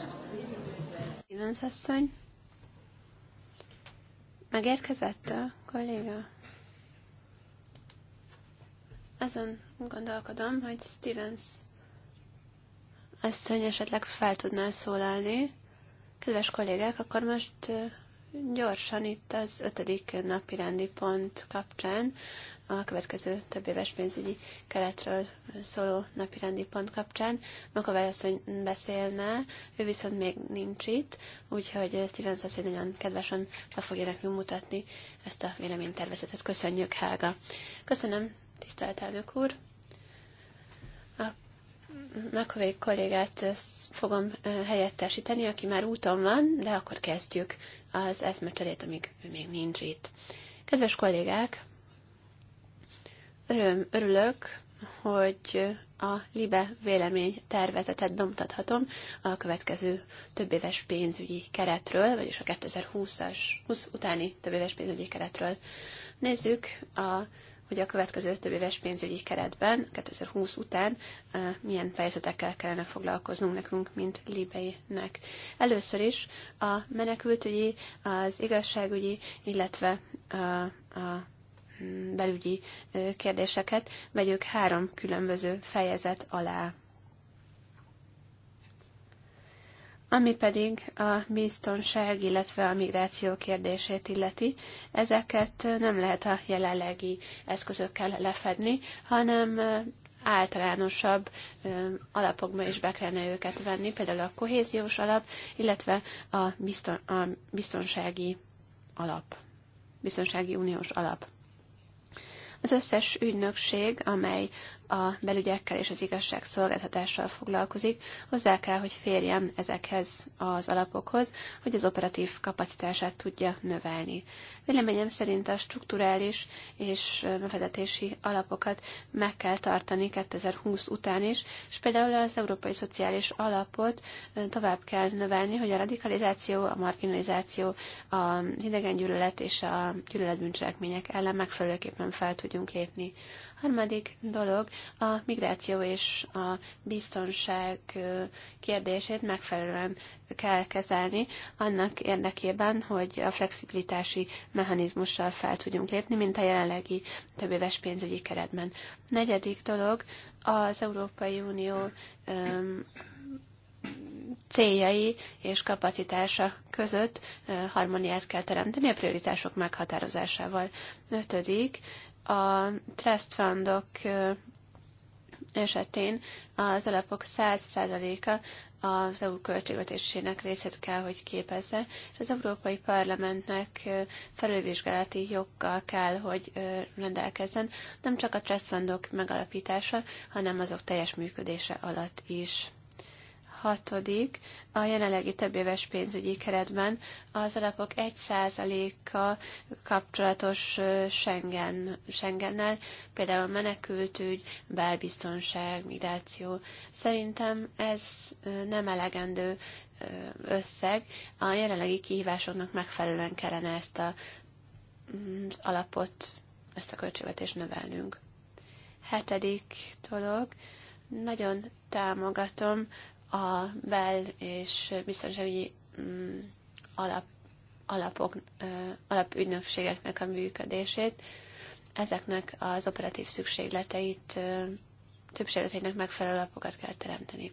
Stevens asszony. Megérkezett a kolléga? Azon gondolkodom, hogy Stevens asszony esetleg fel tudná szólalni. Kedves kollégák, akkor most uh, gyorsan itt az ötödik napi rendi pont kapcsán a következő több éves pénzügyi keretről szóló napirendi pont kapcsán. Makovely asszony beszélne, ő viszont még nincs itt, úgyhogy Steven asszony nagyon kedvesen be fogja nekünk mutatni ezt a véleménytervezetet. Köszönjük, Hága! Köszönöm, tisztelt elnök úr! A Makovely kollégát fogom helyettesíteni, aki már úton van, de akkor kezdjük az eszmecserét, amíg ő még nincs itt. Kedves kollégák, Öröm, örülök, hogy a LIBE vélemény tervezetet bemutathatom a következő többéves pénzügyi keretről, vagyis a 2020-as 20 utáni többéves pénzügyi keretről. Nézzük, a, hogy a következő többéves pénzügyi keretben, 2020 után milyen fejezetekkel kellene foglalkoznunk nekünk, mint LIBE-nek. Először is a menekültügyi, az igazságügyi, illetve a, a belügyi kérdéseket vegyük három különböző fejezet alá. Ami pedig a biztonság, illetve a migráció kérdését illeti, ezeket nem lehet a jelenlegi eszközökkel lefedni, hanem általánosabb alapokba is be kellene őket venni, például a kohéziós alap, illetve a, a biztonsági alap, biztonsági uniós alap. Az összes ügynökség, amely a belügyekkel és az szolgáltatással foglalkozik, hozzá kell, hogy férjen ezekhez az alapokhoz, hogy az operatív kapacitását tudja növelni. Véleményem szerint a strukturális és befektetési alapokat meg kell tartani 2020 után is, és például az Európai Szociális Alapot tovább kell növelni, hogy a radikalizáció, a marginalizáció, az gyűlölet és a gyűlöletbűncselekmények ellen megfelelőképpen fel tudjunk lépni. Harmadik dolog, a migráció és a biztonság kérdését megfelelően kell kezelni annak érdekében, hogy a flexibilitási mechanizmussal fel tudjunk lépni, mint a jelenlegi éves pénzügyi keretben. Negyedik dolog, az Európai Unió céljai és kapacitása között harmóniát kell teremteni a prioritások meghatározásával. Ötödik, a trust fundok esetén az alapok 100%-a az EU költségvetésének részét kell, hogy képezze, és az Európai Parlamentnek felülvizsgálati joggal kell, hogy rendelkezzen, nem csak a trust fundok megalapítása, hanem azok teljes működése alatt is hatodik, a jelenlegi többéves pénzügyi keretben az alapok 1%-a kapcsolatos Schengen, Schengennel, például menekültügy, belbiztonság, migráció. Szerintem ez nem elegendő összeg. A jelenlegi kihívásoknak megfelelően kellene ezt a, mm, az alapot, ezt a költségvetést növelnünk. Hetedik dolog, nagyon támogatom a bel- és biztonsági mm, alap, alapok, alapügynökségeknek a működését, ezeknek az operatív szükségleteit, többségleteinek megfelelő alapokat kell teremteni.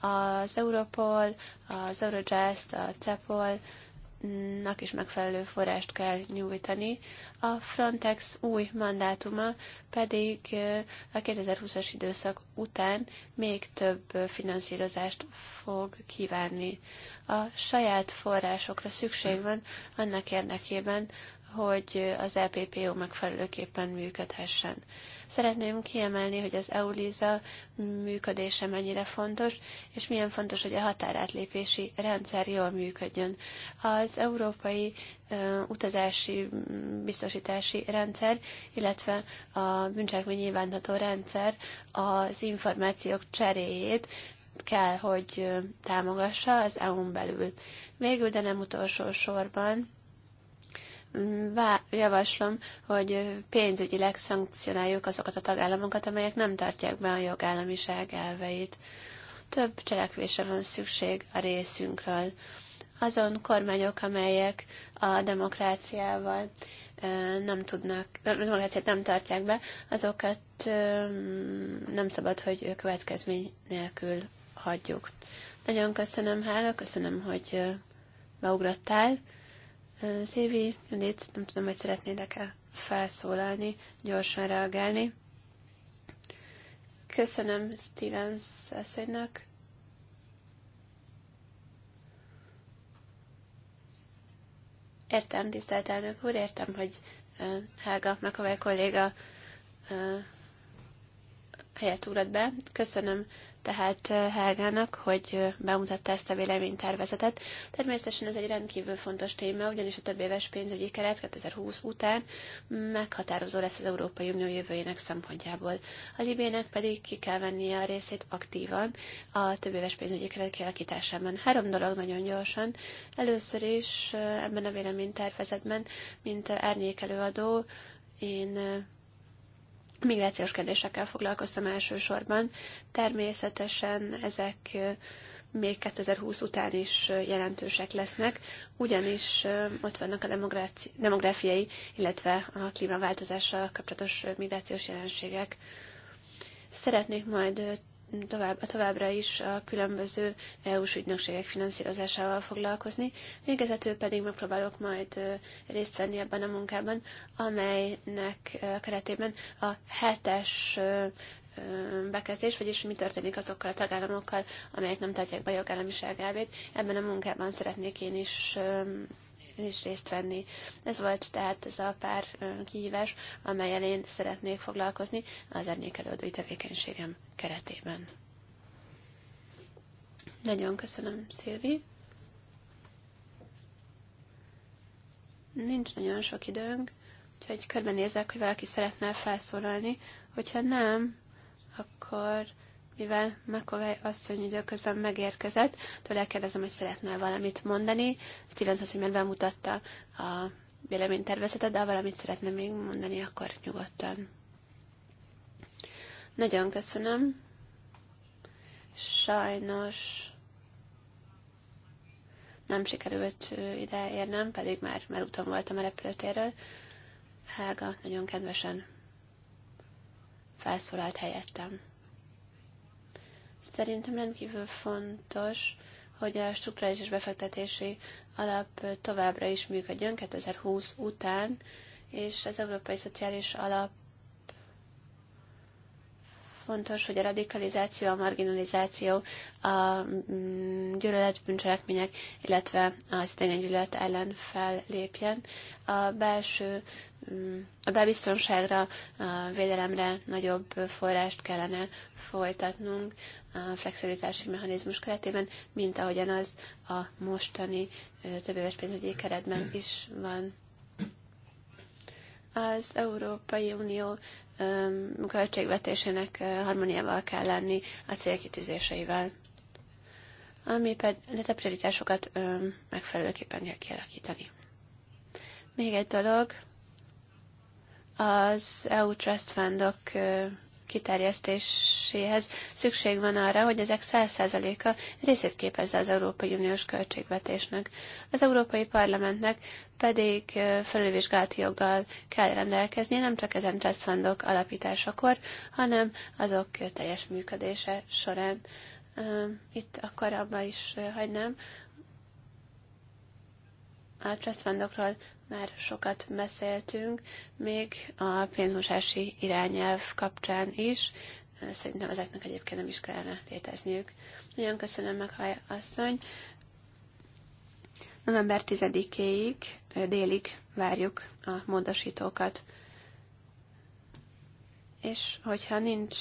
Az Europol, az Eurojust, a CEPOL, nak is megfelelő forrást kell nyújtani. A Frontex új mandátuma pedig a 2020-as időszak után még több finanszírozást fog kívánni. A saját forrásokra szükség van annak érdekében, hogy az LPPO e megfelelőképpen működhessen. Szeretném kiemelni, hogy az EULISA működése mennyire fontos, és milyen fontos, hogy a határátlépési rendszer jól működjön. Az európai uh, utazási mm, biztosítási rendszer, illetve a bűncselekmény nyilvánható rendszer az információk cseréjét kell, hogy támogassa az EU-n belül. Végül, de nem utolsó sorban, javaslom, hogy pénzügyileg szankcionáljuk azokat a tagállamokat, amelyek nem tartják be a jogállamiság elveit. Több cselekvése van szükség a részünkről. Azon kormányok, amelyek a demokráciával nem tudnak, demokráciát nem tartják be, azokat nem szabad, hogy következmény nélkül hagyjuk. Nagyon köszönöm, Hála, köszönöm, hogy beugrottál. Szévi, Judit, nem tudom, hogy szeretnétek-e felszólalni, gyorsan reagálni. Köszönöm Stevens eszédnek. Értem, tisztelt elnök úr, értem, hogy uh, Helga a kolléga uh, helyet ugrott be. Köszönöm tehát Helgának, hogy bemutatta ezt a véleménytervezetet. Természetesen ez egy rendkívül fontos téma, ugyanis a több éves pénzügyi keret 2020 után meghatározó lesz az Európai Unió jövőjének szempontjából. A Libének pedig ki kell vennie a részét aktívan a több éves pénzügyi keret kialakításában. Három dolog nagyon gyorsan. Először is ebben a véleménytervezetben, mint árnyékelőadó, én migrációs kérdésekkel foglalkoztam elsősorban. Természetesen ezek még 2020 után is jelentősek lesznek, ugyanis ott vannak a demográfiai, illetve a klímaváltozással kapcsolatos migrációs jelenségek. Szeretnék majd tovább, továbbra is a különböző EU-s ügynökségek finanszírozásával foglalkozni, végezetül pedig megpróbálok majd részt venni ebben a munkában, amelynek keretében a hetes bekezdés, vagyis mi történik azokkal a tagállamokkal, amelyek nem tartják be jogállamiság elvét. Ebben a munkában szeretnék én is is részt venni. Ez volt tehát ez a pár kihívás, amelyel én szeretnék foglalkozni az árnyékelődői tevékenységem keretében. Nagyon köszönöm, Szilvi. Nincs nagyon sok időnk, úgyhogy körbenézek, hogy valaki szeretne felszólalni. Hogyha nem, akkor mivel McAvey asszony időközben megérkezett, tőle kérdezem, hogy szeretnél valamit mondani. Stevens asszony már bemutatta a véleménytervezetet, de ha valamit szeretne még mondani, akkor nyugodtan. Nagyon köszönöm. Sajnos nem sikerült ide érnem, pedig már, már úton voltam a repülőtérről. Hága nagyon kedvesen felszólalt helyettem. Szerintem rendkívül fontos, hogy a strukturális és befektetési alap továbbra is működjön 2020 után, és az Európai Szociális Alap fontos, hogy a radikalizáció, a marginalizáció, a mm, gyűlöletbűncselekmények, illetve az idegen gyűlölet ellen fellépjen. A belső a bebiztonságra, a védelemre nagyobb forrást kellene folytatnunk a flexibilitási mechanizmus keretében, mint ahogyan az a mostani éves pénzügyi keretben is van. Az Európai Unió költségvetésének harmóniával kell lenni a célkitűzéseivel, ami pedig a prioritásokat megfelelőképpen kell kialakítani. Még egy dolog, az EU Trust Fundok kiterjesztéséhez szükség van arra, hogy ezek 100%-a részét képezze az Európai Uniós költségvetésnek. Az Európai Parlamentnek pedig felülvizsgálati joggal kell rendelkezni, nem csak ezen trust fundok alapításakor, hanem azok teljes működése során. Itt akkor abba is hagynám, a trust fundokról már sokat beszéltünk, még a pénzmosási irányelv kapcsán is. Szerintem ezeknek egyébként nem is kellene létezniük. Nagyon köszönöm meg, ha asszony. November 10-éig, délig várjuk a módosítókat. És hogyha nincs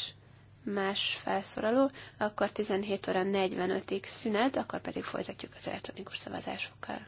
más felszólaló, akkor 17 óra 45-ig szünet, akkor pedig folytatjuk az elektronikus szavazásokkal.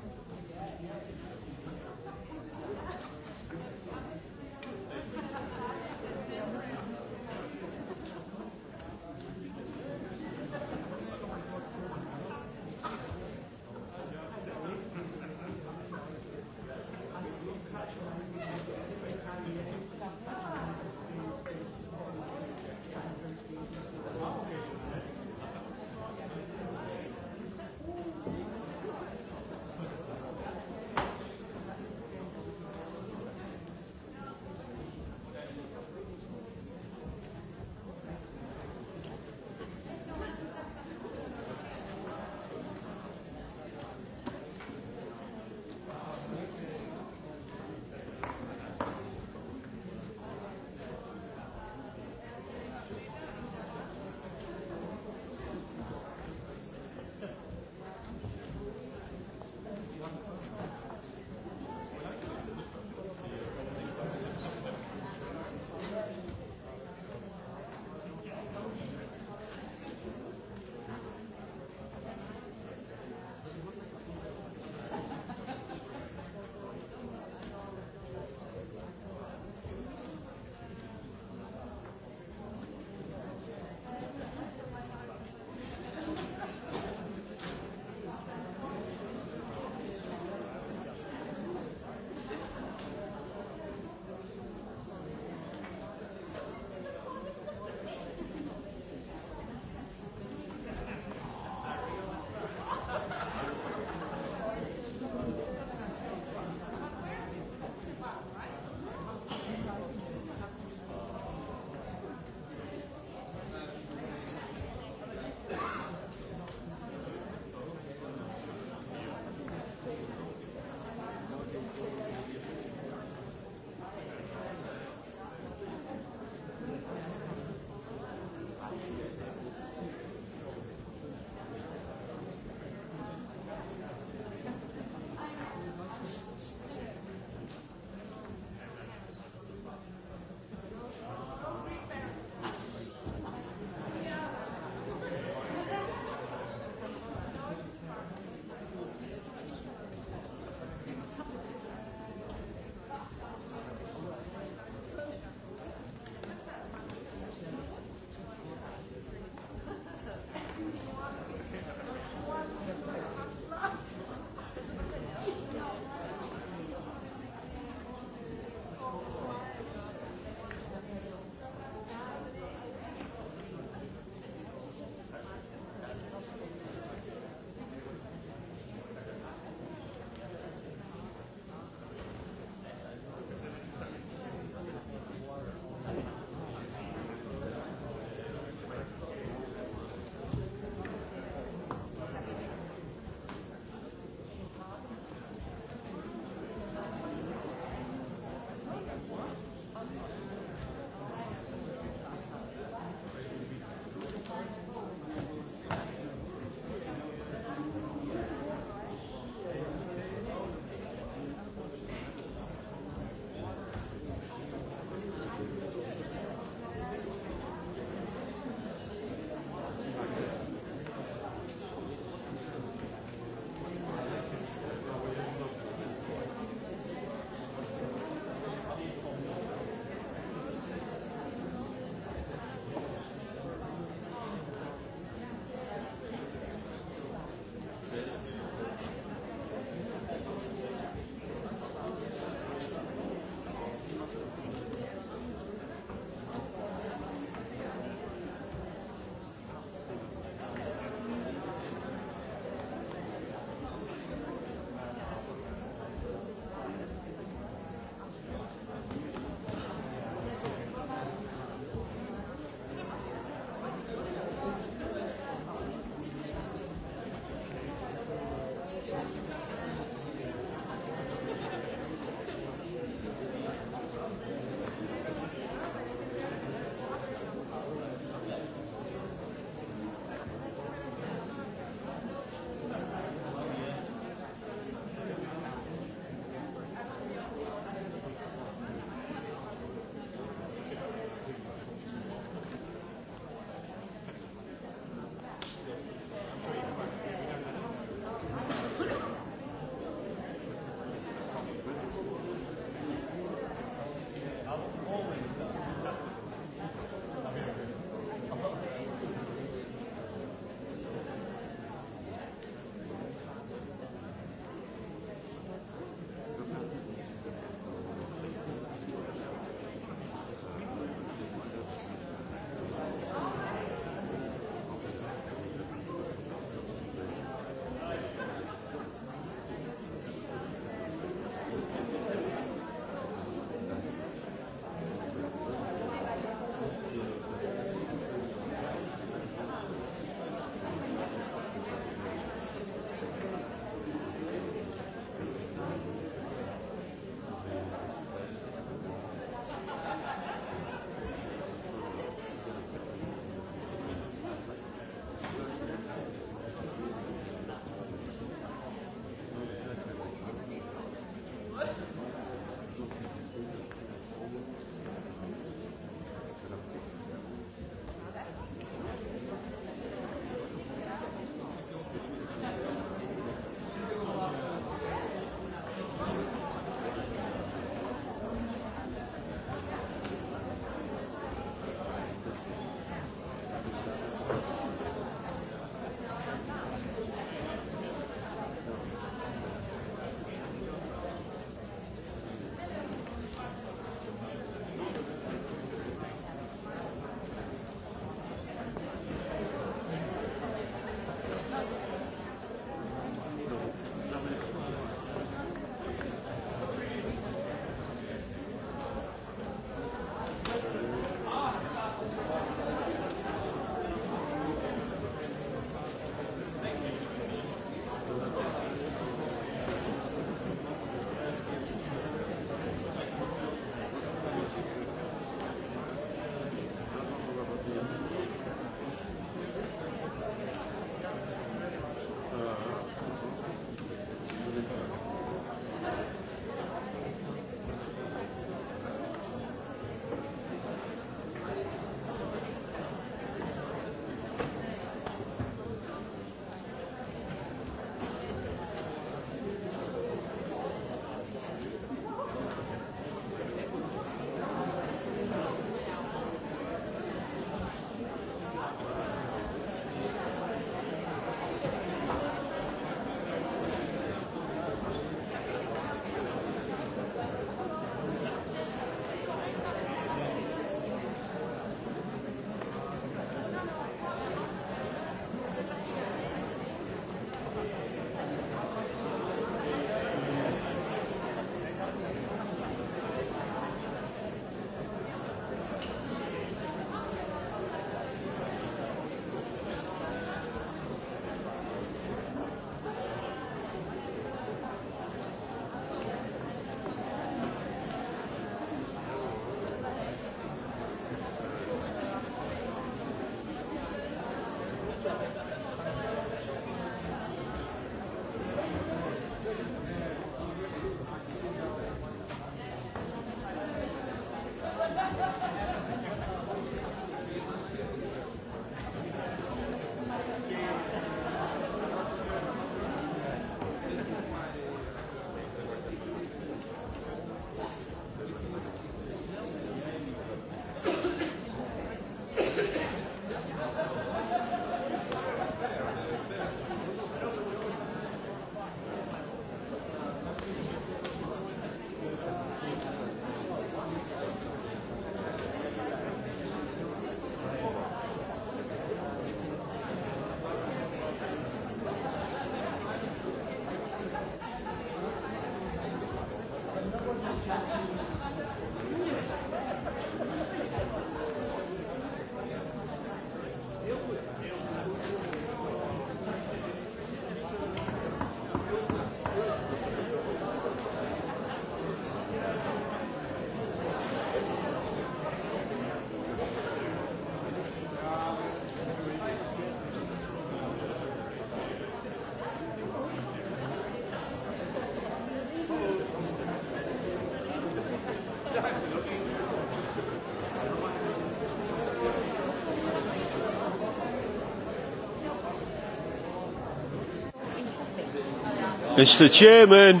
Mr. Chairman,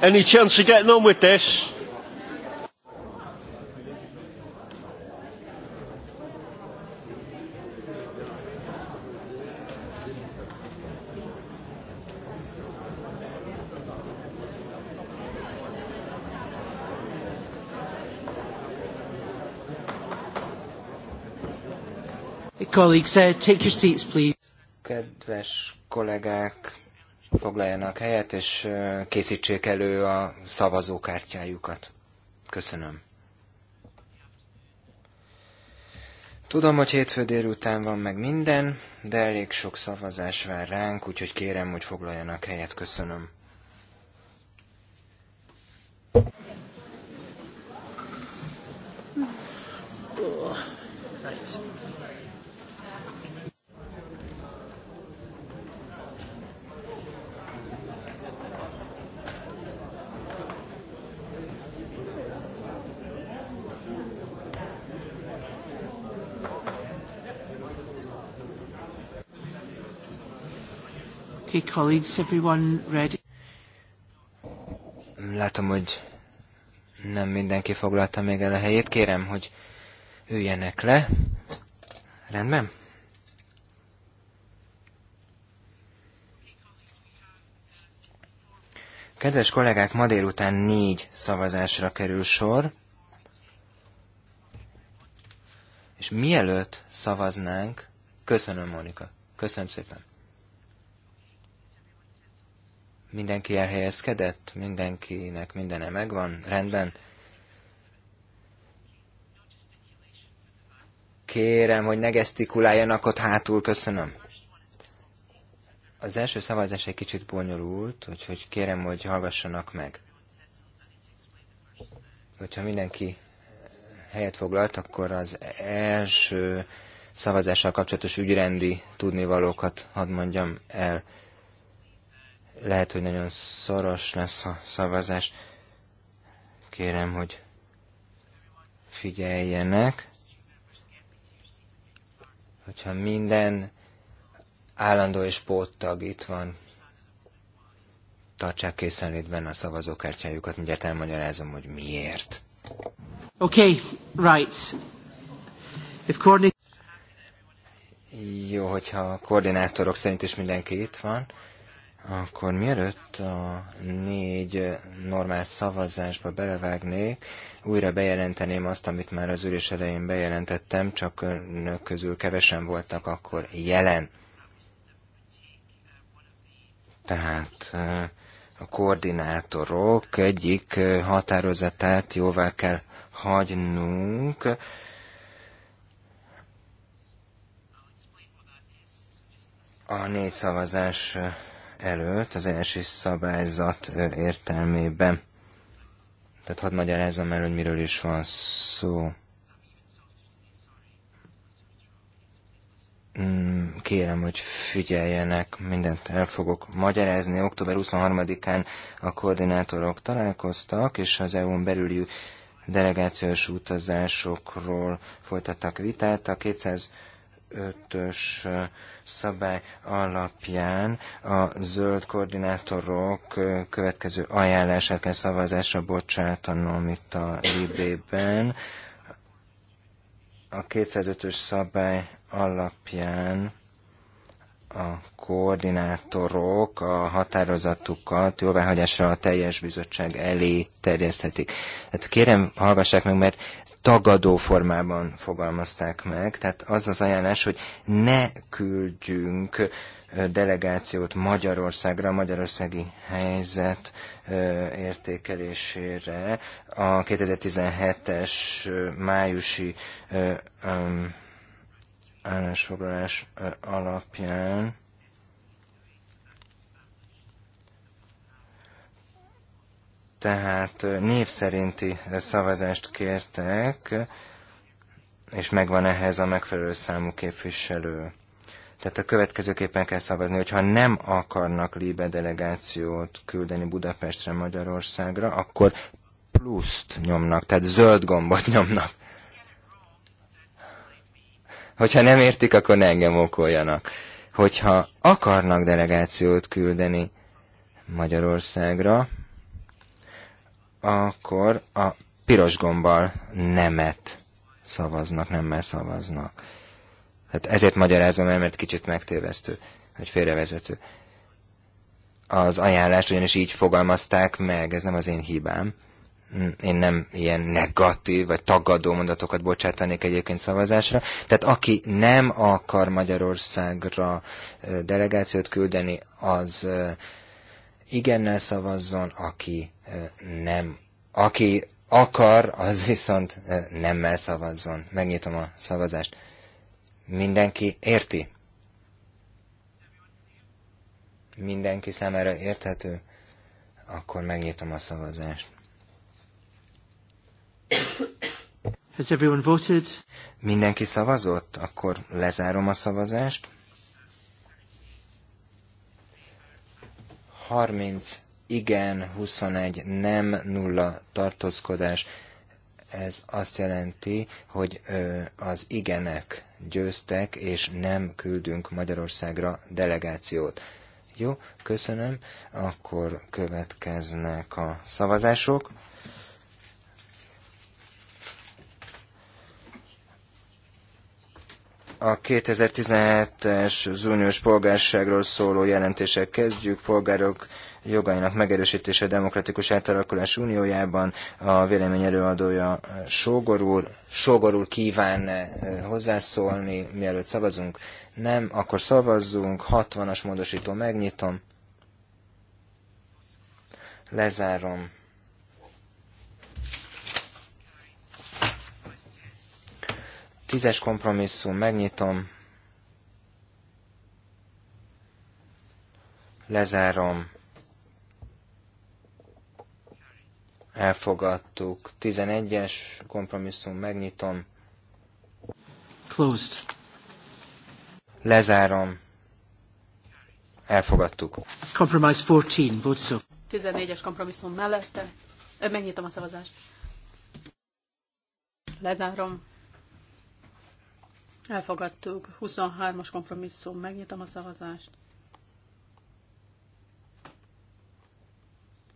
any chance of getting on with this? Colleagues, uh, take your seats, please. Kedves kollégák, foglaljanak helyet, és készítsék elő a szavazókártyájukat. Köszönöm. Tudom, hogy hétfő délután van meg minden, de elég sok szavazás vár ránk, úgyhogy kérem, hogy foglaljanak helyet. Köszönöm. colleagues, everyone ready? Látom, hogy nem mindenki foglalta még el a helyét. Kérem, hogy üljenek le. Rendben? Kedves kollégák, ma délután négy szavazásra kerül sor. És mielőtt szavaznánk, köszönöm Monika. Köszönöm szépen. Mindenki elhelyezkedett? Mindenkinek mindene megvan? Rendben? Kérem, hogy ne gesztikuláljanak ott hátul, köszönöm. Az első szavazás egy kicsit bonyolult, úgyhogy kérem, hogy hallgassanak meg. Hogyha mindenki helyet foglalt, akkor az első szavazással kapcsolatos ügyrendi tudnivalókat hadd mondjam el. Lehet, hogy nagyon szoros lesz a szavazás. Kérem, hogy figyeljenek. Hogyha minden állandó és póttag itt van, tartsák készenlétben a szavazókártyájukat, mindjárt elmagyarázom, hogy miért. Okay, right. If Jó, hogyha a koordinátorok szerint is mindenki itt van, akkor mielőtt a négy normál szavazásba belevágnék, újra bejelenteném azt, amit már az ülés elején bejelentettem, csak önök közül kevesen voltak akkor jelen. Tehát eh, a koordinátorok egyik eh, határozatát jóvá kell hagynunk. A négy szavazás eh, előtt az első szabályzat értelmében. Tehát hadd magyarázzam el, hogy miről is van szó. Mm, kérem, hogy figyeljenek, mindent el fogok magyarázni. Október 23-án a koordinátorok találkoztak, és az EU-n belüli delegációs utazásokról folytattak vitát. A 205-ös szabály alapján a zöld koordinátorok következő ajánlását kell szavazásra bocsátanom itt a Libében. A 205-ös szabály alapján a koordinátorok a határozatukat jóváhagyásra a teljes bizottság elé terjeszthetik. Hát kérem, hallgassák meg, mert tagadó formában fogalmazták meg, tehát az az ajánlás, hogy ne küldjünk delegációt Magyarországra, a magyarországi helyzet értékelésére a 2017-es májusi állásfoglalás alapján tehát név szerinti szavazást kértek, és megvan ehhez a megfelelő számú képviselő. Tehát a következőképpen kell szavazni, hogyha nem akarnak Líbe delegációt küldeni Budapestre, Magyarországra, akkor pluszt nyomnak, tehát zöld gombot nyomnak. Hogyha nem értik, akkor ne engem okoljanak. Hogyha akarnak delegációt küldeni Magyarországra, akkor a piros gombbal nemet szavaznak, nemmel szavaznak. Tehát ezért magyarázom el, mert kicsit megtévesztő, vagy félrevezető. Az ajánlást ugyanis így fogalmazták meg, ez nem az én hibám én nem ilyen negatív vagy tagadó mondatokat bocsátanék egyébként szavazásra. Tehát aki nem akar Magyarországra delegációt küldeni, az igennel szavazzon, aki nem. Aki akar, az viszont nemmel szavazzon. Megnyitom a szavazást. Mindenki érti? Mindenki számára érthető? Akkor megnyitom a szavazást. Has everyone voted? Mindenki szavazott? Akkor lezárom a szavazást. 30 igen, 21 nem, nulla tartózkodás. Ez azt jelenti, hogy ö, az igenek győztek, és nem küldünk Magyarországra delegációt. Jó, köszönöm. Akkor következnek a szavazások. A 2017-es az uniós polgárságról szóló jelentések kezdjük. Polgárok jogainak megerősítése demokratikus átalakulás uniójában. A vélemény előadója eh, Sógor úr. Sógor úr kíván eh, hozzászólni, mielőtt szavazunk. Nem, akkor szavazzunk. 60-as módosító megnyitom. Lezárom. Tízes kompromisszum, megnyitom. Lezárom. Elfogadtuk. Tizenegyes kompromisszum, megnyitom. Closed. Lezárom. Elfogadtuk. Compromise 14, votes 14-es kompromisszum mellette. Megnyitom a szavazást. Lezárom. Elfogadtuk. 23-as kompromisszum. Megnyitom a szavazást.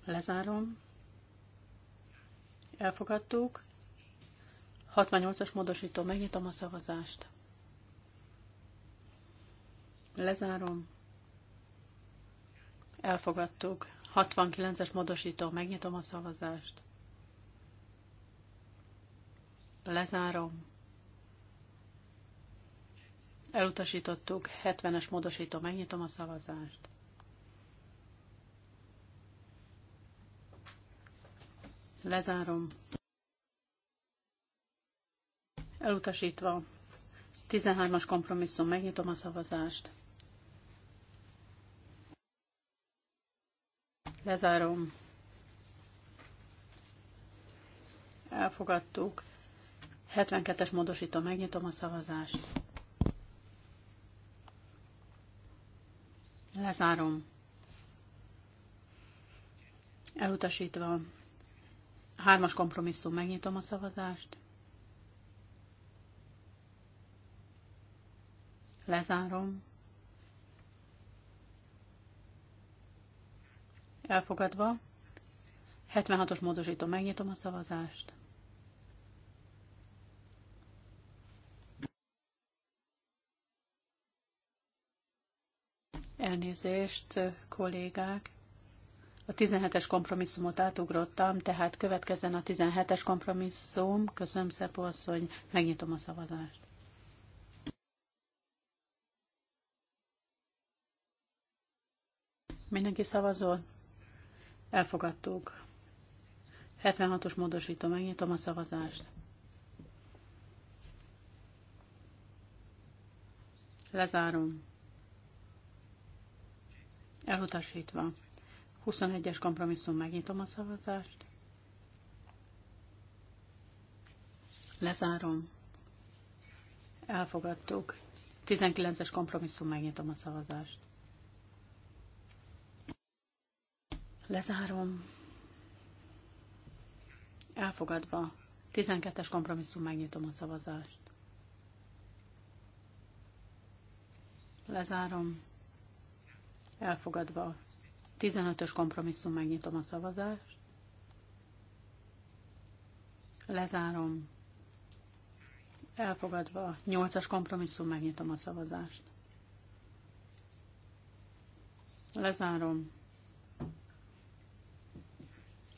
Lezárom. Elfogadtuk. 68-as módosító. Megnyitom a szavazást. Lezárom. Elfogadtuk. 69-es módosító. Megnyitom a szavazást. Lezárom. Elutasítottuk. 70-es módosító. Megnyitom a szavazást. Lezárom. Elutasítva. 13-as kompromisszum. Megnyitom a szavazást. Lezárom. Elfogadtuk. 72-es módosító. Megnyitom a szavazást. Lezárom. Elutasítva. Hármas kompromisszum, megnyitom a szavazást. Lezárom. Elfogadva. 76-os módosító, megnyitom a szavazást. Elnézést, kollégák. A 17-es kompromisszumot átugrottam, tehát következzen a 17-es kompromisszum. Köszönöm, Szepó hogy megnyitom a szavazást. Mindenki szavazott? Elfogadtuk. 76-os módosító, megnyitom a szavazást. Lezárom. Elutasítva. 21-es kompromisszum, megnyitom a szavazást. Lezárom. Elfogadtuk. 19-es kompromisszum, megnyitom a szavazást. Lezárom. Elfogadva. 12-es kompromisszum, megnyitom a szavazást. Lezárom. Elfogadva. 15-ös kompromisszum, megnyitom a szavazást. Lezárom. Elfogadva. 8-as kompromisszum, megnyitom a szavazást. Lezárom.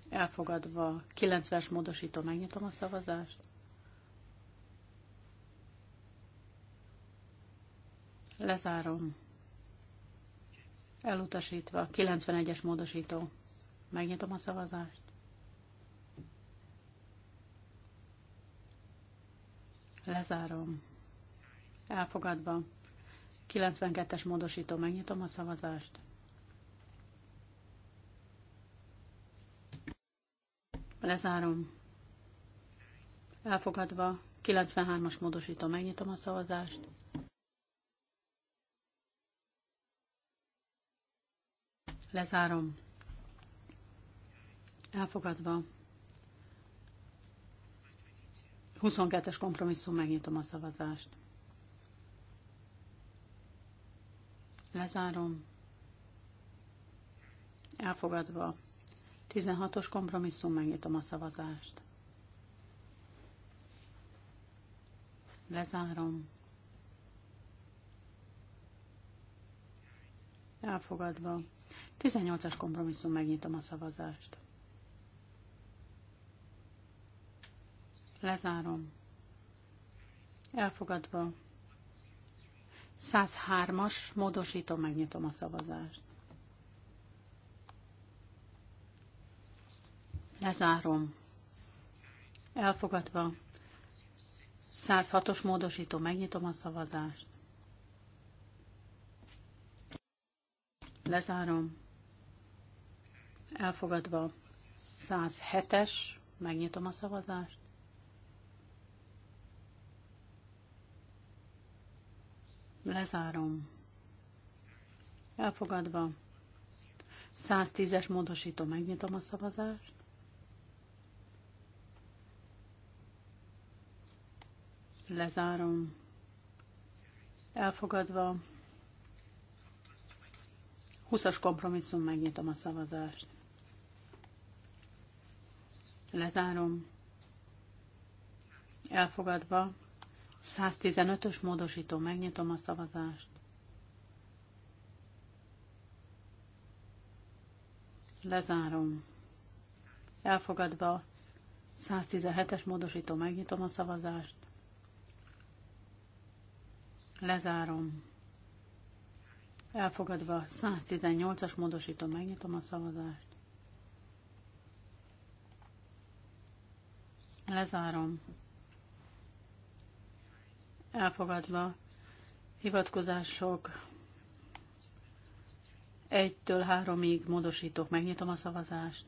Elfogadva. 90-es módosító, megnyitom a szavazást. Lezárom. Elutasítva. 91-es módosító. Megnyitom a szavazást. Lezárom. Elfogadva. 92-es módosító. Megnyitom a szavazást. Lezárom. Elfogadva. 93-as módosító. Megnyitom a szavazást. Lezárom. Elfogadva. 22-es kompromisszum, megnyitom a szavazást. Lezárom. Elfogadva. 16-os kompromisszum, megnyitom a szavazást. Lezárom. Elfogadva. 18-as kompromisszum, megnyitom a szavazást. Lezárom. Elfogadva. 103-as, módosítom, megnyitom a szavazást. Lezárom. Elfogadva. 106-os módosító, megnyitom a szavazást. Lezárom. Elfogadva 107-es, megnyitom a szavazást. Lezárom. Elfogadva 110-es módosító, megnyitom a szavazást. Lezárom. Elfogadva 20-as kompromisszum, megnyitom a szavazást. Lezárom. Elfogadva. 115-ös módosító. Megnyitom a szavazást. Lezárom. Elfogadva. 117-es módosító. Megnyitom a szavazást. Lezárom. Elfogadva 118-as módosító, megnyitom a szavazást. Lezárom. Elfogadva. Hivatkozások. 1-től 3-ig módosítok. Megnyitom a szavazást.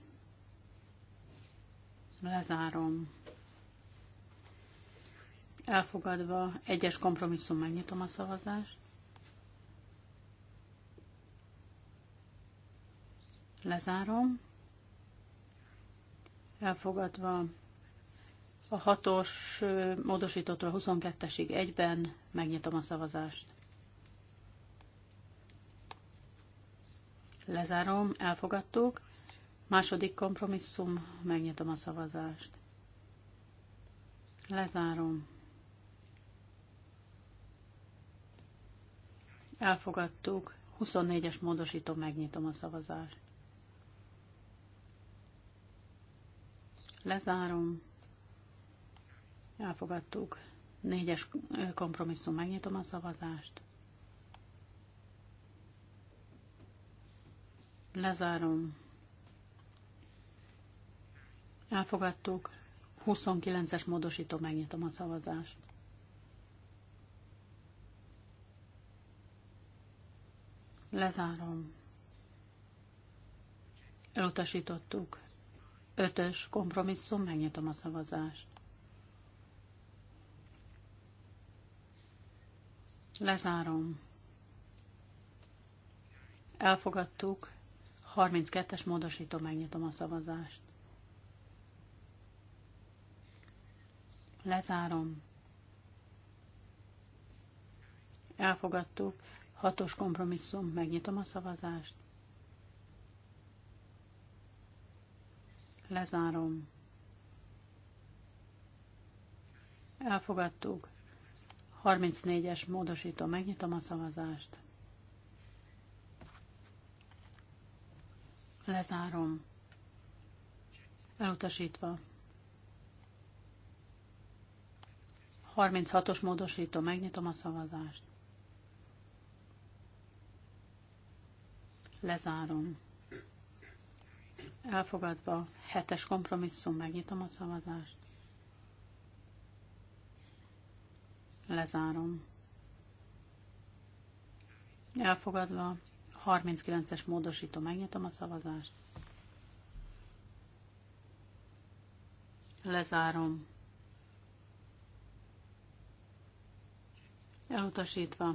Lezárom. Elfogadva. Egyes kompromisszum. Megnyitom a szavazást. Lezárom. Elfogadva a hatos módosítótól a 22-esig egyben megnyitom a szavazást. Lezárom, elfogadtuk. Második kompromisszum, megnyitom a szavazást. Lezárom. Elfogadtuk. 24-es módosító, megnyitom a szavazást. Lezárom. Elfogadtuk. Négyes kompromisszum. Megnyitom a szavazást. Lezárom. Elfogadtuk. 29-es módosító. Megnyitom a szavazást. Lezárom. Elutasítottuk. Ötös kompromisszum, megnyitom a szavazást. lezárom. Elfogadtuk. 32-es módosító, megnyitom a szavazást. Lezárom. Elfogadtuk. Hatos kompromisszum, megnyitom a szavazást. Lezárom. Elfogadtuk. 34-es módosító, megnyitom a szavazást. Lezárom. Elutasítva. 36-os módosító, megnyitom a szavazást. Lezárom. Elfogadva. 7-es kompromisszum, megnyitom a szavazást. Lezárom. Elfogadva. 39-es módosító. Megnyitom a szavazást. Lezárom. Elutasítva.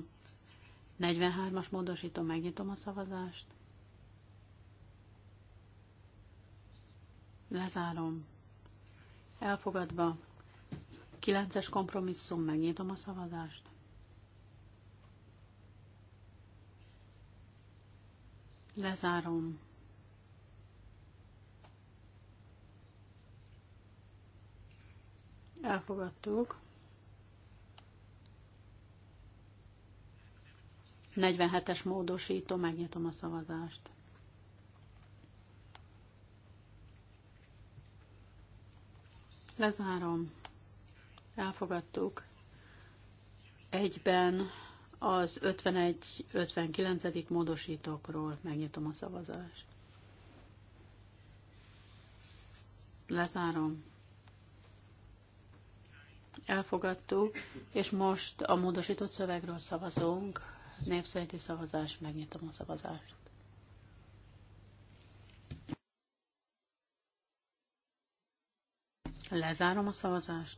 43-as módosító. Megnyitom a szavazást. Lezárom. Elfogadva. Kilences kompromisszum, megnyitom a szavazást. Lezárom. Elfogadtuk. 47-es módosító, megnyitom a szavazást. Lezárom elfogadtuk. Egyben az 51-59. módosítókról megnyitom a szavazást. Lezárom. Elfogadtuk, és most a módosított szövegről szavazunk. Népszerinti szavazás, megnyitom a szavazást. Lezárom a szavazást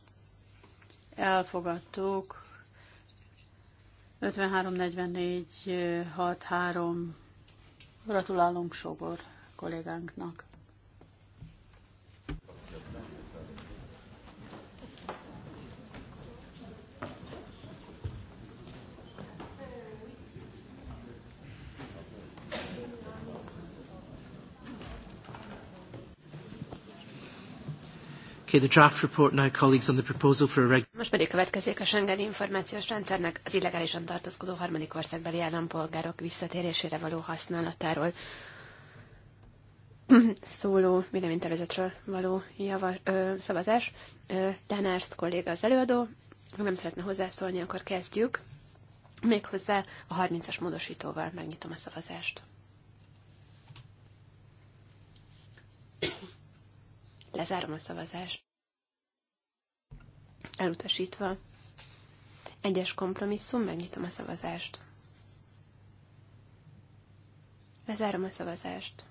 elfogadtuk. 53-44-63. Gratulálunk Sogor kollégánknak. Okay, the draft report now, colleagues, on the proposal for a reg- Most pedig következik a Schengen információs rendszernek az illegálisan tartózkodó harmadik országbeli állampolgárok visszatérésére való használatáról szóló véleménytervezetről való java, ö, szavazás. Danársz kolléga az előadó, ha nem szeretne hozzászólni, akkor kezdjük. Méghozzá a 30-as módosítóval megnyitom a szavazást. Lezárom a szavazást. Elutasítva. Egyes kompromisszum, megnyitom a szavazást. Lezárom a szavazást.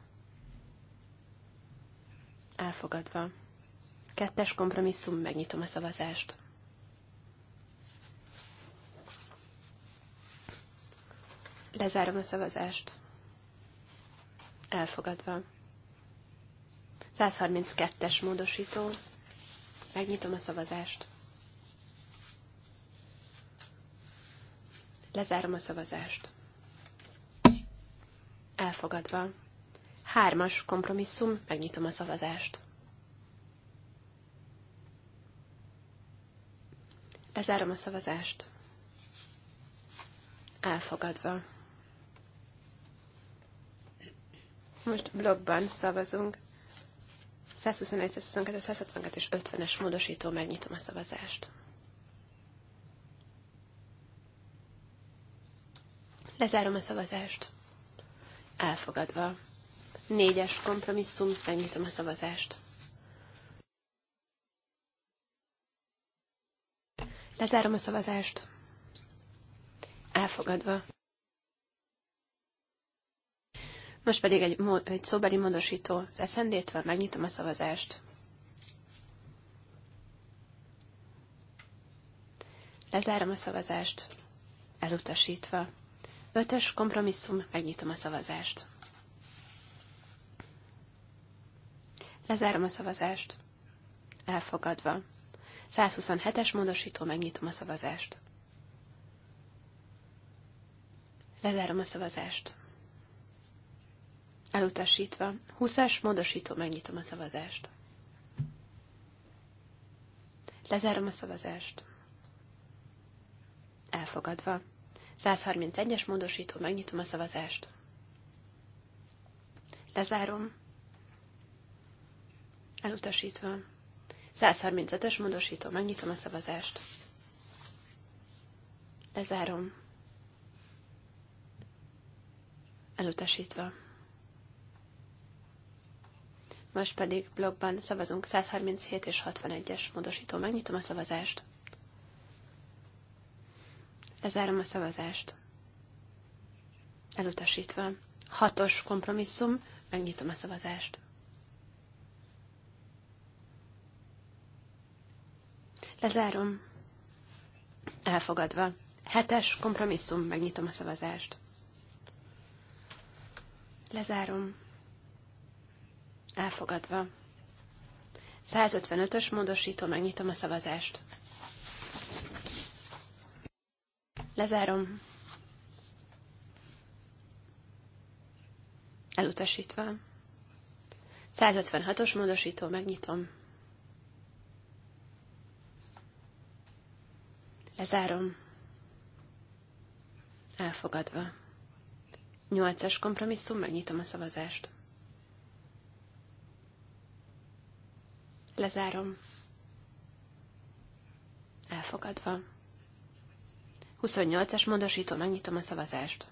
Elfogadva. Kettes kompromisszum, megnyitom a szavazást. Lezárom a szavazást. Elfogadva. 132-es módosító. Megnyitom a szavazást. Lezárom a szavazást. Elfogadva. Hármas kompromisszum, megnyitom a szavazást. Lezárom a szavazást. Elfogadva. Most blogban szavazunk 121, 122, 172 és 50-es módosító, megnyitom a szavazást. Lezárom a szavazást. Elfogadva. Négyes kompromisszum, megnyitom a szavazást. Lezárom a szavazást. Elfogadva. Most pedig egy, egy szóbeli módosító az SND-től, megnyitom a szavazást. Lezárom a szavazást, elutasítva. Ötös kompromisszum, megnyitom a szavazást. Lezárom a szavazást. Elfogadva. 127-es módosító, megnyitom a szavazást. Lezárom a szavazást. Elutasítva. húszás módosító, megnyitom a szavazást. Lezárom a szavazást. Elfogadva. 131-es módosító, megnyitom a szavazást. Lezárom. Elutasítva. 135-ös módosító, megnyitom a szavazást. Lezárom. Elutasítva. Most pedig blogban szavazunk 137 és 61-es módosító. Megnyitom a szavazást. Lezárom a szavazást. Elutasítva. Hatos kompromisszum. Megnyitom a szavazást. Lezárom. Elfogadva. Hetes kompromisszum. Megnyitom a szavazást. Lezárom. Elfogadva. 155-ös módosító, megnyitom a szavazást. Lezárom. Elutasítva. 156-os módosító, megnyitom. Lezárom. Elfogadva. 8-as kompromisszum, megnyitom a szavazást. Lezárom. Elfogadva. 28-as módosító, megnyitom a szavazást.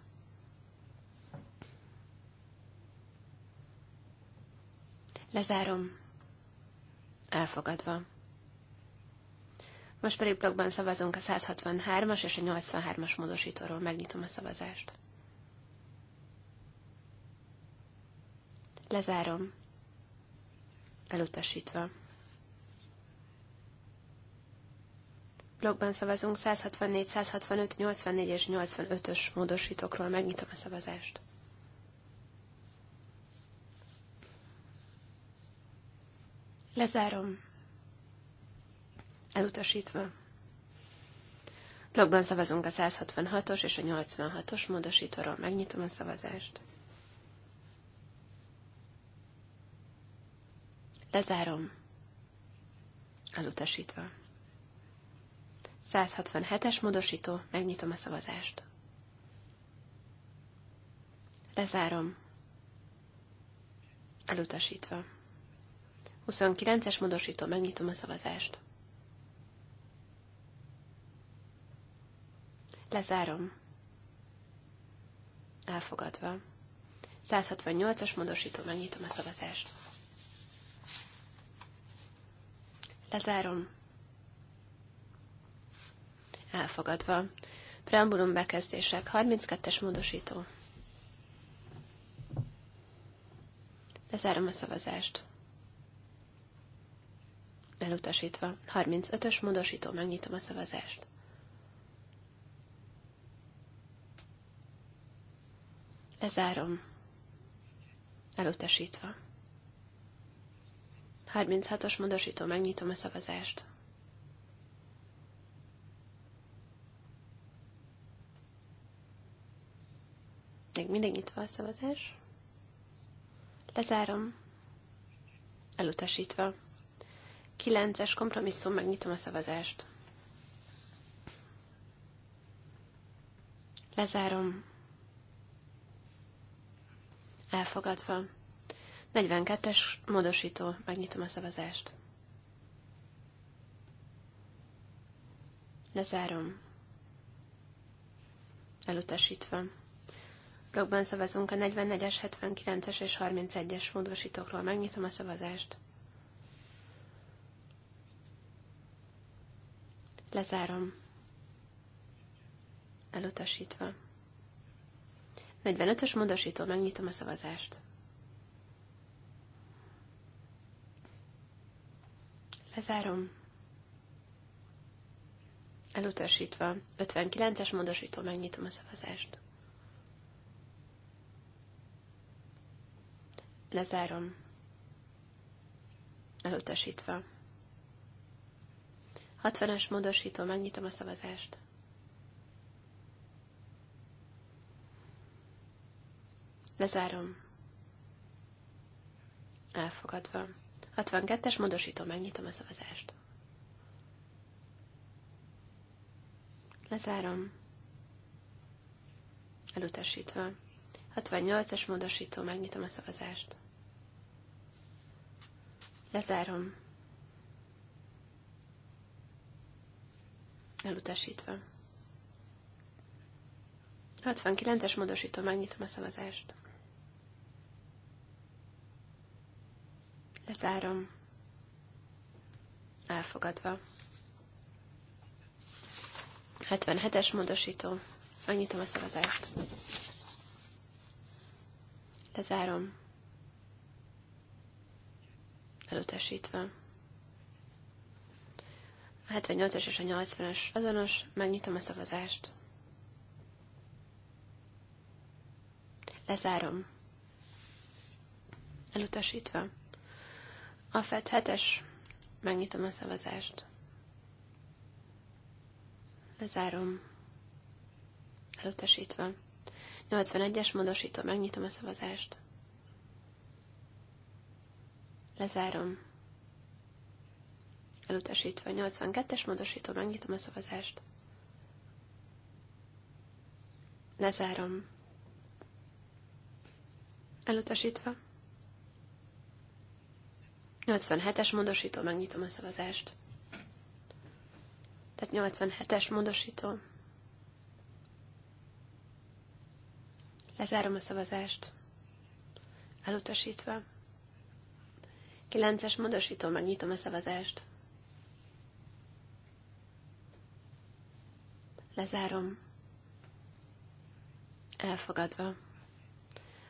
Lezárom. Elfogadva. Most pedig blogban szavazunk a 163-as és a 83-as módosítóról. Megnyitom a szavazást. Lezárom. Elutasítva. Blogban szavazunk 164, 165, 84 és 85-ös módosítókról. Megnyitom a szavazást. Lezárom. Elutasítva. Blogban szavazunk a 166-os és a 86-os módosítóról. Megnyitom a szavazást. Lezárom. Elutasítva. 167-es módosító, megnyitom a szavazást. Lezárom. Elutasítva. 29-es módosító, megnyitom a szavazást. Lezárom. Elfogadva. 168-as módosító, megnyitom a szavazást. Lezárom elfogadva. Preambulum bekezdések, 32-es módosító. Lezárom a szavazást. Elutasítva. 35-ös módosító, megnyitom a szavazást. Lezárom. Elutasítva. 36-os módosító, megnyitom a szavazást. Még mindig nyitva a szavazás. Lezárom. Elutasítva. 9-es kompromisszum, megnyitom a szavazást. Lezárom. Elfogadva. 42-es módosító, megnyitom a szavazást. Lezárom. Elutasítva. Blokkban szavazunk a 44-es, 79-es és 31-es módosítókról. Megnyitom a szavazást. Lezárom. Elutasítva. 45-ös módosító, megnyitom a szavazást. Lezárom. Elutasítva. 59-es módosító, megnyitom a szavazást. Lezárom. Elutasítva. 60-as módosító, megnyitom a szavazást. Lezárom. Elfogadva. 62-es módosító, megnyitom a szavazást. Lezárom. Elutasítva. 68-as módosító, megnyitom a szavazást. Lezárom. Elutasítva. 69-es módosító, megnyitom a szavazást. Lezárom. Elfogadva. 77-es módosító. Megnyitom a szavazást. Lezárom. Elutasítva. A 78-as és a 80-as azonos, megnyitom a szavazást. Lezárom. Elutasítva. A FED 7-es, megnyitom a szavazást. Lezárom. Elutasítva. 81-es módosító, megnyitom a szavazást. Lezárom. Elutasítva 82-es módosító, megnyitom a szavazást. Lezárom. Elutasítva. 87-es módosító, megnyitom a szavazást. Tehát 87-es módosító. Lezárom a szavazást. Elutasítva. Kilences módosítom, megnyitom a szavazást. Lezárom. Elfogadva.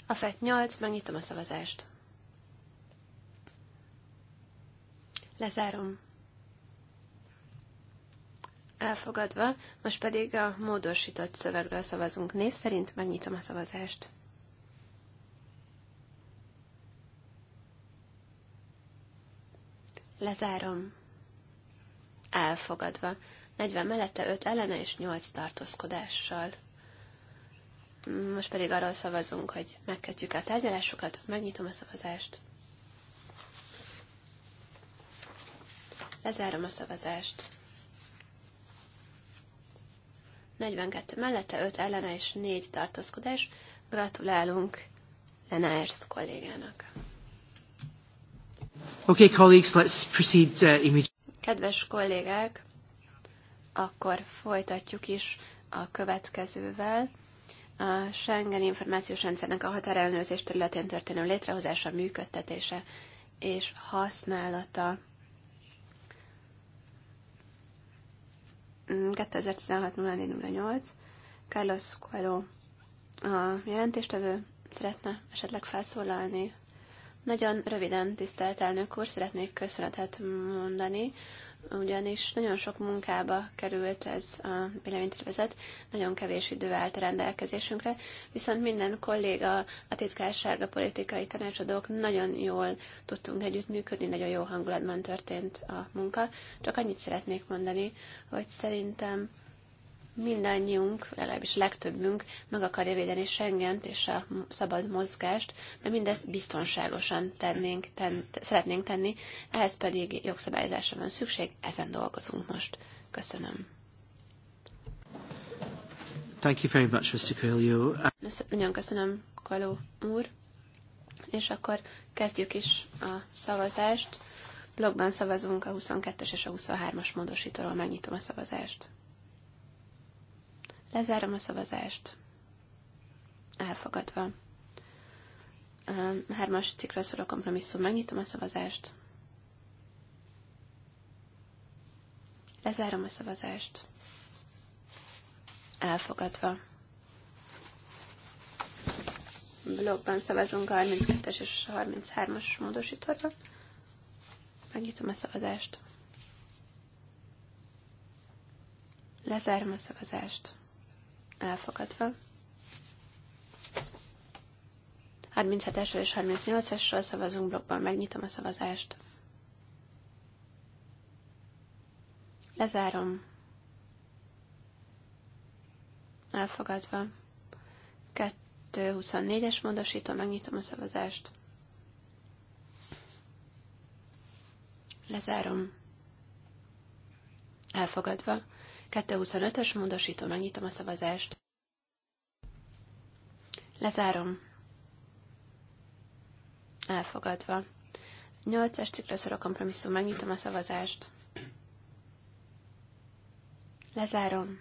A fett 8, megnyitom a szavazást. Lezárom elfogadva, most pedig a módosított szövegről szavazunk név szerint, megnyitom a szavazást. Lezárom. Elfogadva. 40 mellette 5 ellene és 8 tartózkodással. Most pedig arról szavazunk, hogy megkezdjük a tárgyalásokat, megnyitom a szavazást. Lezárom a szavazást. 42 mellette, 5 ellene és 4 tartózkodás. Gratulálunk Ersz kollégának. Okay, colleagues, let's proceed uh, immediately. Kedves kollégák, akkor folytatjuk is a következővel. A Schengen információs rendszernek a határellenőrzés területén történő létrehozása, működtetése és használata 2016-04-08 mm, Carlos Coelho a jelentéstevő szeretne esetleg felszólalni. Nagyon röviden, tisztelt elnök úr, szeretnék köszönetet mondani ugyanis nagyon sok munkába került ez a véleménytervezet, nagyon kevés idő állt a rendelkezésünkre, viszont minden kolléga, a titkárság, a politikai tanácsadók nagyon jól tudtunk együttműködni, nagyon jó hangulatban történt a munka. Csak annyit szeretnék mondani, hogy szerintem mindannyiunk, legalábbis legtöbbünk meg akarja védeni Schengent és a szabad mozgást, de mindezt biztonságosan tennénk, ten, szeretnénk tenni, ehhez pedig jogszabályzásra van szükség, ezen dolgozunk most. Köszönöm. Thank you very much, Mr. Coelho. Nagyon köszönöm, Kaló úr. És akkor kezdjük is a szavazást. Blogban szavazunk a 22-es és a 23-as módosítóról. Megnyitom a szavazást. Lezárom a szavazást. Elfogadva. A hármas cikkről szóló kompromisszum. Megnyitom a szavazást. Lezárom a szavazást. Elfogadva. Blogban szavazunk a 32-es és 33-as módosítóra. Megnyitom a szavazást. Lezárom a szavazást elfogadva. 37-esről és 38-esről szavazunk blokkban, megnyitom a szavazást. Lezárom. Elfogadva. 224-es módosítom, megnyitom a szavazást. Lezárom. Elfogadva. 225-ös módosító, megnyitom a szavazást. Lezárom. Elfogadva. 8-es szorok kompromisszum, megnyitom a szavazást. Lezárom.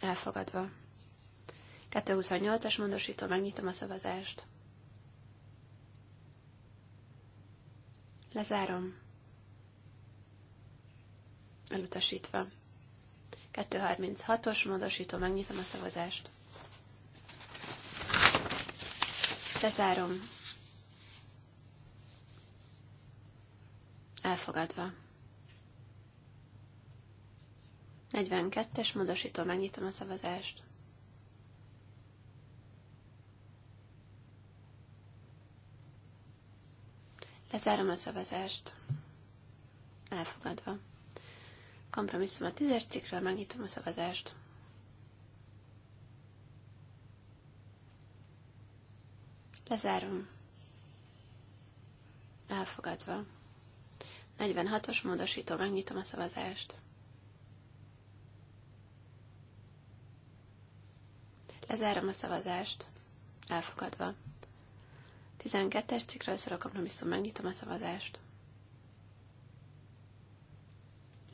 Elfogadva. 228-as módosító, megnyitom a szavazást. Lezárom elutasítva. 236-os módosító, megnyitom a szavazást. Lezárom. Elfogadva. 42-es módosító, megnyitom a szavazást. Lezárom a szavazást. Elfogadva. Kompromisszum a tízes cikkről, megnyitom a szavazást. Lezárom. Elfogadva. 46-os módosító, megnyitom a szavazást. Lezárom a szavazást. Elfogadva. 12-es cikkről szóló kompromisszum, megnyitom a szavazást.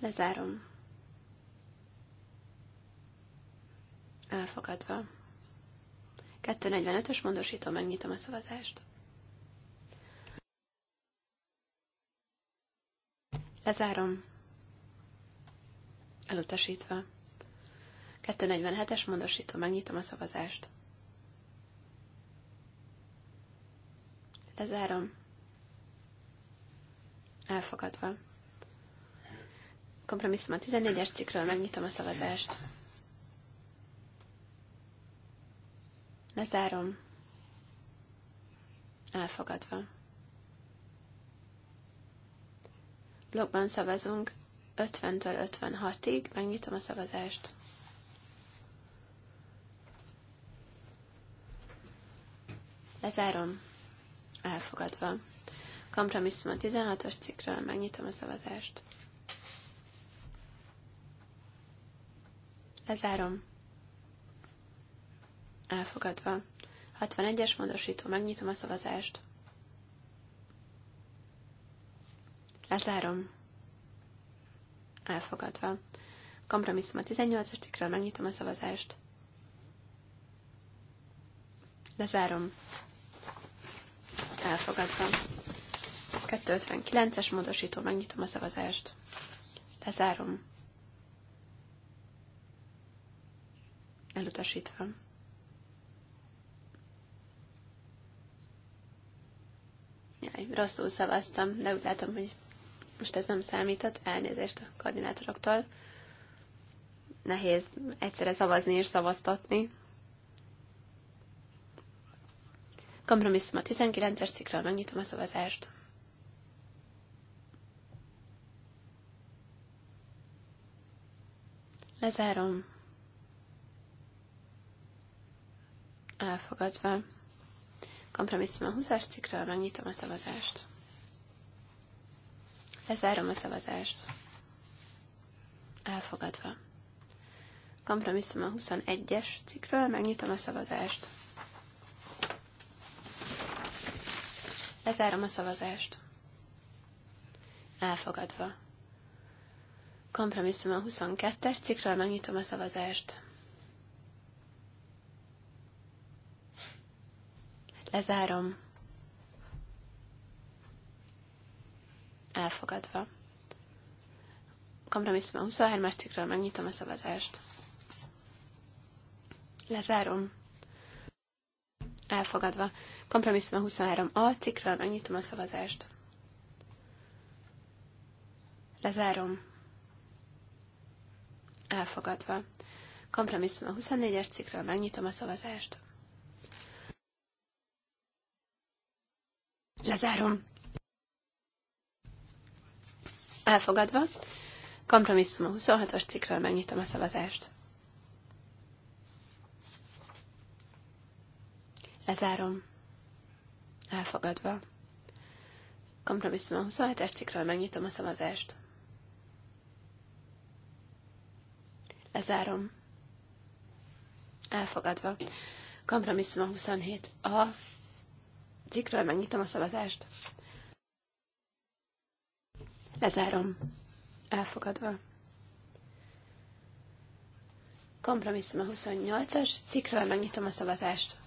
Lezárom. Elfogadva. 245-ös módosító, megnyitom a szavazást. Lezárom. Elutasítva. 247-es módosító, megnyitom a szavazást. Lezárom. Elfogadva. Kompromisszum a 14-es cikről, megnyitom a szavazást. Lezárom. Elfogadva. Blogban szavazunk 50-től 56-ig, megnyitom a szavazást. Lezárom. Elfogadva. Kompromisszum a 16-os cikről, megnyitom a szavazást. Lezárom. Elfogadva. 61-es módosító, megnyitom a szavazást. Lezárom. Elfogadva. Kompromisszum a 18-as megnyitom a szavazást. Lezárom. Elfogadva. 259-es módosító, megnyitom a szavazást. Lezárom elutasítva. Jaj, rosszul szavaztam, de úgy látom, hogy most ez nem számított, elnézést a koordinátoroktól. Nehéz egyszerre szavazni és szavaztatni. Kompromisszum a 19-es cikkről, megnyitom a szavazást. Lezárom. elfogadva. Kompromisszum a 20-as cikkről, megnyitom a szavazást. Lezárom a szavazást. Elfogadva. Kompromisszum a 21-es cikről, megnyitom a szavazást. Lezárom a szavazást. Elfogadva. Kompromisszum a 22-es cikről, megnyitom a szavazást. Lezárom. Elfogadva. Kompromisszum a 23-as megnyitom a szavazást. Lezárom. Elfogadva. Kompromisszum a 23a cikről megnyitom a szavazást. Lezárom. Elfogadva. Kompromisszum a 24-es cikről megnyitom a szavazást. Lezárom. Elfogadva. Kompromisszum a 26-os cikkről megnyitom a szavazást. Lezárom. Elfogadva. Kompromisszum a 27-es cikkről megnyitom a szavazást. Lezárom. Elfogadva. Kompromisszum a 27 a cikkről, megnyitom a szavazást. Lezárom. Elfogadva. Kompromisszum a 28-as, cikkről megnyitom a szavazást.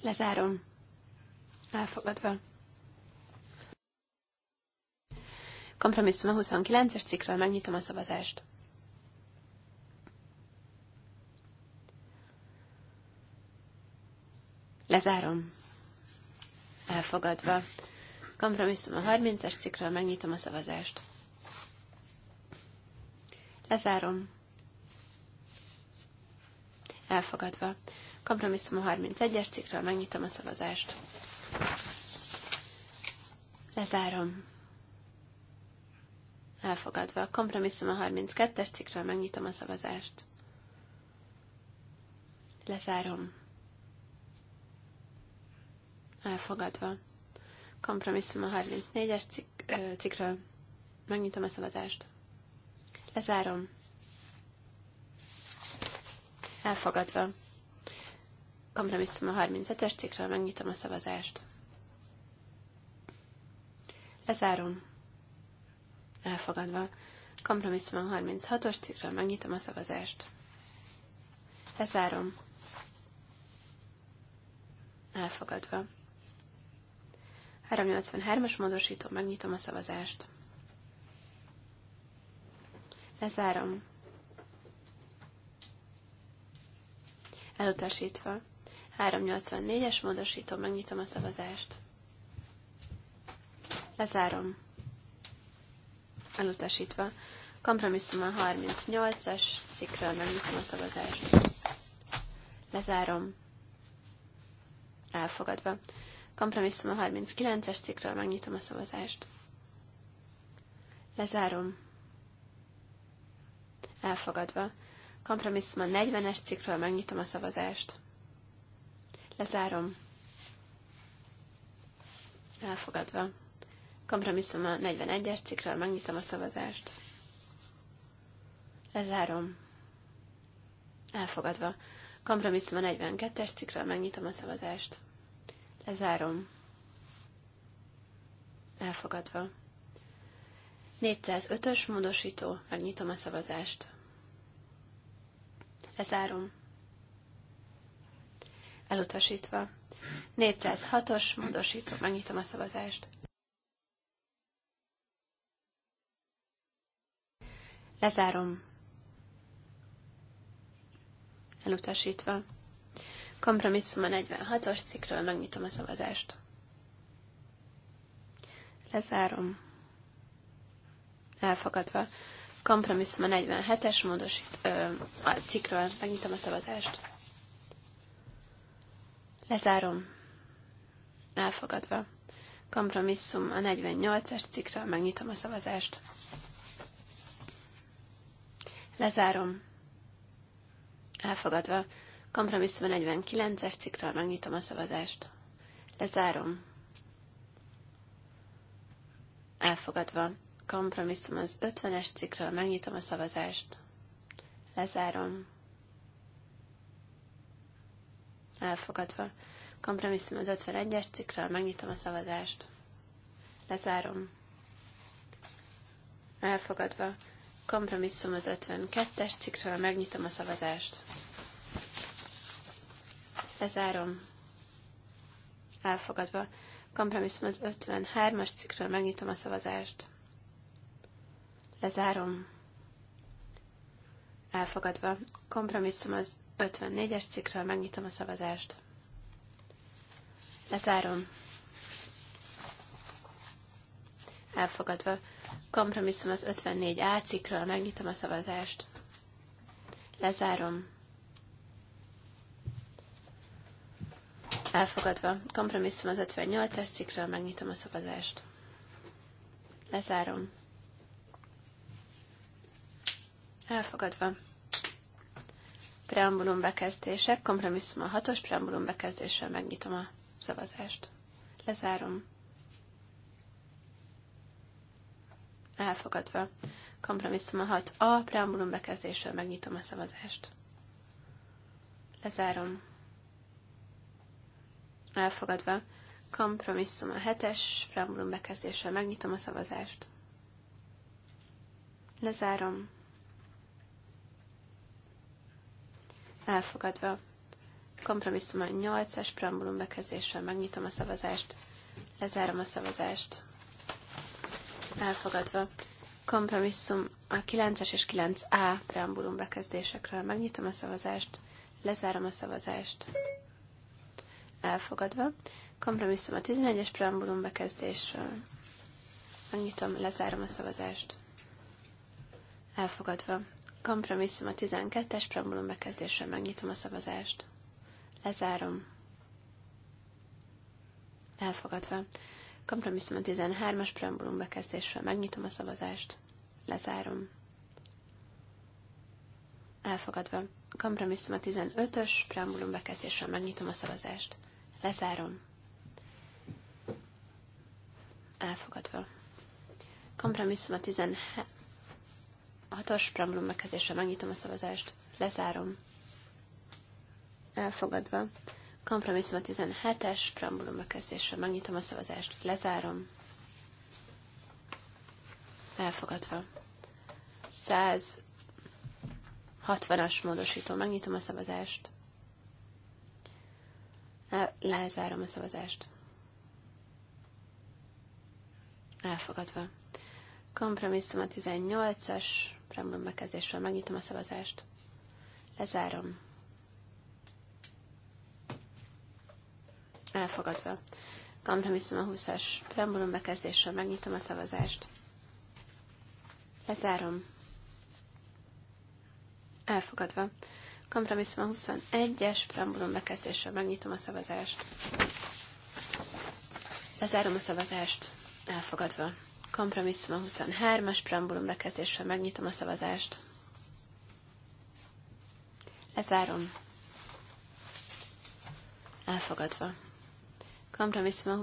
Lezárom. Elfogadva. Kompromisszum a 29-es cikkről megnyitom a szavazást. Lezárom. Elfogadva. Kompromisszum a 30-as cikkről, megnyitom a szavazást. Lezárom. Elfogadva. Kompromisszum a 31-es cikkről, megnyitom a szavazást. Lezárom. Elfogadva. Kompromisszum a 32-es cikkről, megnyitom a szavazást. Lezárom elfogadva. Kompromisszum a 34-es cik, cikkről. Megnyitom a szavazást. Lezárom. Elfogadva. Kompromisszum a 35-ös cikkről. Megnyitom a szavazást. Lezárom. Elfogadva. Kompromisszum a 36-os cikkről. Megnyitom a szavazást. Lezárom. Elfogadva. 383-as módosító, megnyitom a szavazást. Lezárom. Elutasítva. 384-es módosító, megnyitom a szavazást. Lezárom. Elutasítva. Kompromisszum a 38-as cikkről megnyitom a szavazást. Lezárom. Elfogadva. Kompromisszum a 39-es cikkről, megnyitom a szavazást. Lezárom. Elfogadva. Kompromisszum a 40-es cikkről, megnyitom a szavazást. Lezárom. Elfogadva. Kompromisszum a 41-es cikkről, megnyitom a szavazást. Lezárom. Elfogadva. Kompromisszum a 42-es cikkről, megnyitom a szavazást. Lezárom. Elfogadva. 405-ös módosító. Megnyitom a szavazást. Lezárom. Elutasítva. 406-os módosító. Megnyitom a szavazást. Lezárom. Elutasítva. Kompromisszum a 46-os cikkről, megnyitom a szavazást. Lezárom. Elfogadva. Kompromisszum a 47-es módosít, ö, a cikkről, megnyitom a szavazást. Lezárom. Elfogadva. Kompromisszum a 48-es cikkről, megnyitom a szavazást. Lezárom. Elfogadva. Kompromisszum 49-es cikkről megnyitom a szavazást. Lezárom. Elfogadva. Kompromisszum az 50-es cikkről megnyitom a szavazást. Lezárom. Elfogadva. Kompromisszum az 51-es cikkről megnyitom a szavazást. Lezárom. Elfogadva. Kompromisszum az 52-es cikkről megnyitom a szavazást. Lezárom. Elfogadva. Kompromisszum az 53-as cikről megnyitom a szavazást. Lezárom. Elfogadva. Kompromisszum az 54-es cikről megnyitom a szavazást. Lezárom. Elfogadva. Kompromisszum az 54 A cikről megnyitom a szavazást. Lezárom. Elfogadva. Kompromisszum az 58-as cikkről, megnyitom a szavazást. Lezárom. Elfogadva. Preambulum bekezdések, kompromisszum a hatos preambulum bekezdéssel megnyitom a szavazást. Lezárom. Elfogadva. Kompromisszum a 6a, preambulum bekezdéssel megnyitom a szavazást. Lezárom elfogadva. Kompromisszum a hetes, preambulum bekezdéssel megnyitom a szavazást. Lezárom. Elfogadva. Kompromisszum a nyolcas, preambulum bekezdéssel megnyitom a szavazást. Lezárom a szavazást. Elfogadva. Kompromisszum a 9-es és 9A preambulum bekezdésekről. Megnyitom a szavazást. Lezárom a szavazást elfogadva. Kompromisszum a 11-es preambulum bekezdésről. Megnyitom, lezárom a szavazást. Elfogadva. Kompromisszum a 12-es preambulum bekezdésről. Megnyitom a szavazást. Lezárom. Elfogadva. Kompromisszum a 13-as preambulum bekezdésről. Megnyitom a szavazást. Lezárom. Elfogadva. Kompromisszum a 15-ös preambulum bekezdésről. Megnyitom a szavazást. Lezárom. Elfogadva. Kompromisszum a 16-os pramlum megkezdésre megnyitom a szavazást. Lezárom. Elfogadva. Kompromisszum a 17-es preambulum megkezdésre megnyitom a szavazást. Lezárom. Elfogadva. 160-as módosító. Megnyitom a szavazást. Lezárom a szavazást. Elfogadva. Kompromisszum a 18-as, preambulum bekezdéssel megnyitom a szavazást. Lezárom. Elfogadva. Kompromisszum a 20-as, preambulum bekezdéssel megnyitom a szavazást. Lezárom. Elfogadva. Kompromisszum 21-es, preambulum bekezdéssel megnyitom a szavazást. Lezárom a szavazást. Elfogadva. Kompromisszum 23-as, preambulum bekezdéssel megnyitom a szavazást. Lezárom. Elfogadva. Kompromisszum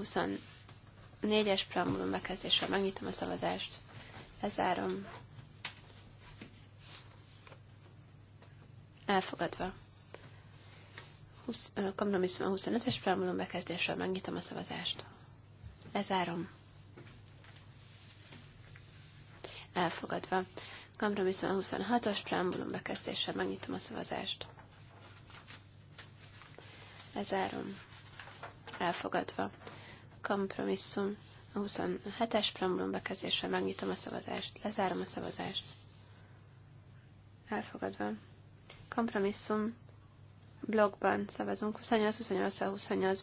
24-es, preambulum bekezdéssel megnyitom a szavazást. Lezárom. Elfogadva. 20, kompromisszum a 25-es preambulum bekezdéssel megnyitom a szavazást. Lezárom. Elfogadva. Kompromisszum a 26-os preambulum bekezdéssel megnyitom a szavazást. Lezárom. Elfogadva. Kompromisszum a 27-es preambulum bekezdéssel megnyitom a szavazást. Lezárom a szavazást. Elfogadva. Kompromisszum blogban szavazunk 28, 28,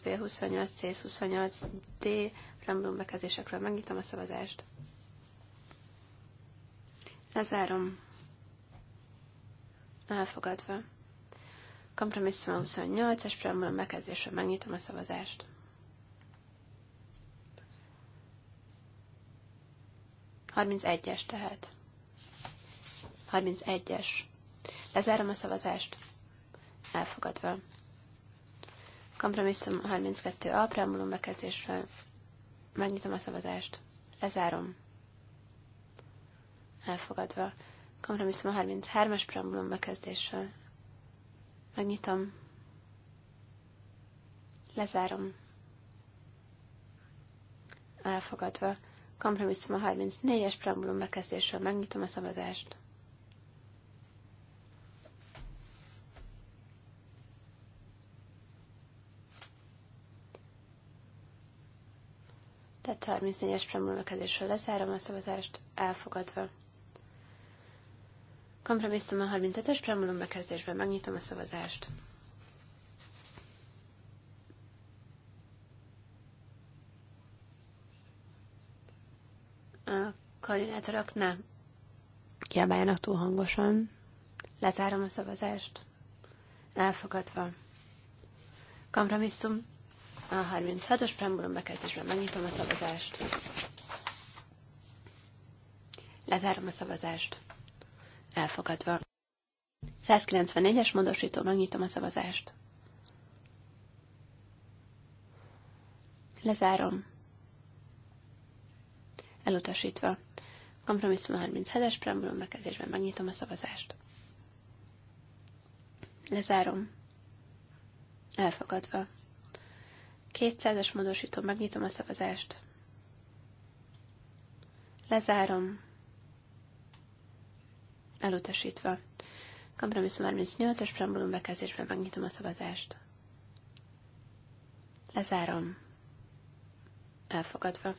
28, B, 28, C, 28, D, rambrum bekezésekről. megnyitom a szavazást. Lezárom. Elfogadva. Kompromisszum 28 és preambulum bekezésről. megnyitom a szavazást. Harminc egyes tehát. 31-es. Lezárom a szavazást. Elfogadva. Kompromisszum 32 a preambulum bekezdésről. Megnyitom a szavazást. Lezárom. Elfogadva. Kompromisszum 33-as preambulum bekezdésről. Megnyitom. Lezárom. Elfogadva. Kompromisszum a 34-es preambulum bekezdésről. Megnyitom a szavazást. Tehát 34-es preambulókezésről lezárom a szavazást, elfogadva. Kompromisszum a 35-ös preambulum bekezdésben megnyitom a szavazást. A koordinátorok ne kiabáljanak túl hangosan. Lezárom a szavazást. Elfogadva. Kompromisszum a 36-os preambulum bekezdésben megnyitom a szavazást. Lezárom a szavazást. Elfogadva. 194-es módosító, megnyitom a szavazást. Lezárom. Elutasítva. Kompromisszum 37-es preambulum bekezdésben megnyitom a szavazást. Lezárom. Elfogadva. 200-as módosító, megnyitom a szavazást. Lezárom. Elutasítva. Kompromisszum 38-as preambulum bekezdésben megnyitom a szavazást. Lezárom. Elfogadva.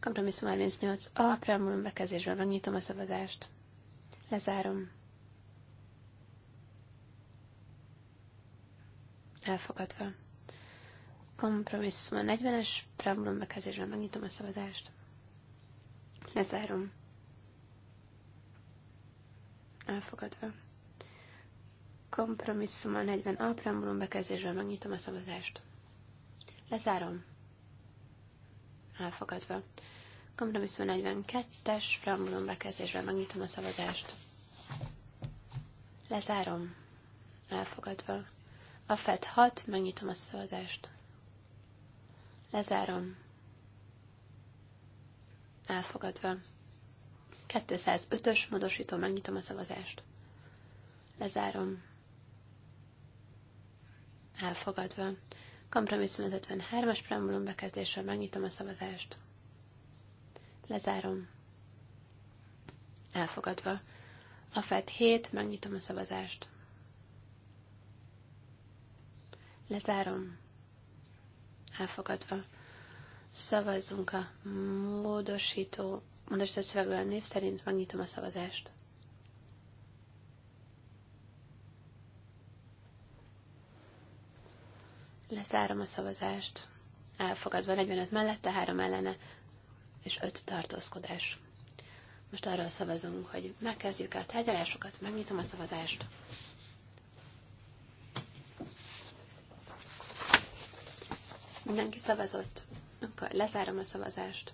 Kompromisszum 38 a preambulum bekezdésben megnyitom a szavazást. Lezárom. Elfogadva. Kompromisszum a 40-es, preambulum bekezdésben megnyitom a szavazást. Lezárom. Elfogadva. Kompromisszum a 40 a preambulum bekezdésben megnyitom a szavazást. Lezárom. Elfogadva. Kompromisszum 42-es, preambulum bekezdésben megnyitom a szavazást. Lezárom. Elfogadva. A FED 6, megnyitom a szavazást. Lezárom. Elfogadva. 205-ös módosító, megnyitom a szavazást. Lezárom. Elfogadva. Kompromisszum 53-as preambulum bekezdéssel megnyitom a szavazást. Lezárom. Elfogadva. A FED 7, megnyitom a szavazást. Lezárom elfogadva. Szavazzunk a módosító, módosító szövegről a név szerint, megnyitom a szavazást. Lezárom a szavazást. Elfogadva 45 mellette, 3 ellene és 5 tartózkodás. Most arról szavazunk, hogy megkezdjük el a tárgyalásokat, megnyitom a szavazást. Mindenki szavazott? Akkor lezárom a szavazást.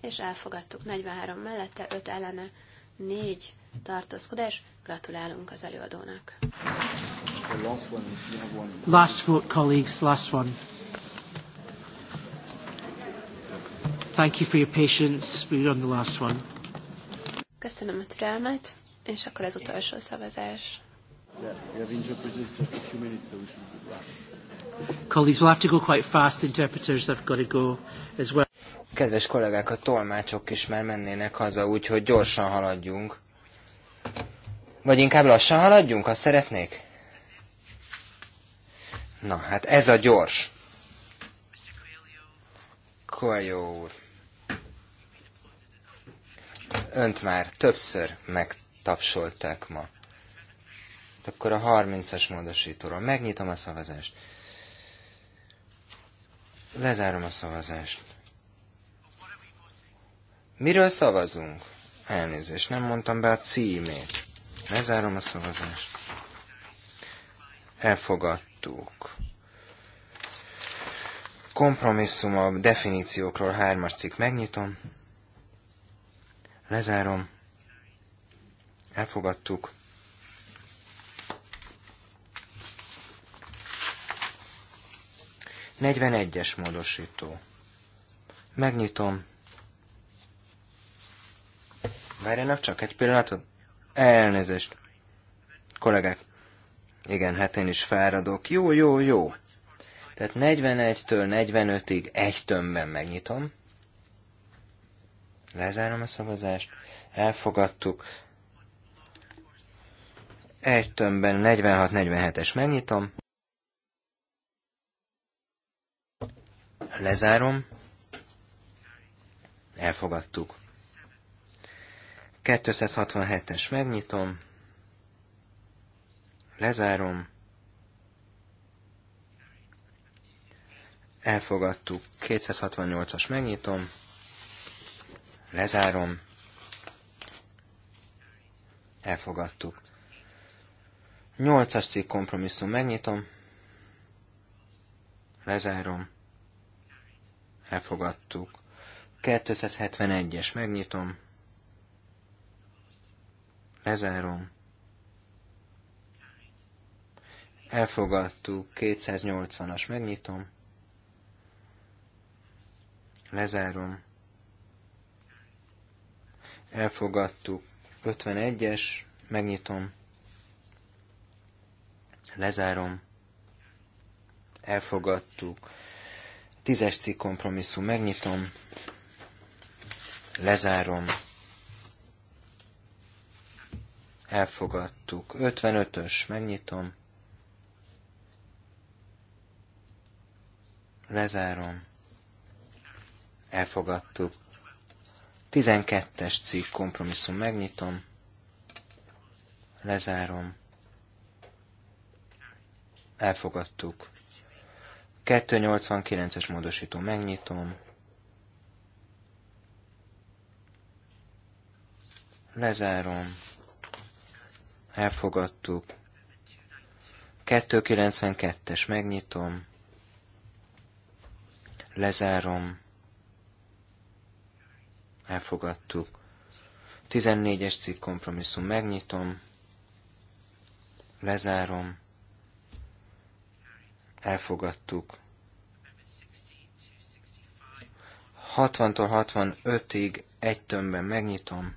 És elfogadtuk 43 mellette, 5 ellene, 4 tartózkodás. Gratulálunk az előadónak. Last vote, colleagues, last one. Thank you for your patience. We were on the last one. Köszönöm a türelmet, és akkor az utolsó szavazás. Yeah, we have introduced just a few minutes, so we should rush. Colleagues, we'll have to go quite fast. Interpreters have got to go as well. Kedves kollégák, a tolmácsok is már mennének haza, úgyhogy gyorsan haladjunk. Vagy inkább lassan haladjunk, ha szeretnék? Na, hát ez a gyors. Coelho úr. Önt már többször megtapsolták ma. Hát akkor a 30-as módosítóról megnyitom a szavazást. Lezárom a szavazást. Miről szavazunk? Elnézést, nem mondtam be a címét. Lezárom a szavazást. Elfogadtuk. Kompromisszum a definíciókról hármas cikk megnyitom. Lezárom. Elfogadtuk. 41-es módosító. Megnyitom. Várjanak csak egy pillanatot. Elnézést. Kollégák. Igen, hát én is fáradok. Jó, jó, jó. Tehát 41-től 45-ig egy tömbben megnyitom. Lezárom a szavazást. Elfogadtuk. Egy tömbben 46-47-es megnyitom. Lezárom. Elfogadtuk. 267-es megnyitom. Lezárom. Elfogadtuk. 268-as megnyitom. Lezárom. Elfogadtuk. 8-as cikk kompromisszum megnyitom. Lezárom elfogadtuk. 271-es, megnyitom, lezárom, elfogadtuk, 280-as, megnyitom, lezárom, elfogadtuk, 51-es, megnyitom, lezárom, elfogadtuk, Tízes cikk kompromisszum. Megnyitom. Lezárom. Elfogadtuk. 55-ös. Megnyitom. Lezárom. Elfogadtuk. 12-es cikk kompromisszum. Megnyitom. Lezárom. Elfogadtuk. 289-es módosító megnyitom. Lezárom. Elfogadtuk. 292-es megnyitom. Lezárom. Elfogadtuk. 14-es cikk kompromisszum megnyitom. Lezárom elfogadtuk. 60-tól 65-ig egy tömbben megnyitom,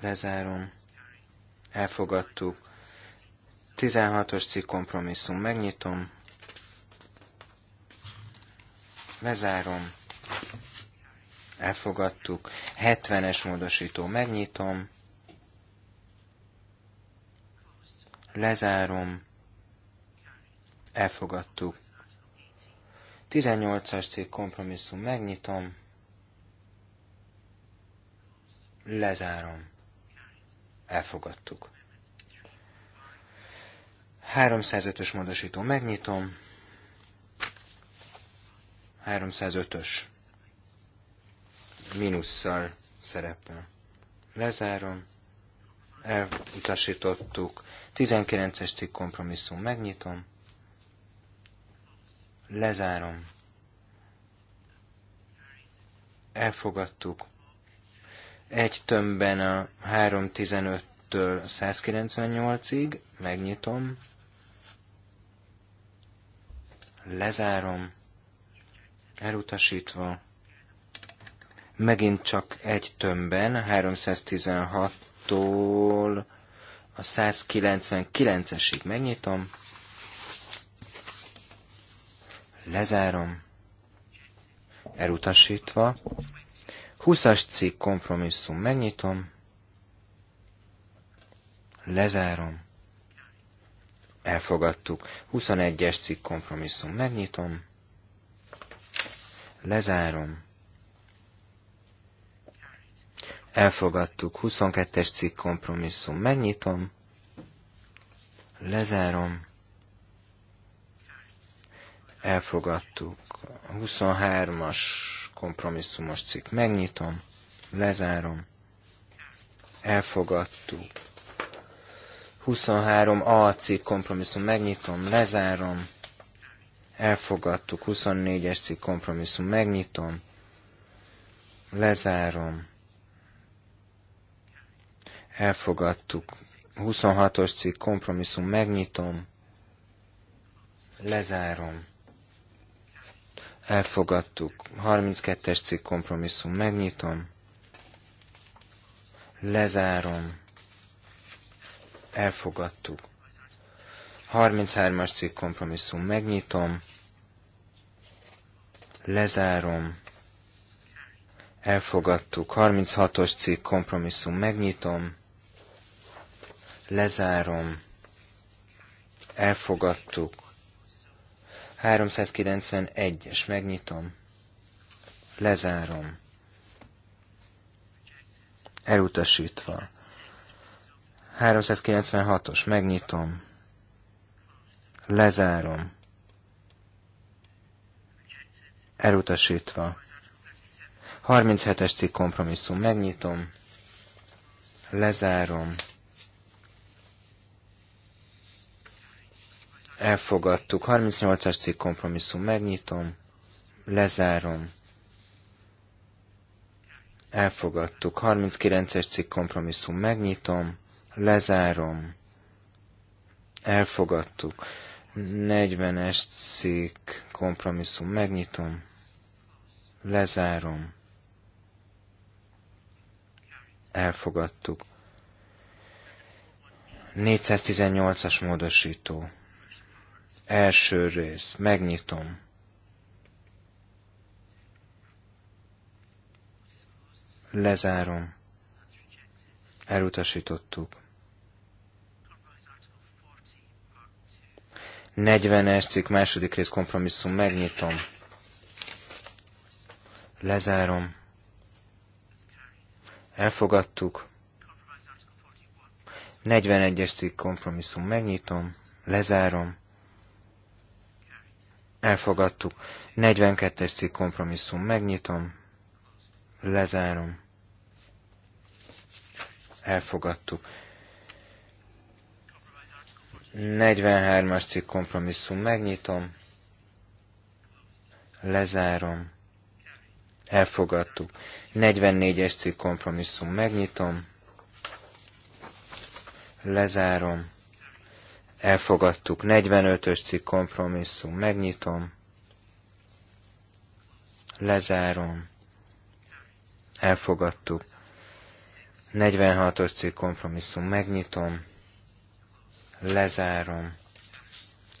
lezárom, elfogadtuk. 16-os cikk kompromisszum megnyitom, lezárom, elfogadtuk. 70-es módosító megnyitom, Lezárom. Elfogadtuk. 18-as cikk kompromisszum. Megnyitom. Lezárom. Elfogadtuk. 305-ös módosító. Megnyitom. 305-ös. Minusszal szerepel. Lezárom. Elutasítottuk. 19-es cikk kompromisszum. Megnyitom. Lezárom. Elfogadtuk. Egy tömbben a 315-től 198-ig. Megnyitom. Lezárom. Elutasítva. Megint csak egy tömbben, 316-tól a 199-esig megnyitom, lezárom, elutasítva, 20-as cikk kompromisszum megnyitom, lezárom, elfogadtuk, 21-es cikk kompromisszum megnyitom, lezárom, elfogadtuk. 22-es cikk kompromisszum. Megnyitom, lezárom, elfogadtuk. 23-as kompromisszumos cikk. Megnyitom, lezárom, elfogadtuk. 23A cikk kompromisszum. Megnyitom, lezárom, elfogadtuk. 24-es cikk kompromisszum. Megnyitom, lezárom, elfogadtuk. 26-os cikk kompromisszum, megnyitom, lezárom, elfogadtuk. 32-es cikk kompromisszum, megnyitom, lezárom, elfogadtuk. 33-as cikk kompromisszum, megnyitom, lezárom, elfogadtuk. 36-os cikk kompromisszum, megnyitom, Lezárom. Elfogadtuk. 391-es. Megnyitom. Lezárom. Elutasítva. 396-os. Megnyitom. Lezárom. Elutasítva. 37-es cikk kompromisszum. Megnyitom. Lezárom. elfogadtuk. 38-as cikk kompromisszum, megnyitom, lezárom, elfogadtuk. 39-es cikk kompromisszum, megnyitom, lezárom, elfogadtuk. 40-es cikk kompromisszum, megnyitom, lezárom, elfogadtuk. 418-as módosító. Első rész. Megnyitom. Lezárom. Elutasítottuk. 40-es cikk második rész kompromisszum. Megnyitom. Lezárom. Elfogadtuk. 41-es cikk kompromisszum. Megnyitom. Lezárom. Elfogadtuk. 42-es cikk kompromisszum. Megnyitom. Lezárom. Elfogadtuk. 43-as cikk kompromisszum. Megnyitom. Lezárom. Elfogadtuk. 44-es cikk kompromisszum. Megnyitom. Lezárom elfogadtuk. 45-ös cikk kompromisszum, megnyitom, lezárom, elfogadtuk. 46-os cikk kompromisszum, megnyitom, lezárom,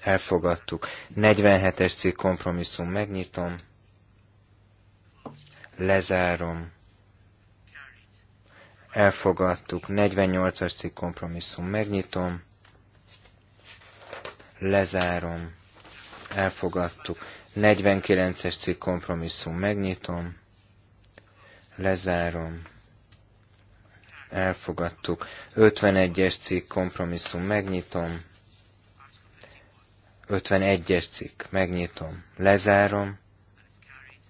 elfogadtuk. 47-es cikk kompromisszum, megnyitom, lezárom, elfogadtuk. 48-as cikk kompromisszum, megnyitom, Lezárom. Elfogadtuk. 49-es cikk kompromisszum. Megnyitom. Lezárom. Elfogadtuk. 51-es cikk kompromisszum. Megnyitom. 51-es cikk. Megnyitom. Lezárom.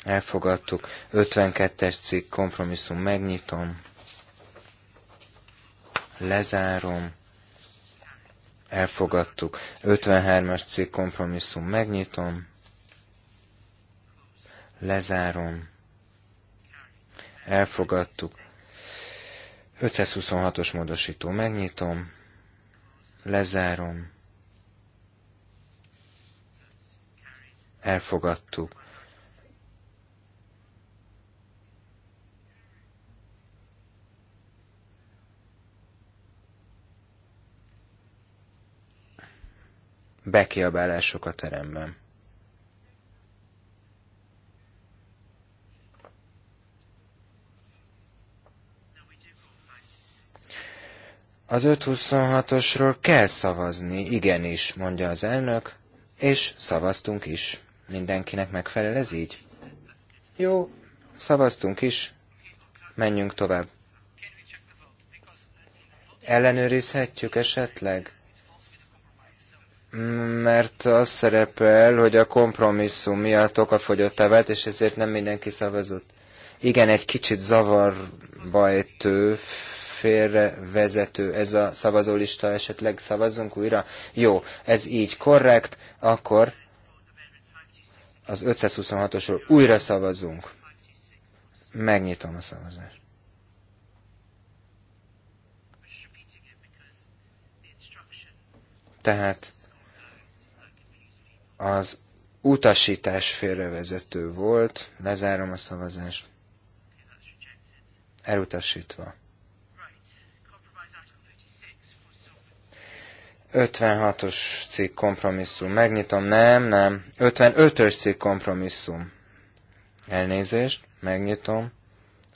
Elfogadtuk. 52-es cikk kompromisszum. Megnyitom. Lezárom elfogadtuk. 53-as cikk kompromisszum megnyitom, lezárom, elfogadtuk. 526-os módosító megnyitom, lezárom, elfogadtuk. bekiabálások a teremben. Az 526-osról kell szavazni, igenis, mondja az elnök, és szavaztunk is. Mindenkinek megfelel ez így? Jó, szavaztunk is, menjünk tovább. Ellenőrizhetjük esetleg? mert az szerepel, hogy a kompromisszum miatt a vált, és ezért nem mindenki szavazott. Igen, egy kicsit zavarba ejtő, félrevezető ez a szavazólista, esetleg szavazzunk újra? Jó, ez így korrekt, akkor az 526-osról újra szavazunk. Megnyitom a szavazást. Tehát az utasítás félrevezető volt. Lezárom a szavazást. Elutasítva. 56-os cikk kompromisszum. Megnyitom. Nem, nem. 55-ös cikk kompromisszum. Elnézést. Megnyitom.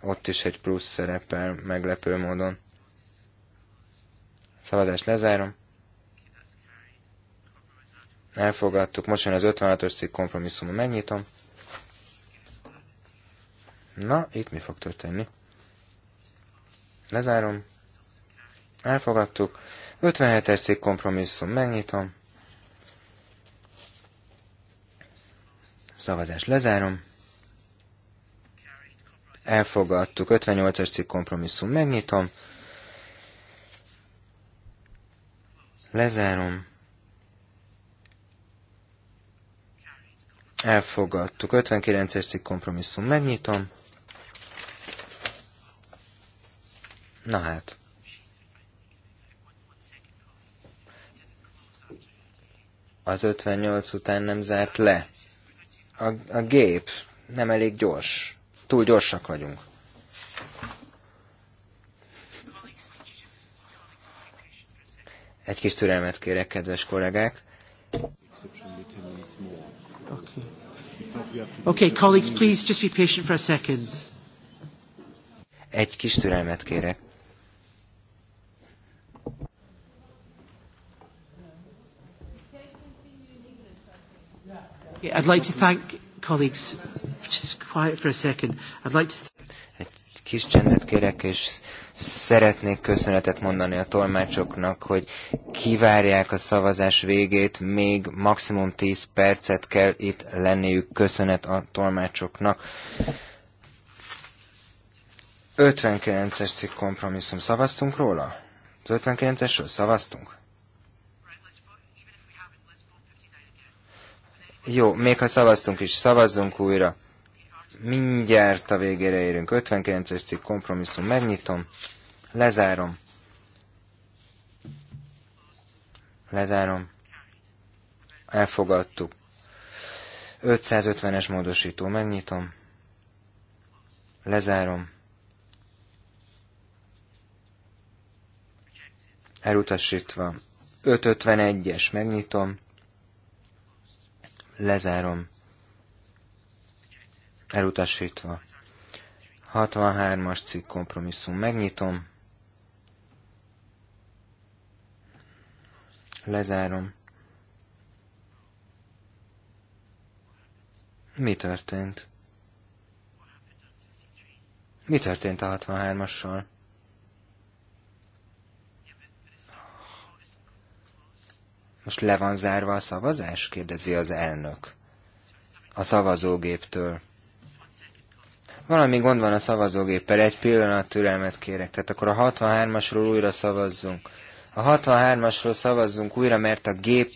Ott is egy plusz szerepel meglepő módon. Szavazást lezárom elfogadtuk. Most jön az 56-os cikk kompromisszum, megnyitom. Na, itt mi fog történni? Lezárom. Elfogadtuk. 57-es cikk kompromisszum, megnyitom. Szavazás lezárom. Elfogadtuk. 58 es cikk kompromisszum, megnyitom. Lezárom. Elfogadtuk. 59-es cikk kompromisszum. Megnyitom. Na hát. Az 58 után nem zárt le. A, a gép nem elég gyors. Túl gyorsak vagyunk. Egy kis türelmet kérek, kedves kollégák. Okay. Okay, colleagues, please just be patient for a second. Egy kis türelmet kérek. I'd like to thank colleagues. Just quiet for a second. I'd like to. Kis csendet kérek, és szeretnék köszönetet mondani a tolmácsoknak, hogy kivárják a szavazás végét, még maximum 10 percet kell itt lenniük. Köszönet a tolmácsoknak. 59-es cikk kompromisszum. Szavaztunk róla? Az 59-esről szavaztunk? Jó, még ha szavaztunk is, szavazzunk újra mindjárt a végére érünk. 59-es cikk kompromisszum, megnyitom, lezárom. Lezárom. Elfogadtuk. 550-es módosító, megnyitom. Lezárom. Elutasítva. 551-es, megnyitom. Lezárom elutasítva. 63-as cikk kompromisszum. Megnyitom. Lezárom. Mi történt? Mi történt a 63-assal? Most le van zárva a szavazás? kérdezi az elnök. A szavazógéptől. Valami gond van a szavazógéppel, egy pillanat türelmet kérek. Tehát akkor a 63-asról újra szavazzunk. A 63-asról szavazzunk újra, mert a gép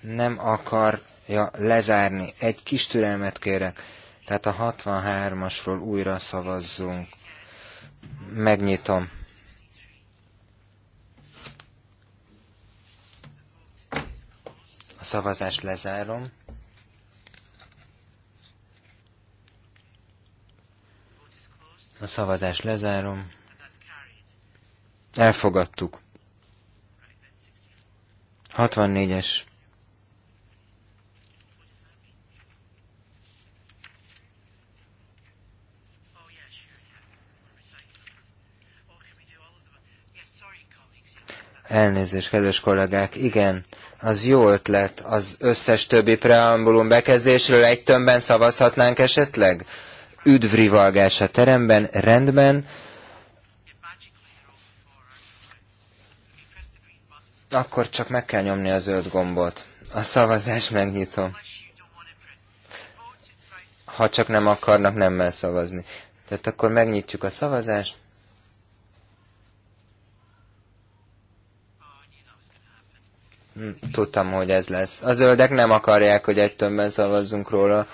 nem akarja lezárni. Egy kis türelmet kérek. Tehát a 63-asról újra szavazzunk. Megnyitom. A szavazást lezárom. A szavazást lezárom. Elfogadtuk. 64-es. Elnézést, kedves kollégák, igen, az jó ötlet, az összes többi preambulum bekezdésről egy tömbben szavazhatnánk esetleg? üdvrivalgás a teremben, rendben. Akkor csak meg kell nyomni a zöld gombot. A szavazás megnyitom. Ha csak nem akarnak mell szavazni. Tehát akkor megnyitjuk a szavazást. Hm, tudtam, hogy ez lesz. A zöldek nem akarják, hogy egy tömbben szavazzunk róla.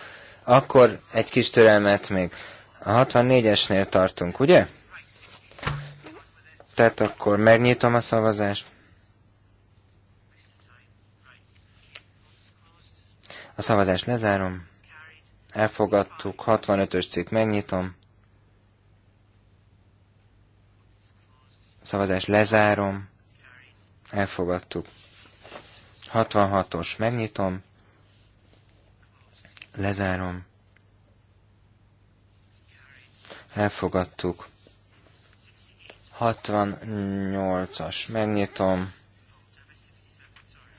Akkor egy kis türelmet még. A 64-esnél tartunk, ugye? Tehát akkor megnyitom a szavazást. A szavazást lezárom. Elfogadtuk. 65-ös cikk megnyitom. szavazást lezárom. Elfogadtuk. 66-os megnyitom. Lezárom. Elfogadtuk. 68-as. Megnyitom.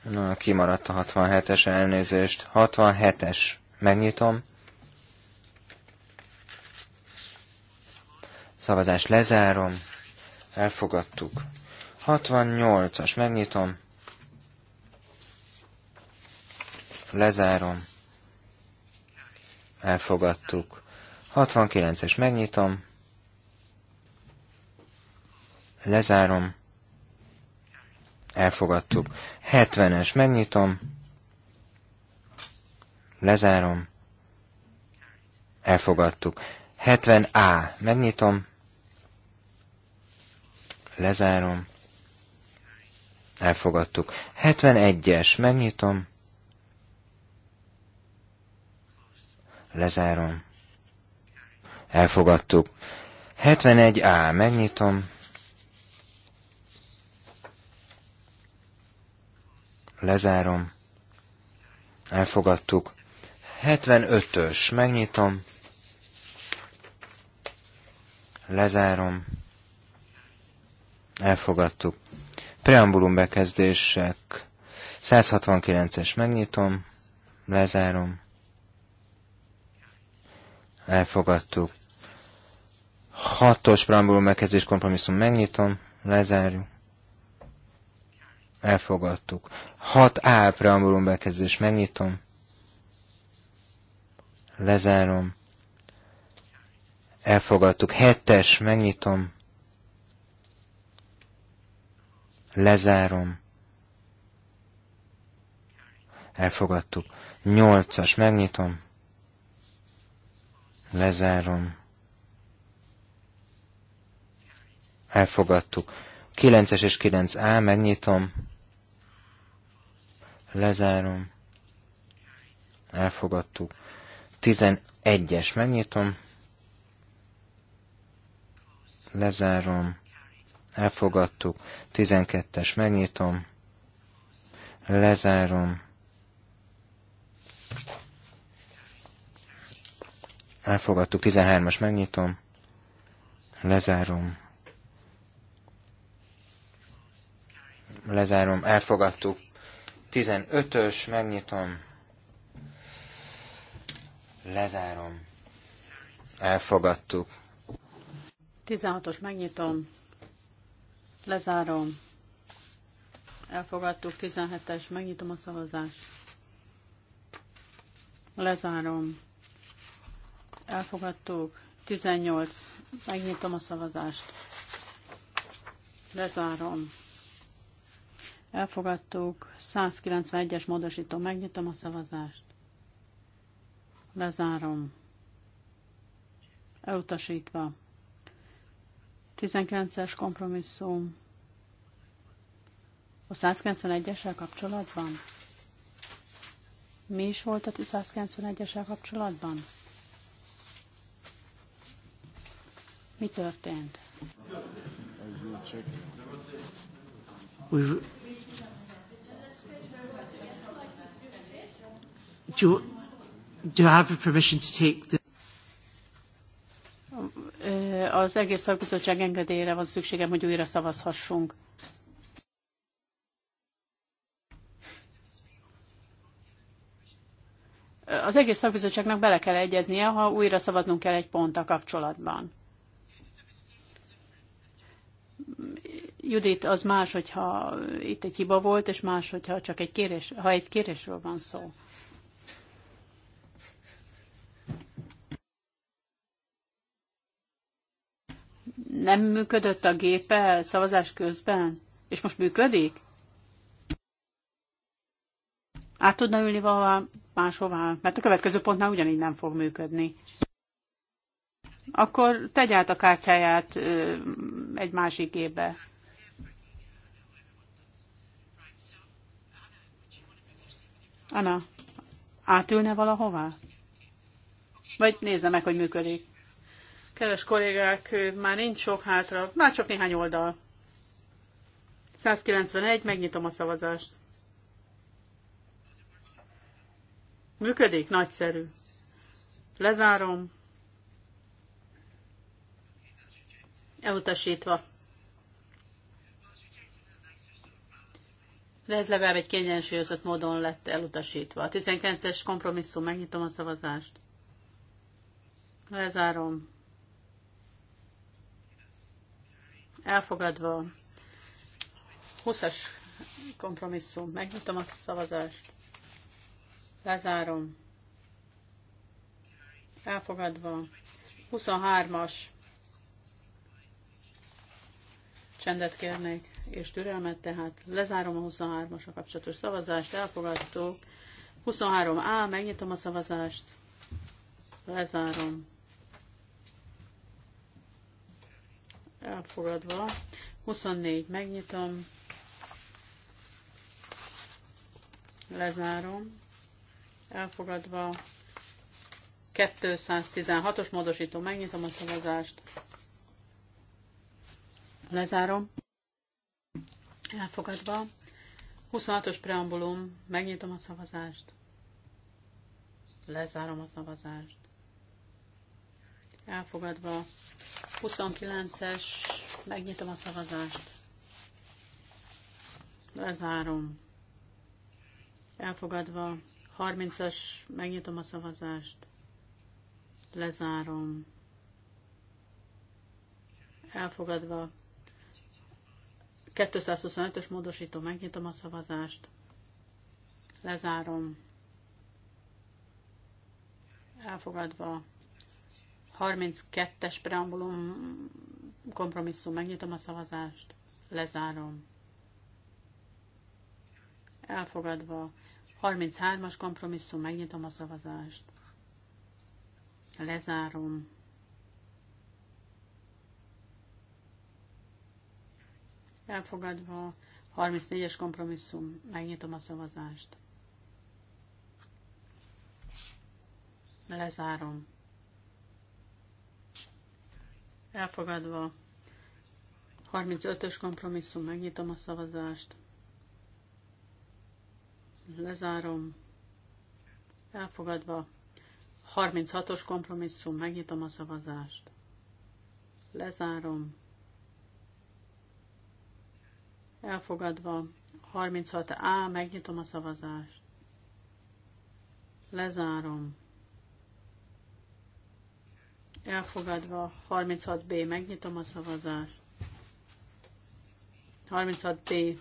Na, kimaradt a 67-es elnézést. 67-es. Megnyitom. Szavazás lezárom. Elfogadtuk. 68-as. Megnyitom. Lezárom elfogadtuk. 69-es megnyitom, lezárom, elfogadtuk. 70-es megnyitom, lezárom, elfogadtuk. 70A, megnyitom, lezárom, elfogadtuk. 71-es, megnyitom, Lezárom. Elfogadtuk. 71A, megnyitom. Lezárom. Elfogadtuk. 75-ös, megnyitom. Lezárom. Elfogadtuk. Preambulum bekezdések. 169-es, megnyitom. Lezárom elfogadtuk. Hatos preambulum megkezdés kompromisszum megnyitom, lezárjuk. Elfogadtuk. 6A preambulum bekezdés megnyitom. Lezárom. Elfogadtuk. 7-es megnyitom. Lezárom. Elfogadtuk. 8-as megnyitom Lezárom. Elfogadtuk. 9-es és 9A, megnyitom. Lezárom. Elfogadtuk. 11-es, megnyitom. Lezárom. Elfogadtuk. 12-es, megnyitom. Lezárom elfogadtuk, 13-as megnyitom, lezárom, lezárom, elfogadtuk, 15-ös, megnyitom, lezárom, elfogadtuk. 16-os, megnyitom, lezárom, elfogadtuk, 17-es, megnyitom a szavazást, lezárom, Elfogadtuk. 18. Megnyitom a szavazást. Lezárom. Elfogadtuk. 191-es módosító. Megnyitom a szavazást. Lezárom. Elutasítva. 19-es kompromisszum. A 191-essel kapcsolatban? Mi is volt a 191-essel kapcsolatban? Mi történt? Do you, do you have permission to take the eh, az egész szakbizottság engedélyére van szükségem, hogy újra szavazhassunk. Eh, az egész szakbizottságnak bele kell egyeznie, ha újra szavaznunk kell egy ponttal kapcsolatban. Judit, az más, hogyha itt egy hiba volt, és más, hogyha csak egy kérés, ha egy kérésről van szó. Nem működött a gépe szavazás közben? És most működik? Át tudna ülni valahová máshová? Mert a következő pontnál ugyanígy nem fog működni akkor tegy át a kártyáját egy másik gébe. Anna, átülne valahová? Vagy nézze meg, hogy működik. Kedves kollégák, már nincs sok hátra, már csak néhány oldal. 191, megnyitom a szavazást. Működik? Nagyszerű. Lezárom. Elutasítva. de ez legalább egy kiegyensúlyozott módon lett elutasítva. A 19-es kompromisszum, megnyitom a szavazást. Lezárom. Elfogadva. 20-as kompromisszum, megnyitom a szavazást. Lezárom. Elfogadva. 23-as. Csendet kérnék és türelmet, tehát lezárom a 23 a kapcsolatos szavazást, elfogadtuk. 23A, megnyitom a szavazást, lezárom. Elfogadva. 24, megnyitom. Lezárom. Elfogadva. 216-os módosító, megnyitom a szavazást. Lezárom. Elfogadva. 26-os preambulum. Megnyitom a szavazást. Lezárom a szavazást. Elfogadva. 29-es. Megnyitom a szavazást. Lezárom. Elfogadva. 30-as. Megnyitom a szavazást. Lezárom. Elfogadva. 225-ös módosító, megnyitom a szavazást, lezárom, elfogadva 32-es preambulum kompromisszum, megnyitom a szavazást, lezárom, elfogadva 33-as kompromisszum, megnyitom a szavazást, lezárom, elfogadva, 34-es kompromisszum, megnyitom a szavazást. Lezárom. Elfogadva, 35-ös kompromisszum, megnyitom a szavazást. Lezárom. Elfogadva, 36-os kompromisszum, megnyitom a szavazást. Lezárom Elfogadva. 36A. Megnyitom a szavazást. Lezárom. Elfogadva. 36B. Megnyitom a szavazást. 36B.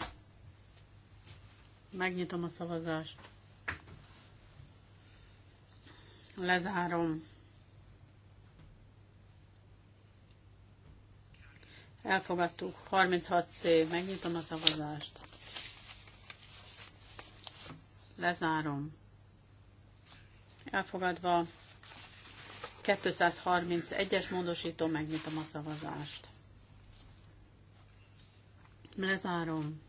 Megnyitom a szavazást. Lezárom Elfogadtuk. 36C. Megnyitom a szavazást. Lezárom. Elfogadva. 231-es módosító. Megnyitom a szavazást. Lezárom.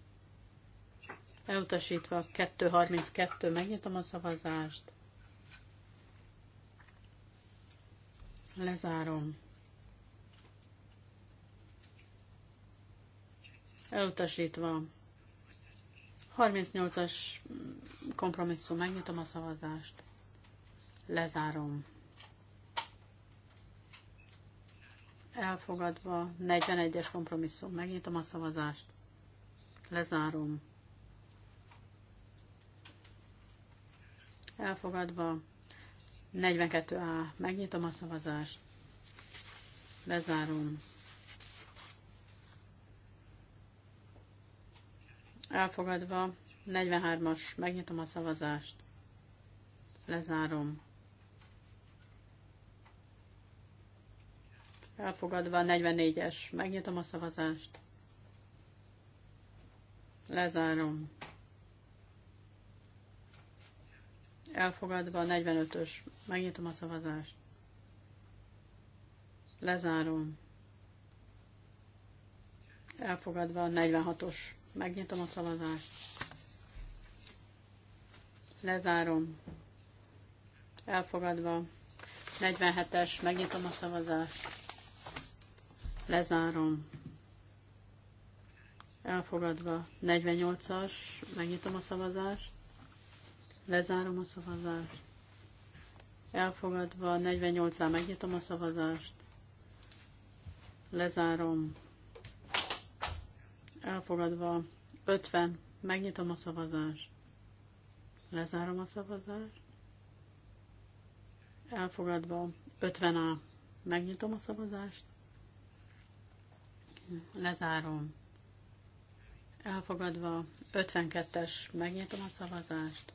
Elutasítva 232, megnyitom a szavazást. Lezárom. Elutasítva. 38-as kompromisszum. Megnyitom a szavazást. Lezárom. Elfogadva. 41-es kompromisszum. Megnyitom a szavazást. Lezárom. Elfogadva. 42A. Megnyitom a szavazást. Lezárom. Elfogadva. 43-as. Megnyitom a szavazást. Lezárom. Elfogadva. 44-es. Megnyitom a szavazást. Lezárom. Elfogadva. 45-ös. Megnyitom a szavazást. Lezárom. Elfogadva. 46-os. Megnyitom a szavazást. Lezárom. Elfogadva. 47-es, megnyitom a szavazást. Lezárom. Elfogadva. 48-as, megnyitom a szavazást. Lezárom a szavazást. Elfogadva. 48-án megnyitom a szavazást. Lezárom elfogadva 50, megnyitom a szavazást, lezárom a szavazást, elfogadva 50A, megnyitom a szavazást, lezárom, elfogadva 52-es, megnyitom a szavazást,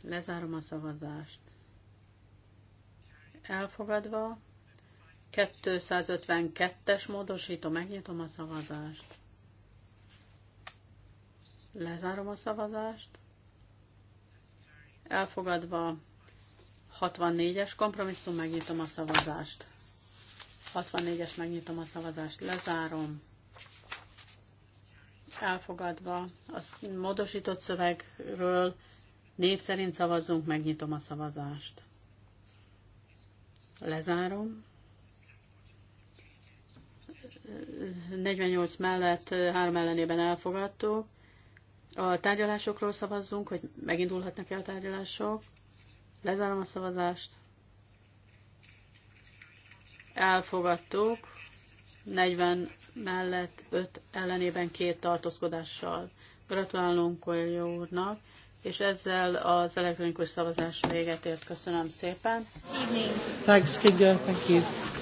lezárom a szavazást, elfogadva 252-es módosító, megnyitom a szavazást. Lezárom a szavazást. Elfogadva 64-es kompromisszum, megnyitom a szavazást. 64-es, megnyitom a szavazást, lezárom. Elfogadva a módosított szövegről név szerint szavazzunk, megnyitom a szavazást. Lezárom. 48 mellett három ellenében elfogadtuk. A tárgyalásokról szavazzunk, hogy megindulhatnak-e a tárgyalások. Lezárom a szavazást. Elfogadtuk. 40 mellett 5 ellenében két tartózkodással. Gratulálunk Koelho úrnak, és ezzel az elektronikus szavazás véget ért. Köszönöm szépen. Evening. Thanks, Kinga. Thank you.